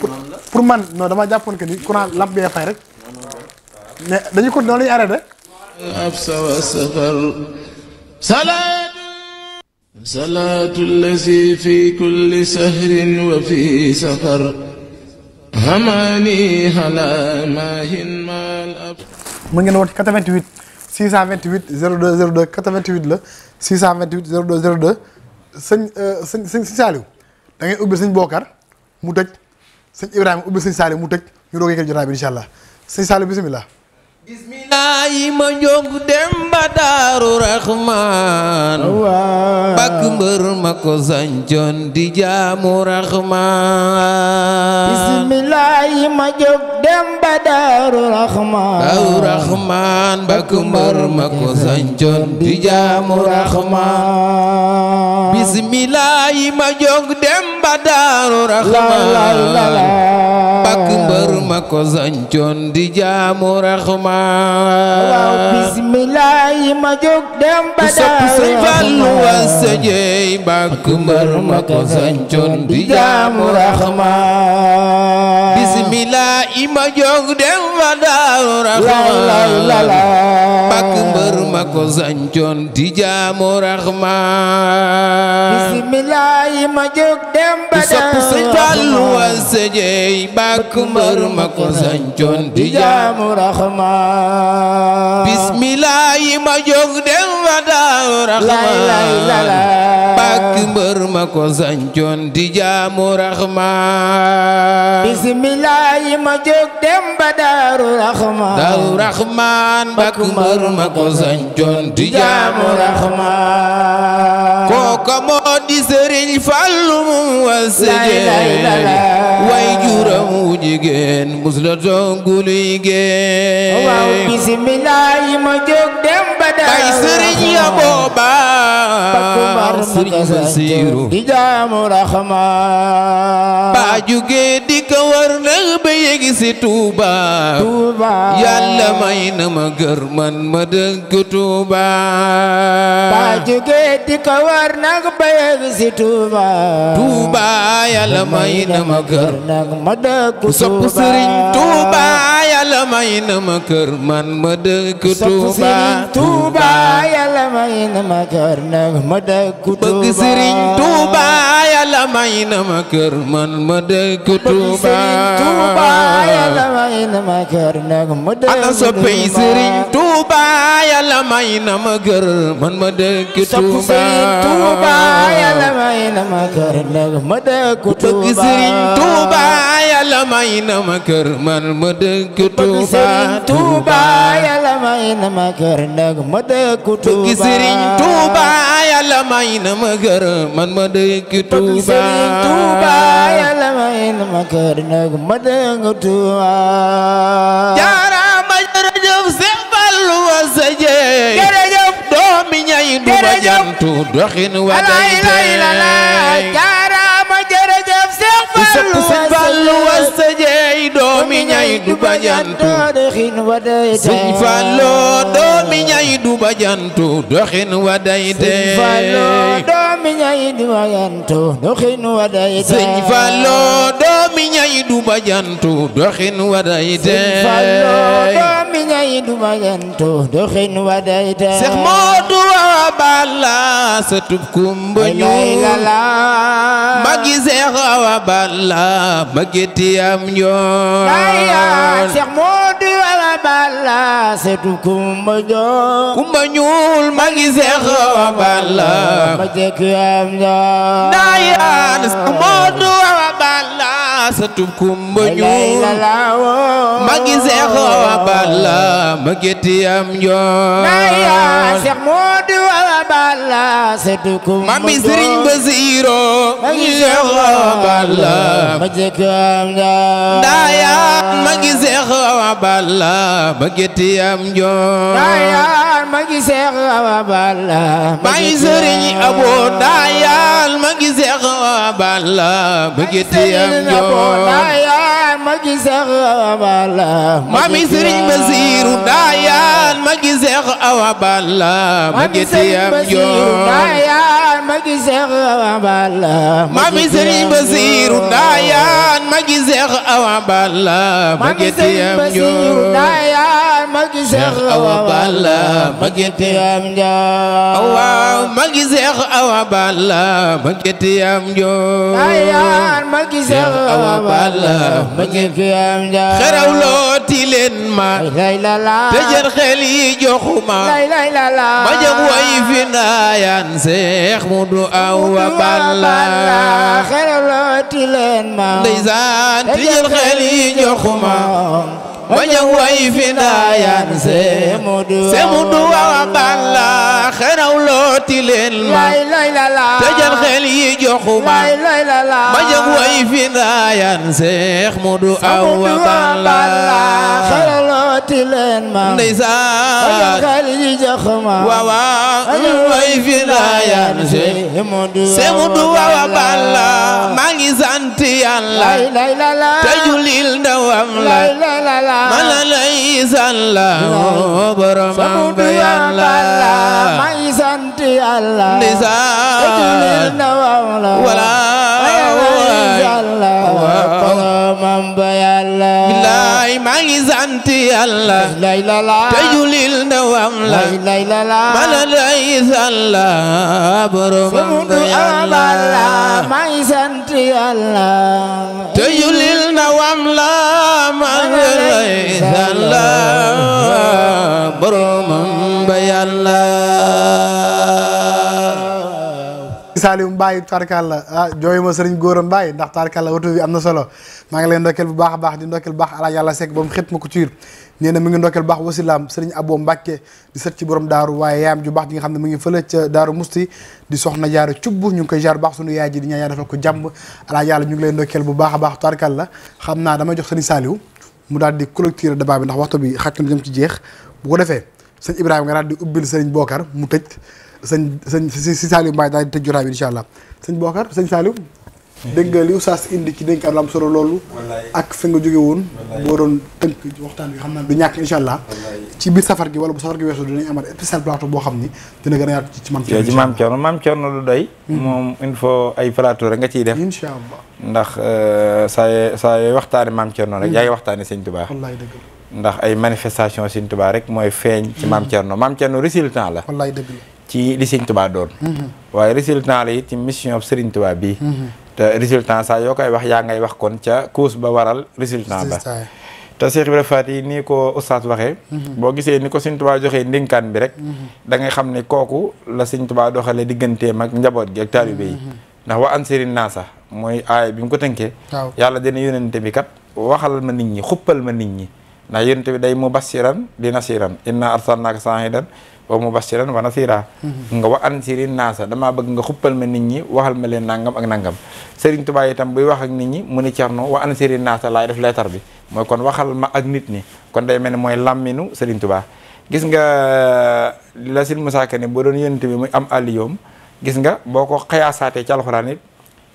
B: [LAUGHS] pour man non dama jàppoon que ni courant lampe yee fay rek. dañu ko noonu la ñuy arrêté. الأبس والسفر صلاة صلاة
F: الذي في كل سهر وفي سفر
B: هماني هلا ماهن ما الأبس mu ngeen woote 88 628 02 02 88 la 628 02 02 sëñ sëñ sëñ Saliou da ngay ubbi sëñ Bokar mu tëj sëñ Ibrahima ubbi sëñ Saliou mu tëj ñu doog a yëkkati jotaay bi incha allah sëñ Saliou bisimilah. bismillaahi ma jóg dem ba daaru raxmaan bakk mbër
F: ma ko sancoon di jaamu raxmaan bismillaahi
H: ma jóg dem ba daaru raxmaan daaru
F: raxmaan bakk mbër ma ko sancoon di jaamu raxmaan bismillaahi ma jóg dem ba daaru raxmaan bàkk mbër ma ko sancoon di jaamu raxmaan waaw
H: bismillaahi ma jóg dem ba daaru raxmaan sëñ Fallu wa
F: sëjëy bàkk mbër ma ko sancoon di jaamu raxmaan bismillaahi ma jóg dem ba daaru raxmaan bàkk mbër ma ko sancoon di jaamu raxmaan
H: bismillaahi ma jóg dem di soppi
F: ma ko di jaamu
H: raxmaan dem ba daaw raxmaan
F: raxmaan ba daaw ma ko sañcoon di jaamu
G: raxmaan
F: kooka moo sëriñ Fallu mu wasajee way juram wu jigéen musla tongu luy géen oh, waaw
H: ma jóg dem ba daw bay sëriñ ya booba
F: sëriñ Basiiru di jaamu raxmaan baa jugee dikk gouverneur ba yéegi si Touba yàlla may na ma gër man ma dëkk Touba baa
H: jóge di ko war nag ba yéegi si Touba Touba yàlla may na ma gër nag ma dëkk
F: Touba sopp Sëriñ Touba yàlla may na ma kër man ma dëkk Touba
H: Touba yàlla may na ma kër nag ma dëkk Touba bëgg Sëriñ
F: Touba yàlla may na ma kër man ma dëkk Touba Serigne Touba yàlla may na ma kër nag mu dee ana soppey Serigne Touba Touba yàlla may na ma gër man ma dëkk Touba Serigne Touba yàlla may na ma gër ma dëkk Touba bëgg Serigne Touba yàlla may na ma gër man ma dëkk Touba Serigne Touba
H: yàlla may na ma
F: gër ma dëkk Touba bëgg Serigne Touba yàlla may na ma gër man ma dëkk Touba bëgg Serigne Touba yàlla may na ma gër ma
H: dëkk Touba sa doxin wa
F: day
H: teey
F: du ma doxin wa
H: day teey
F: bajantu doxin waday tey. Fallou
H: doomi ñay du bajantu doxin waday tey. Seex
F: Moodu wa Balla sa tub kumba ñu. magi Seex wa Balla mageti am ñoon. aywa
H: Seex Moodu wa Balla sa tub kumba ñoon. kumba ñuul magi Seex wa Balla mageti am ñoon.
E: aywa Seex Moodu wa Balla.
F: satub kumba ñuul
E: magi seex
F: wa balla magi tiyam njool
H: mami sëriñ
F: basiiro magi seex wa balla ndaayaan magi seex wa balla magi tiyam njool magi seex wa balla magi sëriñ abo ndaayaan magi seex balla ma ngi tiyam yoon
H: daayaan ma ngi seex awa balla ma mi sëriñ Basiru
J: daayaan
F: ma ngi seex awa balla ma ngi tiyam yoon daayaan
H: ma ngi seex awa balla ma mi sëriñ Basiru
F: daayaan ma ngi seex awa balla ma ngi tiyam yoon
H: daayaan ma ngi seex awa
F: balla ma ngi tiyam yoon waaw ma ngi seex awa balla ma ngi tiyam Joor ayaan ma gisal awa balla ma seex mu du awa balla xeraw looti leen
H: ma seen xel yi joxuma ma jëg way
F: fi ndaayan seex mu du
H: awa balla xalalooti leen ma ndeysaan xel yi joxuma wawa way fi ndaayan seex
F: mu du awa balla maa ngi sant yàlla te julil ndawam la
H: ma la lay
F: salla borom am ba yàlla maa
H: ngi sant yàlla ndeysaan yàlla
F: lay la la te julil ndawam la lay la la mala lay sàlla boromam ba yàlla
H: may sant yàlla te julil ndawam la
F: mala lay sàlla boromam
B: ba yàlla Saliou Mbaye tarkalla ah jooyu ma sëriñ góoram Mbaye ndax la watu bi am na solo maa ngi leen ndokkeel bu baax a baax di ndokkeel bu baax ala yàlla sekk ba mu xët ma ko ciir nee na mi ngi ndokkeel bu baax wasilaam sëriñ Abo ci borom daaru waaye yaayam ju baax ji nga xam ne mi ngi fële ca daaru musti di soxna jaara cubb ñu ngi koy jaar baax sunu yaay ji di ñaan yaa defal ko jàmm ala yàlla ñu ngi leen ndokkeel bu baax a baax tarkalla xam naa damay jox sëriñ Saliou mu daal di collecter débat bi ndax waxtu bi xaj na jëm ci jeex bu ko defee Ibrahima nga daal di ubbil sëriñ Bokar mu tëj sëñ sëñ si Saliou Mbaye daal di tëj jotaay bi incha allah sëñ Bokar sëñ Saliou. dégg nga li Oustaz indi ci dénkaan lu am solo loolu. ak fi nga jóge woon. boo doon tënk waxtaan bi xam naa du ñàkk incha allah. ci safar gi wala bu safar gi weesoo dinañ amal spécial plateau boo xam ni dina gën a ci maam Thierno. ci maam
D: Thierno maam hmm. faut ay plateau rek nga ciy def. incha allah ndax saa euh, saa yee waxtaanee maam Thierno rek yaa ngi hmm. waxtaanee sëñ Tuubaa. wallaay dëgg la ndax ay manifestation sëñ Tuubaa rek mooy feeñ. ci maam hmm. Thierno maam Thierno résultat la.
B: wallaay dëgg la
D: ci li Sëriñ Tuubaa doon
B: mm-hmm.
D: waaye résultat la it ci mission Sëriñ Tuubaa bi mm-hmm. te résultat saa yoo koy wax yaa ngay wax kon ca cause ba waral résultant ba te Cheikh Ibrahima Faty yi nii ko oustaz waxee mm-hmm. boo gisee ni ko Sëriñ Tuubaa joxee ndénkaan bi rek dangay xam ne kooku la Sëriñ Tuubaa doxale digganteem ak njaboot gi ak taalibe yi ndax wa naa sax mooy aaya bi mu ko tënkee yàlla dina yónente bi kat waxal ma nit ñi xuppal ma nit ñi ndax yónente bi day mu basiran di nasiran inna arsalnaaka saahidan wa mubashiran wa nasira mhm. nga wa ansiri naasa damaa bëgg nga xuppal ma nit ñi waxal ma leen nangam ak nangam Serigne Touba itam buy wax ak nit ñi mu ni Cerno wa ansiri naasa laay def leetar bi mooy kon waxal ma ak nit ñi kon day mel ni mooy làmminu Serigne Touba gis nga euh, la sil musaaka ni boo doon yonent bi muy am aliyoom gis nga boo ko xayaasaatee ci alxuraan it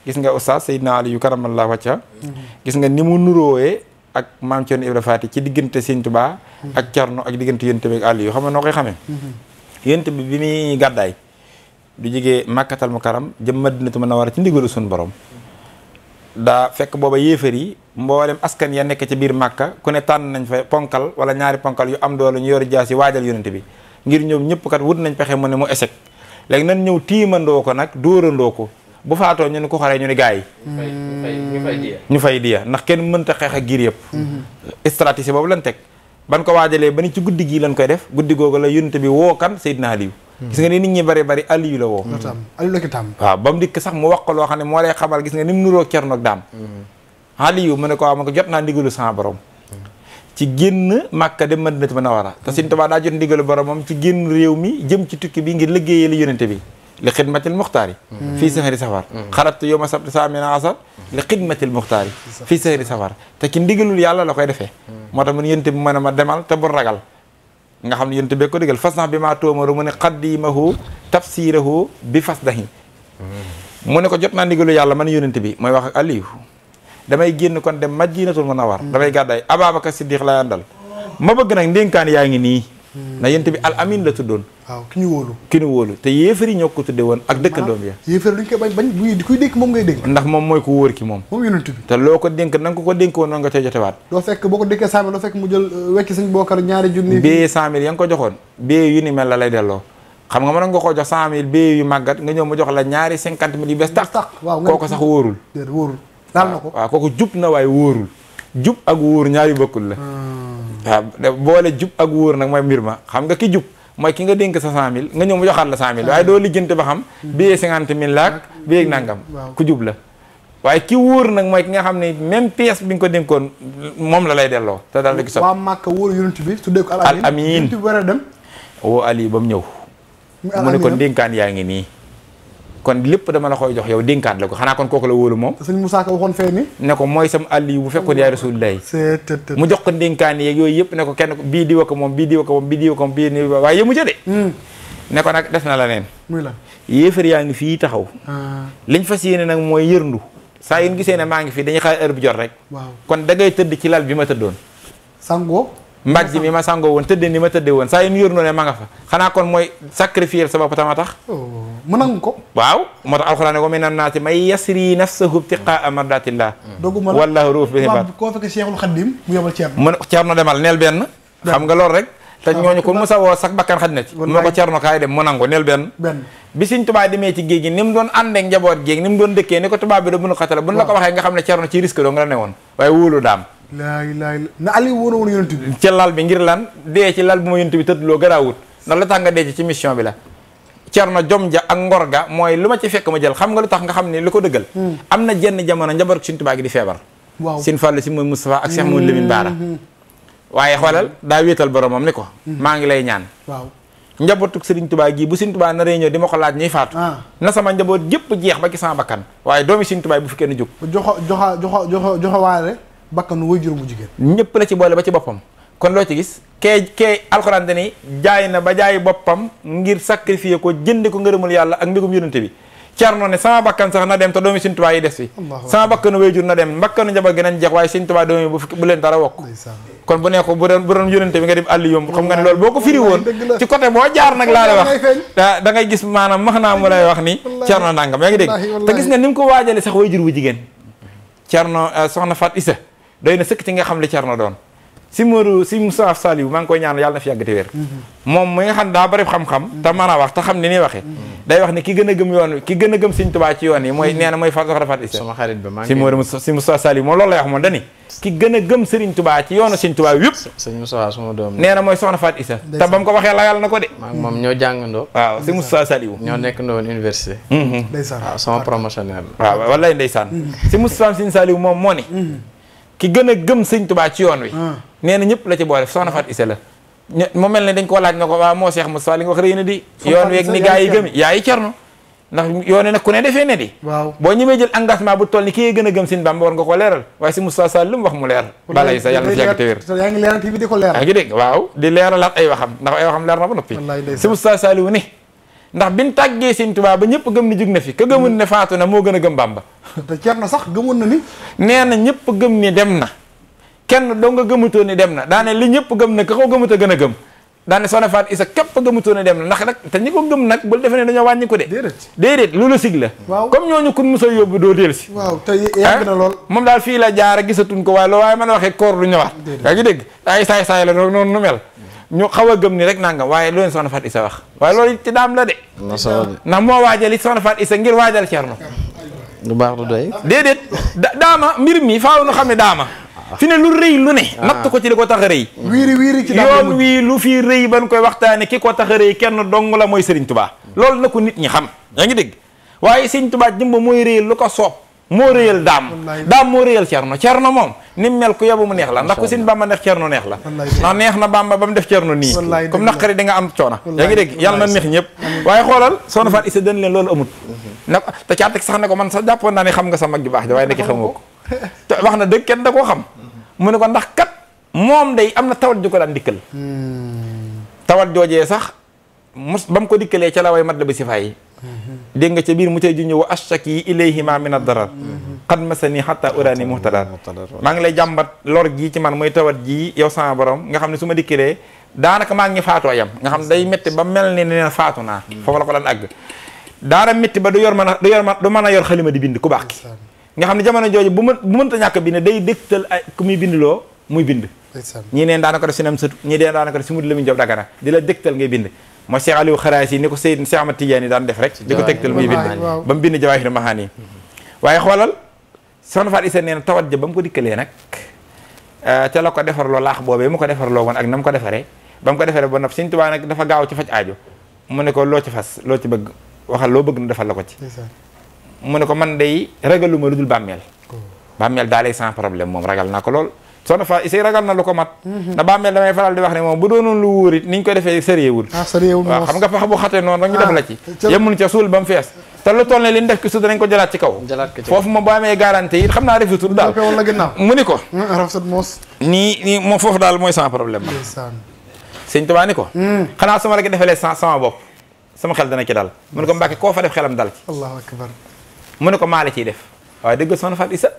D: gis nga oustaz Seydina Aliyu karamallahu wacca mhm. gis nga ni mu nuróowee ak maam Thierno Ibra Faati ci diggante Sëñ Tuubaa ak carno ak diggante yonent bi ak àll yu xam nga noo koy xamee mhm. yonent bi bi muy gàddaay du jigee màkkatal mu karam jëm Madinatu Munawwara ci ndigalu suñu borom daa fekk booba yéefar yi mboolem askan ya nekk ci biir màkka ku ne tànn nañ fa ponkal wala ñaari ponkal yu am doole ñu yor jaas yi waajal yonent bi ngir ñëw ñëpp kat wut nañ pexe mu ne mu échec léegi nan ñëw tiimandoo ko nag dóorandoo ko bu faatoo ñu ne ko xaree ñu ni gars yi.
G: ñu fay diya.
D: ñu fay diya ndax kenn mënta xeex ak giir yëpp. stratégie boobu lañ teg. ban ko waajalee ba ni ci guddi gii lañ koy def guddi googu la yonent bi woo kan naa Aliou. Hmm. gis nga ni nit ñi bari bari Aliou la woo. Aliou la ki tàmm. waaw ba mu dikk sax mu wax ko loo xam ne moo lay xamal gis nga ni mu nuroo Cerno ak daam. Hmm. Aliou mu ne ko waaw ma ko jot naa ndigalu saa borom. Hmm. ci génn Màkka dem Madinatu Munawwara. te Sëriñ Tuubaa daa jot ndigalu boromam ci génn réew mi jëm ci tukki bi ngir liggéeyal yonent bi li xidmatil muxtaar yi fii sahari safar xaratu yow ma sabti saamina asar li xidmatil muxtaar yi fii safar te ci yàlla la koy defee moo tax mun yente bi mën a ma demal te bu ragal nga xam ne yente bee ko digal fas nax bi maa tóomaru mu ne xaddiimahu tafsiirahu bi fas dahi mu ne ko jot naa ndigalu yàlla man yónente bi mooy wax ak Aliou damay génn kon dem madinatul munawwar damay gàddaay Ababacar Siddiq lay àndal ma bëgg nag ndénkaan yaa ngi nii Hmm. na yent bi al amin la tuddoon
B: waaw ki ñu wóolu
D: ki ñu wóolu te yéefar ñoo ko tudde woon ak dëkkandoom ya yéefar duñ koy bañ bañ bu di koy dénk moom ngay dénk ndax moom mooy ko wóor ki moom te loo ko dénk na nga ko ko dénk woon nga cay jotewaat
B: doo fekk boo ko dénkee cent mille doo euh, yu ni
D: nga jox cent mille bee yu màggat nga ñëw mu jox la ñaari cinquante mille yu bees tax waaw kooko sax wóorul wóorul daal na ko waaw kooku jub na waaye wóorul jub ak wóor ñaari bokkul la hmm. waaw boole jub ak wóor nag mooy mbir ma xam nga ki jub mooy ki nga dénk sa cent mille nga ñëw mu joxaat la cent mille waaye doo lijjanti ba xam billet cinquante mille laak billet nangam ku jub la waaye ki wóor nag mooy ki nga xam ne même pièce bi nga ko dénkoon moom la lay delloo te daal di ko sot waa
B: Màkka wóor yonent bi tuddee ko al
D: amin woo Ali ba mu ñëw mu ne ko dénkaan yaa ngi nii kon lépp dama la koy jox yow dénkaat la ko xanaa kon kooku la wóolu moom sëñ Moussa Ka waxoon fee ni ne ko mooy sam àll yi bu fekkoon yaay rasulilaay mu jox ko dénkaan yeeg yooyu yëpp ne ko kenn bii diwa ko moom bii diwa ko moom bii diwa ko moom bii ni waaye yëmu ca de hmm. ne ko nag def na la neen muy la yéefar yaa ngi fii taxaw ah. liñ fas yéene nag mooy yërndu saa yéen gisee ne maa ngi fii dañuy xaar heure bi jot rek waaw kon da ngay tëdd ci lal bi ma tëddoon sangoo mbàjj mi ma sàngoo woon tëddee ni ma tëddee woon saa yu nu yor noonu ma nga fa xanaa kon mooy sacrifier sa bopp tama tax
B: mu
D: oh, nangu ko waaw moo tax alxuraan ko hmm. bi
B: koo fekke Cheikhul mu yebal
D: ceerno mu demal neel benn xam bakkan xaj na ci mu ko ceerno kaay dem mu nangu neel benn bi suñ tubaab demee ci géej gi ni mu doon àndeek njaboot géeg ni mu doon dëkkee ni ko tubaab bi da bunu xatala buñ la ko waxee nga xam ne ceerno ci risque doo nga la ne woon waaye wóolu daam
B: laay laay na Aliou woon woon yonent bi
D: ca lal bi ngir lan dee ci lal bi ma yonent bi tëddloo garaawut ndax la tax nga dee ci mission bi la cerno jom ja ak ngor ga mooy lu ma ci fekk ma jël xam nga lu tax nga xam ne lu ko dëggal hmm. am na jenn jamono njabar ko suñ tubaab gi di feebar waaw sin fàllu si mooy Moustapha ak Cheikh Mouhamadou Lamine Bara hmm. waaye xoolal daa wéetal boromam ni ko hmm. maa ngi lay ñaan waaw njabootu Serigne Touba gii bu Serigne Touba naree ñëw di ma ko laaj ñuy faatu ah. na sama njaboot yëpp jeex ba ci sama bakkan waaye doomi Serigne Touba bu fi kenn jóg joxo joxa joxo joxo joxo waale bakkanu way juróom bu jigéen ñëpp la ci boole ba ci boppam kon loo ci gis kee kee alxuraan dani jaay na ba jaay boppam ngir sacrifier ko jënd ko ngërëmul yàlla ak mbigum yonente bi Cerno ne sama bakkan sax na dem te doomi Sëñ Tuubaa yi des fi sama bakkanu wayjur na dem bakkanu njaboot gi nañ jeex waaye Sëñ Tuubaa ne ko bu doon bu doon yónente nga dem àll yomb xam nga ne loolu boo ko firi woon ci côté boo jaar nag laa la wax da gis maanaam max naa mu lay wax ni Cerno nangam yaa ngi dégg te gis nga ni mu ko waajalee sax wayjur euh, soxna Fat Isa doy na sëkk ci nga xam li Thierno doon si Modou si maa ngi koy ñaan yàlla na fi yàgg te wér moom mi nga xam daa bari xam-xam te mën a wax te xam ni ni waxee day wax ni ki gën a gëm a Sëriñ Tuubaa ci yoon yi mooy nee na mooy soxna Fatou Issa sama xarit a ko waxee la yàlla na ko de moom
C: ñoo jàngandoo waaw si Moussa Saliou ñoo nekk ndoon université mm-hmm. waaw sama promotionnaire
D: la waaw wallaay ndeysaan mm-hmm. moom moo ni mm-hmm. ki gën a gëm sëñ tubaa ci yoon wi ah. nee na ñëpp la ci boole soxna Faat Ise la mu mel ne dañ ko laaj na ko waa moo Cheikh Moustapha li nga wax rëy na di boo ñi may jël engagement bu toll ni ki gën a gëm sëñ Bamba nga ko leeral waaye si Moustapha Sall lu mu wax mu leer balay sa yàlla na si yàgg te wér
B: yaa ngi leeral di ko leeral yaa
D: ngi dégg waaw di leeralaat ay waxam ndax ay waxam leer na ba noppi si Moustapha Sall wu ni ndax biñ tàggee Sëñ Tuubaa ba ñëpp gëm ni jug na fi ka gëmul ne faatu na moo gën a gëm Bàmba te ceer na sax gëmoon na ni nee na ñëpp gëm ni dem na kenn doo nga gëmutoo ni dem na daane li ñëpp gëm na ka ko gëmut a gën a gëm daane soxna Faat Isa képp gëmutoo ne dem na ndax nag te ñi ko gëm nag bul defe ne dañoo wàññi de déedéet loolu sig la waaw comme ñooñu kun mosa yóbbu doo del si na ah? lool moom daal fii la jaar a gisatuñ ko waaye loo waaye mën a waxee koor du ñëwaat yaa ngi dégg ay saay ñu xaw a gëm ni rek nangam waaye loolu soxna Faat Isa wax waaye loolu ci daam la de. ndax moo waajal it soxna Faat Isa ngir waajal Cerno lu baax du doy. déedéet daama mbir mi faaw nu xam ne daama. Ah. fi ne lu rëy lu ne. Ah. natt ko ci li ko tax a rëy. wiiri wiiri ci yoon lu fi rëy ban koy waxtaane ki ko tax a rëy kenn la mooy Serigne Touba. loolu na ko nit ñi xam. yaa ngi dégg waaye Serigne Touba jëmba mooy rëy lu ko soob. moo réyal daam daam moo réyal cerno cerno moom ni mu mel ku yobu mu neex la ndax ku sin bamba neex cerno neex la ndax neex na bamba ba mu def cerno nii comme naqari di nga am coona yaa ngi dégg yàlla waaye xoolal soxna Faat Isa dañ leen loolu amut na sax ne ko man sax jàppoon naa xam nga sa mag ju baax ja waaye [LAUGHS] te wax na dëgg kenn da koo xam mu ne ko ndax kat moom day am na tawat ju ko daan dikkal hmm. tawal joojee sax mus ba mu ko dikkalee ca la way mat la bi sifaay dégg nga ca biir mu cay junñë wa ashaki ilayhima min ad-darar xad mm-hmm. masani hatta urani muhtadar maa ngi lay jàmbat lor gii ci man muy tawat ji yow sama borom nga xam ne su ma dikkiree daanaka maa ngi faatoo yam nga xam day métti ba mel ni neen faatu naa mm-hmm. foofu la ko daan àgg daara métti ba du yor mën a du yor du mën a yor xalima di bind ku baax ki nga xam ne jamono jooju bu mën bu mënta ñàkk bind day dégtal ay ku muy bind loo muy bind ñii neen daanaka def si nam satu ñii neen daanaka def si mudi la mu job dagana di la dégtal ngay bind mooy Cheikh Aliou Xaraas si ni ko Seydina Cheikh Ahmad Tidiane daan def rek di ko tegtal muy bind ba mu bind Jawaahir Maani waaye xoolal soxna Faat Isa nee na tawat ja ba mu ko dikkalee nag euh, ca la ko defar defarloo laax boobee mu ko defarloo woon ak na mu ko defaree ba mu ko defaree ba noppi Sëñ Tuubaa nag dafa gaaw ci faj aajo mu ne ko loo ci fas loo ci bëgg waxal loo bëgg nu defal la ko ci mu ne ko man day ragaluma lu dul bàmmeel oh. bàmmeel daa lay sans problème moom ragal naa ko lool soxna Fatou Seye ragal na lu ko mat mhm. na bàmmeel damay faral di wax ne moom bu doonoon lu wóor ko defee sëriwul ah, waaw xam nga fax bu xate noonu rek ñu def la ah, ci yemun ca ba mu fees te lu toll ne li ñu def ki suuf ko jëlaat ci kaw foofu moom boo amee garantie it xam naa daal mu ni ko
B: hmm,
D: nii nii moom foofu daal mooy sans problème ma sëñ Tuubaa ko hmm. xanaa su ma la ko defalee sans sama bopp sama xel dana ci dal mu ne ko Mbàkke koo fa def xelam dal ci
B: allahu akbar
D: mu ne ko maa la ciy def waaw dëgg soxna Fatou Isa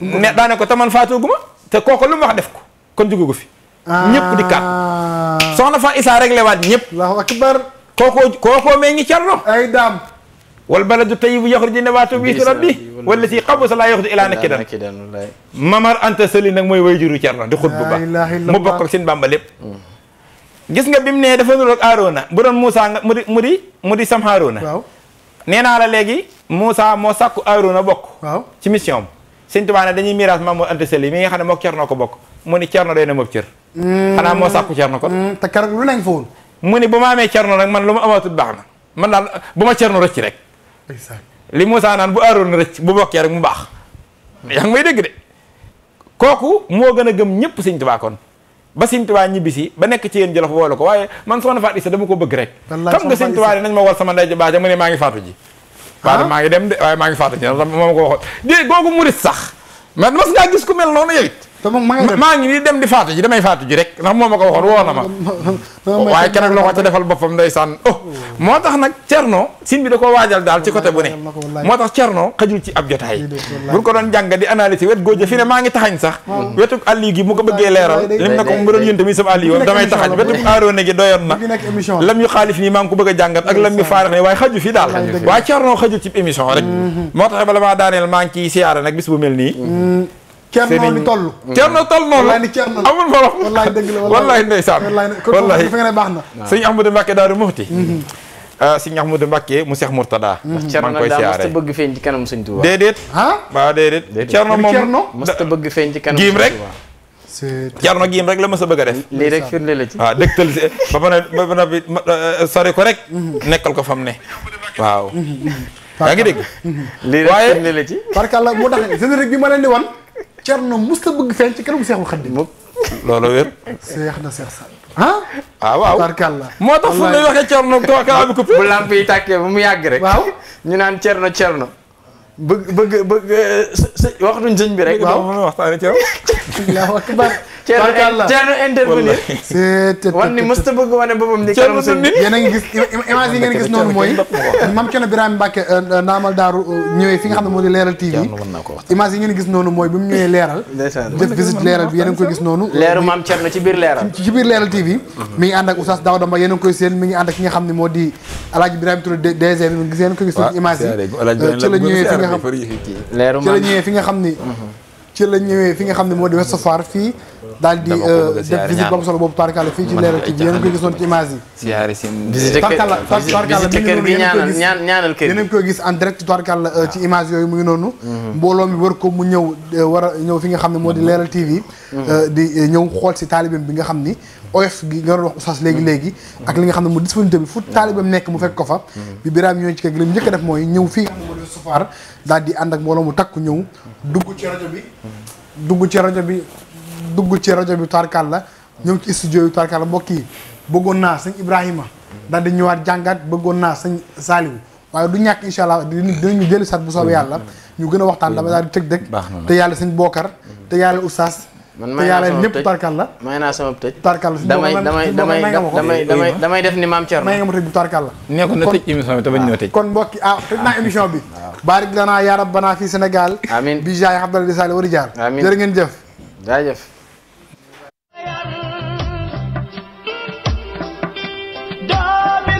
D: ne taman ko taman faatooguma te kooku lu mu wax def ko kon jóge ko fi
B: ñëpp di kaat ah.
D: soxna fa isaa réglé waat ñëpp allahu akbar kookoo kookoo mee ngi cerno ay daam wal baladu tayyibu yaxruju nabaatu bi izni rabbih wallati xabusa laa yaxruju illaa nakidan mamar anta sëli nag mooy way juru cerno di xutbu ba mu bokk ak sin bàmba lépp mm. gis nga bi mu nee dafa nuroog Aarona bu doon Moussa nga mu di mu di mu di sam Aarona nee naa la léegi Moussa moo sàkku Aarona bokk ci mission am sëñ Tuubaa ne dañuy miraas Maam Mor Anta Sali mi nga xam ne mook Cerno ko bokk mu ni Cerno doy na moom cër mm. xanaa moo sàkku Cerno ko mm, te keroog lu nañ fa woon mu ni bu ma amee Cerno nag man lu ma amatul baax na man daal bu ma Cerno rëcc rek li Moussa naan bu aaroon rëcc bu bokkee rek mu baax yaa ngi may dégg de kooku moo gën a gëm ñëpp sëñ Tuubaa kon ba sëñ Tuubaa ñibbisi ba nekk ci yéen jolof woolu ko waaye man soxna Fatou Issa dama ko bëgg rek xam nga sëñ Tuubaa ma war sama ndey ji ne maa ji waaye ah? maa ngi dem de waaye maa ngi fàttali ñu ne moom moo ma ko waxoon. dégg googu murit sax man mas ngaa gis ku mel noonu yow it te moom maa ngi nii dem di faatu ji damay faatu ji rek ndax moo ma ko waxoon woo na ma.
G: [LAUGHS] waaye
D: kenn loo ko ca defal boppam ndeysaan oh. Hmm. moo tax nag Thierno sin bi da koo waajal daal ci côté bu ne. moo tax Thierno xajul ci ab jotaay. buñ ko doon jàng di analyser wet góoja fi ne maa ngi taxañ sax. Hmm. wetu àll gi mu ko bëggee leeral. lim na ko mu doon yënte mi sama àll yi woon damay taxañ wetu aaroone gi doyoon na. lam yu xaalif nii maa ngi ko bëgg a jàngat ak lam yu faarax ne waaye xaju fi daal. waaye Thierno xajul ci émission rek. Hmm. moo tax maa daaneel maa Cerno li toll. Mm. Cerno toll noonu. wallaahi ni Cerno amul morom. wallaahi dëgg la wallaahi ndeysaan. wallaahi wallaahi kon nga Muxti. Mhm. Ah, sëñ Ahmadou mu Cheikh Mourtada. Mhm. ndax Cerno nag daa mës a bëgg feeñ ci kanam sëñ Tuubaa. déedéet. ah waaw déedéet. Cerno moom mës a bëgg feeñ ci kanam
B: Cerno
D: giim rek la ma sa bëgg a def lii rek firnde la ci waaw dëgtal si ba ba na ba na ko rek mhm. nekkal ko fam ne waaw
B: yaa ngi dégg lii rek firnde la ci parce que mu tax générique bi ma leen di wan Cerno mës ta bëgg feeñ ci kanamu Seexul Xadiim. loolu wér. seex na seex Sall. ah. ah waaw barkalla. moo tax fu ñuy waxee
C: Cerno koo kaa bu coupé. bu lamp yi tàkkee ba mu yàgg rek. waaw ñu naan Cerno Cerno. bëgg bëgg bëgg eh, waxtuñ sëñ bi rek. waaw mën na waxtaanee Cerno.
B: [LAUGHS] Ceerno Ceerno intervenir. wan ni mësta bëgg wane boppam ni kanam sëñ bi yéen a ngi gis image yi ngeen gis noonu mooy mam Ceerno Birahim Mbacke euh, euh, naamal daaru euh, ñëwee fi nga xam ne moo di leeral TV image yi ngeen gis noonu mooy bi mu ñëwee leeral def visite leeral bi yéen a ngi koy gis noonu leeru maam
C: Ceerno ci biir leeral
B: ci biir leeral TV mhm. mi ngi ànd ak Oustaz Daouda Mbaye yéen a ngi koy seen mi ngi ànd ak ki nga xam ne moo di Alaaji Birahim Touré DG bi gis yéen a koy gis noonu image yi ci la ñëwee fi nga xam ci la ñëwee fi nga xam mhm. ni ci la ñëwee fi nga xam ne moo di Ouest Foire fii daal di euh, def visite boobu solo boobu tarkala fii ci Leral TV yéen a koy gisoon ci image
D: yi tarkala tarkala
B: ñaanal kër koy gis en direct tarkala euh, ci ah. image yooyu muy noonu mhm. mbooloo mi wër ko mu ñëw euh, war a fi nga xam ne moo di mhm. Leral TV mhm. di ñëw xool si taalibam bi nga xam ni oyof gi nga doon wax oustaz léegi léegi ak li nga xam ne mu disponibilité bi fu taalibam nekk mu fekk ko fa bi biraam ñëw ci kër gi li mu njëkk def mooy ñëw fii nga xam ne moo di sufaar daal di ànd ak mbooloo mu takku ñëw dugg bi dugg ci rajo bi dugg ci rajo bi tarkal la ñëw ci studio yu tarkal la mbokk yi bëggoon naa sëñ Ibrahima daal di ñëwaat jàngat bëggoon naa sëñ Saliou waaye du ñàkk incha allah dinañu dellu sat bu soobee yàlla ñu gën a waxtaan dama daal di tëg dëg te yàlla sëñ Bokar te yàlla oustaz
C: man may naa sama tëj tarkal la may naa sama tëj tarkal la damay damay damay damay damay def ni
B: maam Thierno may nga ma tëj bu tarkal la nee ko na tëj émission bi te bañ ñoo tëj kon mbokki ah tëj naa émission bi ah, baarik lanaa yaa rabbanaa fii Sénégal amiin bi jaay Abdoulaye Sall wari jaar jërë ngeen jëf jaajëf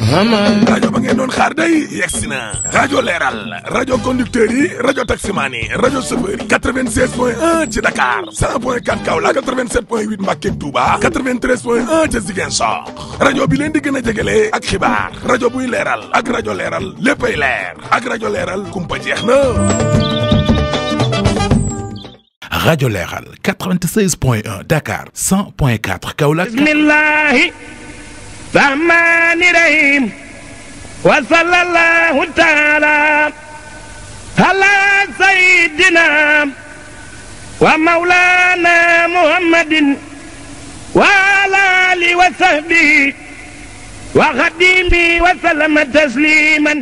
J: rajo
K: ba ngeen doon day yegsi na rajo leeral rajo conducteurs rajo taximaan yi rajo chauffeur yi 96 point 1 ci Dakar 100 point 4 Kaolack 87 point 8 Mbacké Touba 93 point 1 ca Ziguinchor rajo bi leen di gën a jegelee ak xibaar rajo buy leeral ak rajo leeral léppay leer ak
A: rajo leeral kumpa jeex na rajo
F: leeral 96 point 1 Dakar 100 point 4 Kaolack bismillahi
K: رحمن رحيم وصلى الله تعالى على سيدنا ومولانا محمد وعلى آله وصحبه وخديمه وسلم تسليما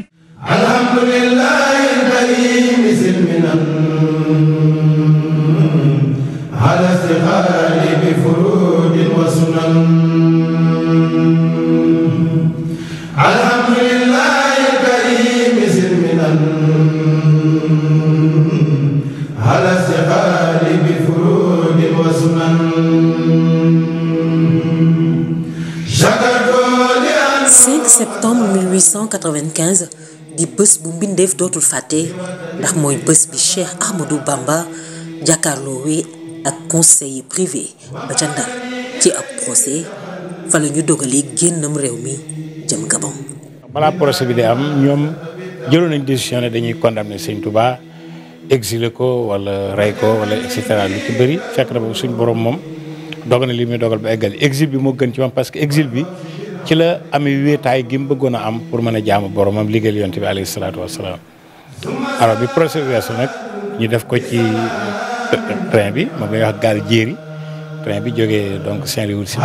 K: الحمد لله الكريم
I: سلمنا
F: على استقامة
L: septembre 1895 di bés bu mbindeef
B: dootul fàtte ndax mooy bés bi Cheikh Ahmadou Bamba jàkkaarloo wi ak conseil privé ba ca Ndar ci ab procès
L: réew
I: mi jëm
M: balaa procès bi di am ñoom jëloon nañ décision ne dañuy condamné Sëñ Touba exilé ko wala rey ko wala et cetera lu ci bëri fekk na boobu suñ borom moom dogal na li muy dogal ba eggal exil bi moo gën ci moom parce que exile bi. ci la amee wéetaay gi mu bëggoon a am pour mën a jaamu boromam liggéeyal yonent bi alayhi salaatu wasalaam
I: alors bi procès weesu nag ñu def ko ci train bi moom la ñuy wax gaal jéeri train bi jógee donc Saint-Louis wul si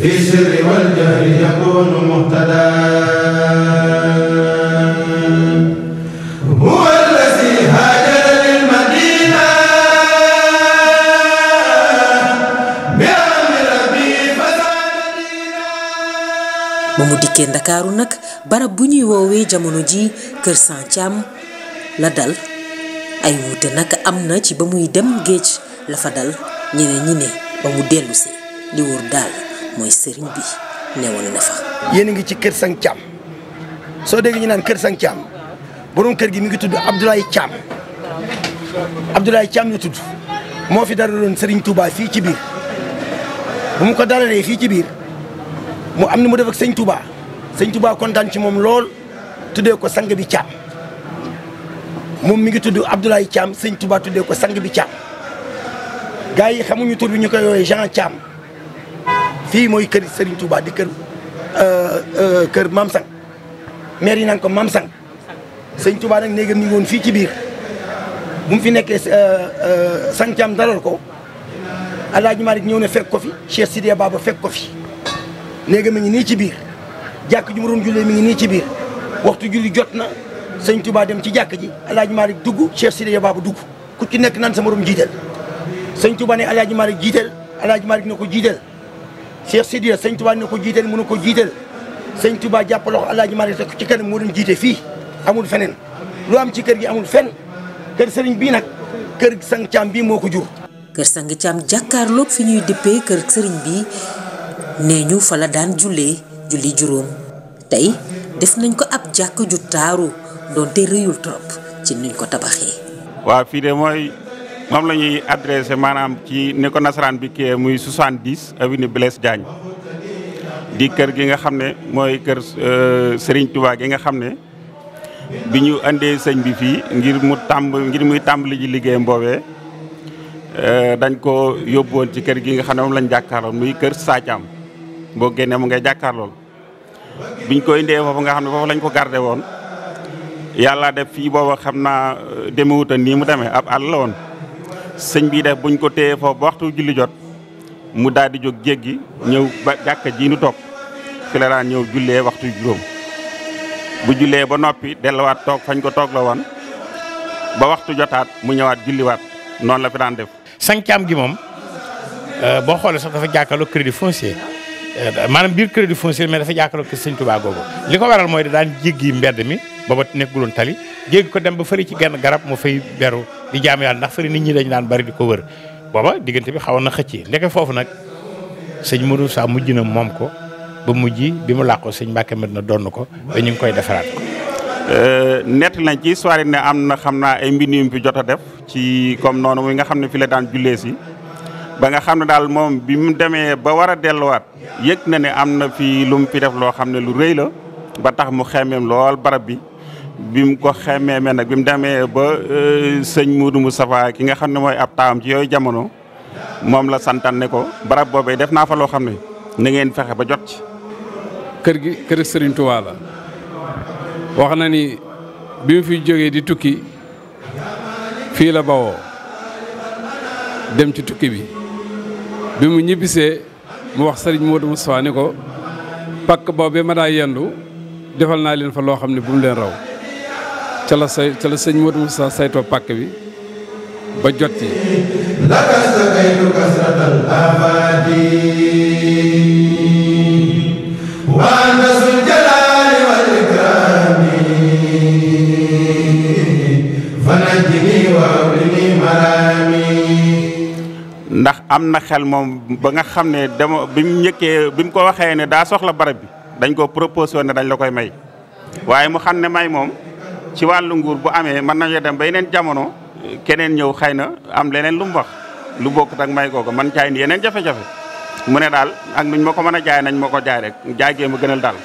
G: fi
F: sirri wal jahri yakunu muhtada
B: ndakaaru nag barab bu ñuy jamono ji kër Santhiam la dal nag am na ci ba muy
L: dem
K: géej la ñi ne ba mu dellusi yéen ngi ci kër Santhiam soo dégg ñu naan kër Santhiam borom kër gi mu ngi tudd Abdoulaye Thiam Abdoulaye Thiam la tudd moo fi daraloon sëriñ Touba fii ci biir bu mu ko dalalee fii ci biir mu am na mu def ak sëñ Touba. sëñ Tuba kontaan ci moom lool tuddee ko sang bi Thiam moom mi ngi tudd Abdoulaye Thiam sëñ Tuba tuddee ko sang bi Thiam gars yi xamuñu tur bi ñu koy woowee Jean Thiam fii mooy kër Serigne Touba di kër euh, euh, kër Mam Sang maire yi naan ko Mam Sang sëñ Touba nag néegam ni woon fii ci biir bu fi nekkee euh, sang Thiam dalal ko El Hadj Malick ñëw na fekk ko fi Cheikh Sidiya Baba fekk ko fi néegam a ngi ci biir. jàkk ju mu doon jullee mi ngi nii ci biir waxtu julli jot na sëñ Touba dem ci jàkk ji El Hadj Malick dugg Cheikh Sidiya Baba dugg ku ci nekk naan sa morom jiital sëñ Touba ne El Hadj Malick jiital El Hadj Malick ne ko jiital Cheikh Sidiya sëñ Touba ne ko jiital mu ne ko jiital sëñ tubaa jàpp loxo El Hadj Malick ci kanam moo doon jiite fii amul feneen lu am ci kër gi amul fen kër sëriñ bii nag kër sang caam bii moo ko jur. kër sang caam jàkkaarloog fi ñuy dippee kër sëriñ bi nee
L: ñu fa la daan jullee. julli juróom tey def nañ ko ab jàkk ju taaru
I: doonte rëyul trop
M: ci niñ ko tabaxee. waaw fii de mooy moom lañuy ñuy adressé maanaam ci ni ko nasaraan bi kii muy 70 avenue Blaise Diagne di kër gi nga xam ne mooy kër euh, sëriñ Touba gi nga xam ne bi ñu indee sëñ bi fii ngir mu tàmb ngir muy tàmbali ji liggéeyam boobee euh, dañ ko yóbbu woon ci kër gi nga xam ne moom lañ jàkkaarloon muy kër Sathiam boo génnee mu ngay jàkkaarlool. biñ koy indee foofu nga xam ne foofu lañ ko garde woon yàlla def fii booba xam naa euh, demewuta nii mu demee ab àll woon sëñ bii de buñ ko téyee foofu ba waxtu julli jot mu daal di jóg jéggi ñëw ba jàkka ji nu toog fi la daan ñëw jullee waxtu juróom bu jullee ba noppi delluwaat toog fañ ko toog la woon ba waxtu jotaat mu ñëwaat julliwaat noonu la fi daan def. sàncaam gi moom euh, boo xoolee sax dafa jàkkaarloo crédit foncier.
D: maanaam biir crédit foncier mais dafa jàkkaarloo ak sëñ Touba googu li ko waral mooy daan jéggi mbedd mi booba nekkuloon tali jéggi ko dem ba fëri ci genn garab moo fay beru di jaam yàlla ndax fëri nit ñi dañ daan bari di ko wër booba diggante bi xawoon na xëcc ndeke foofu nag
I: sëñ Modou Sa mujj na moom
D: ko ba mujj
M: bi mu làqoo sëñ na doon donn ko ba ñu ngi koy defaraat ko. Euh, nett nañ ci soirée ne am na xam naa ay mbir yu fi jot a def ci comme noonu muy nga xam ne fi la daan jullee si. ba nga xam ne daal moom bi mu demee ba war a delluwaat yëg na ne am na fii lu mu fi def loo xam ne lu rëy la ba tax mu xemmeem lool barab bi bi mu ko xemmeemee nag bi mu demee ba euh, sëñ Moudou Moustapha ki nga xam ne mooy ab taawam ci yooyu jamono moom la santan ko barab boobee def naa fa loo xam ne na fexe
J: ba jot ci. kër gi kër Serigne Touba la wax na ni bi mu fi jógee di tukki fii la bawoo dem ci tukki bi. bi mu ñibbisee mu wax sëriñ Modou Moustapha ni ko pàkk boobee ma daa yendu defal naa leen fa loo xam ne bu mu leen raw ca la say ca la sëñ Modou saytoo pàkk bi ba jot ci lakasakaytukasratal
E: abadi
M: ndax am na xel moom ba nga xam ne dama bi mu njëkkee bi mu ko waxee ne daa soxla barab bi dañ koo proposé woon ne dañ la koy may waaye mu xam ne may moom ci wàllu nguur bu amee mën nañoo dem bay neen jamono keneen ñëw xëy na am leneen lu mu wax lu bokk tak may kooku man jaay ni yeneen jafe-jafe mu ne daal ak nuñ ma ko mën a jaay nañ ma ko jaay rek jaay gee ma gënal daal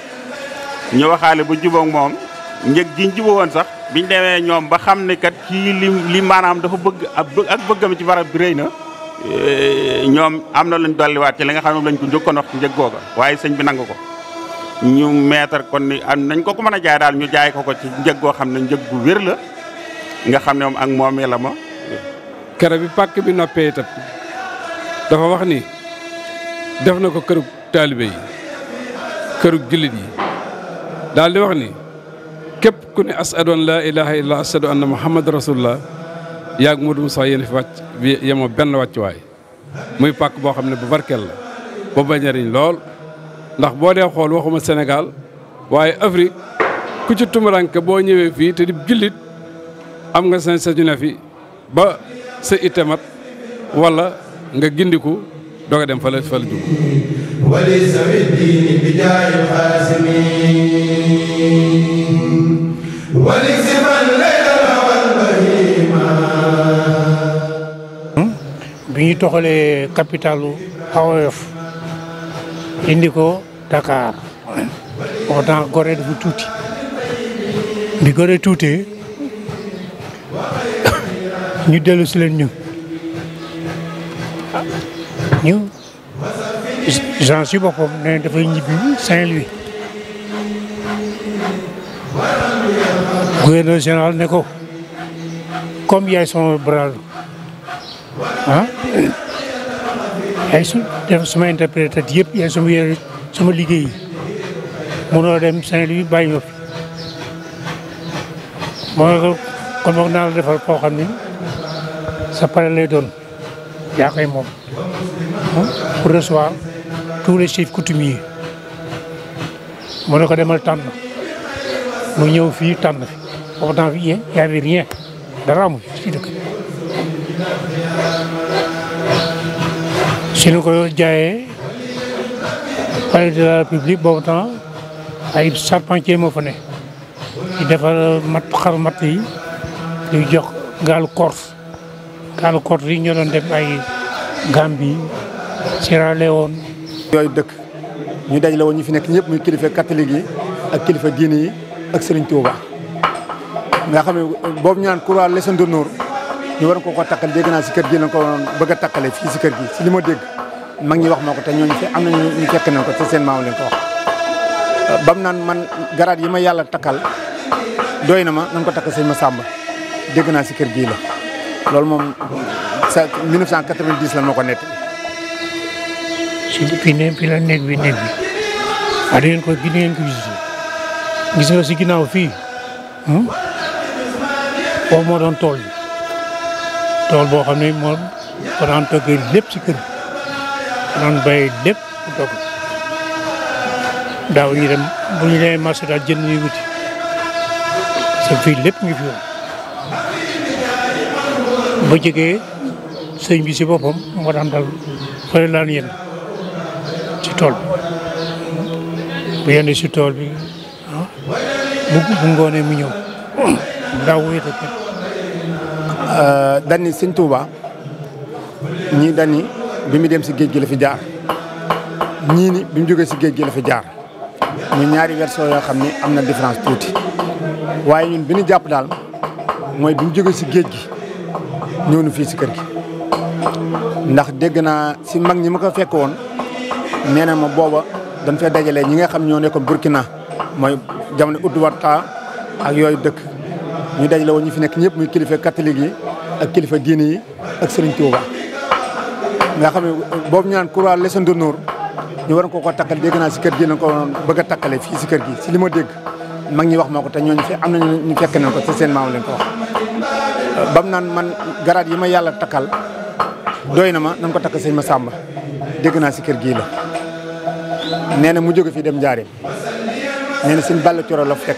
M: ñu bu jubóog moom njëg giñ jubóo woon sax biñ demee ñoom ba xam ne kat kii li li maanaam dafa bëgg ak bëggam ci barab bi rëy na ñoom am na luñ dolliwaat ci li nga xam ne moom lañ ko njëkkoon wax ci njëg googa waaye sëñ bi nangu ko ñu meetar kon ni am nañ ko ko mën a jaay daal ñu jaay ko ko ci njëg goo
J: xam ne njëg gu wér la nga xam ne moom ak moom la ma. kere bi pàkk bi noppee itam dafa wax ni def na ko kërug taalibe yi kërug jullit yi daal di wax ni képp ku ne doon laa ilaha illa asadu anna muhammad rasulullah yaag Modou Moussa yéen fi wàcc bi yemoo benn wàccuwaay muy pàkk boo xam ne bu barkeel la ba ba njariñ lool ndax boo dee xool waxuma Sénégal waaye Afrique ku ci tumuraanke boo ñëwee fii te di jullit am nga sañ sañu ne fi ba sa itte mat nga gindiku doog a dem fa la fa jug
I: bi ñu toxalee capitalu AOF indi ko Dakar pourtant Gorée tuuti bi Gorée tuutee [COUGHS] ñu dellu si ñu ñu Jean si boppam ne dafay ñibbi Saint-Louis gouverneur général ne ko comme yaay son bras ah yaay su def sama interprète yëpp yaay suma yore sama liggéey yi mënoo dem Saint-Louis bàyyi fi moo ko kon moom naa la defal koo xam ni sa pare lay doon yaa koy moom pour recevoir tous les chefs coutumiers mu ne ko demal tànn mu ñëw fii tànn fi pourtant fi y avait rien dara amul ci dëkk si ñu ko doon jaayee de la République boobu temps ay charpentier moo fa ne di defar mat xaru yi di jox gaalu Corse gaalu Corse yi ñoo doon def ay Gambie Sierra Leone yooyu dëkk
L: ñu daj la woon ñu fi nekk ñëpp muy kilifa katolik yi ak kilifa diine yi ak Serigne Touba nga xam boobu ñu naan croix Légion d'honneur ñu war ko ko takkal dégg naa si kër gi lañ ko bëgg a takkale fii si kër gi si li ma dégg mag ñi wax ma ko te ñooñu fi am na ñu fekk nañ ko te seen maam leen ko wax naan man garaat yi ma yàlla takkal doy na ma nañ ko takkal sëñ ma sàmba dégg naa si kër gi la loolu moom sa 1990 la ma ko nett
I: si fi ne fi la néeg bi néeg bi waa ah, di ko di ngeen ko gis gis nga si ginnaaw fii hmm? foofu moo doon tool bi tool boo xam ne moom ko daan toggee lépp ci kër ko daan bàyyi lépp mu togg daaw dem bu ñu demee marché daal jënd ñuy wuti sa fii lépp ngi fi woon ba jegee sëñ bi si boppam moo daan dal fële yenn ci tool bi bu yenn si tool bi ah, bu bu ngoonee mu ñëw
L: daaw wéete Euh, danni sëñ Touba ñii danni bi mu dem si géej gi la fi jaar ñii ni bi mu jógee si géej gi la fi jaar muy ñaari version yoo xam ni am na différence tuuti waaye ñun bi ñu jàpp daal mooy bi mu jógee si géej gi ñëw nu fii si kër gi ndax dégg naa si mag ñi ma ko fekk woon nee na ma booba dañ fee dajalee ñi nga xam ñoo ne nekkoon Burkina mooy jamono Ouadouata ak yooyu dëkk ñu dajale woon ñu fi nekk ñëpp muy kilifa catholique yi ak kilifa diine yi ak Serigne Touba. nga xam ne boobu ñu naan croix Légion d'honneur ñu waroon koo ko takkal dégg naa si kër gi lañ ko bëgg a takkale fii si kër gi si li ma dégg. mag ñi wax ma ko te ñooñu fi am nañu ñu fekk nañ ko te ko wax bam naan man garaat yi ma yàlla takkal doy na ma nañ ko takk sëñ ma sàmba dégg naa si kër gi la nee na mu jóge fii dem Njaareem nee na sëñ Balla Coro la fekk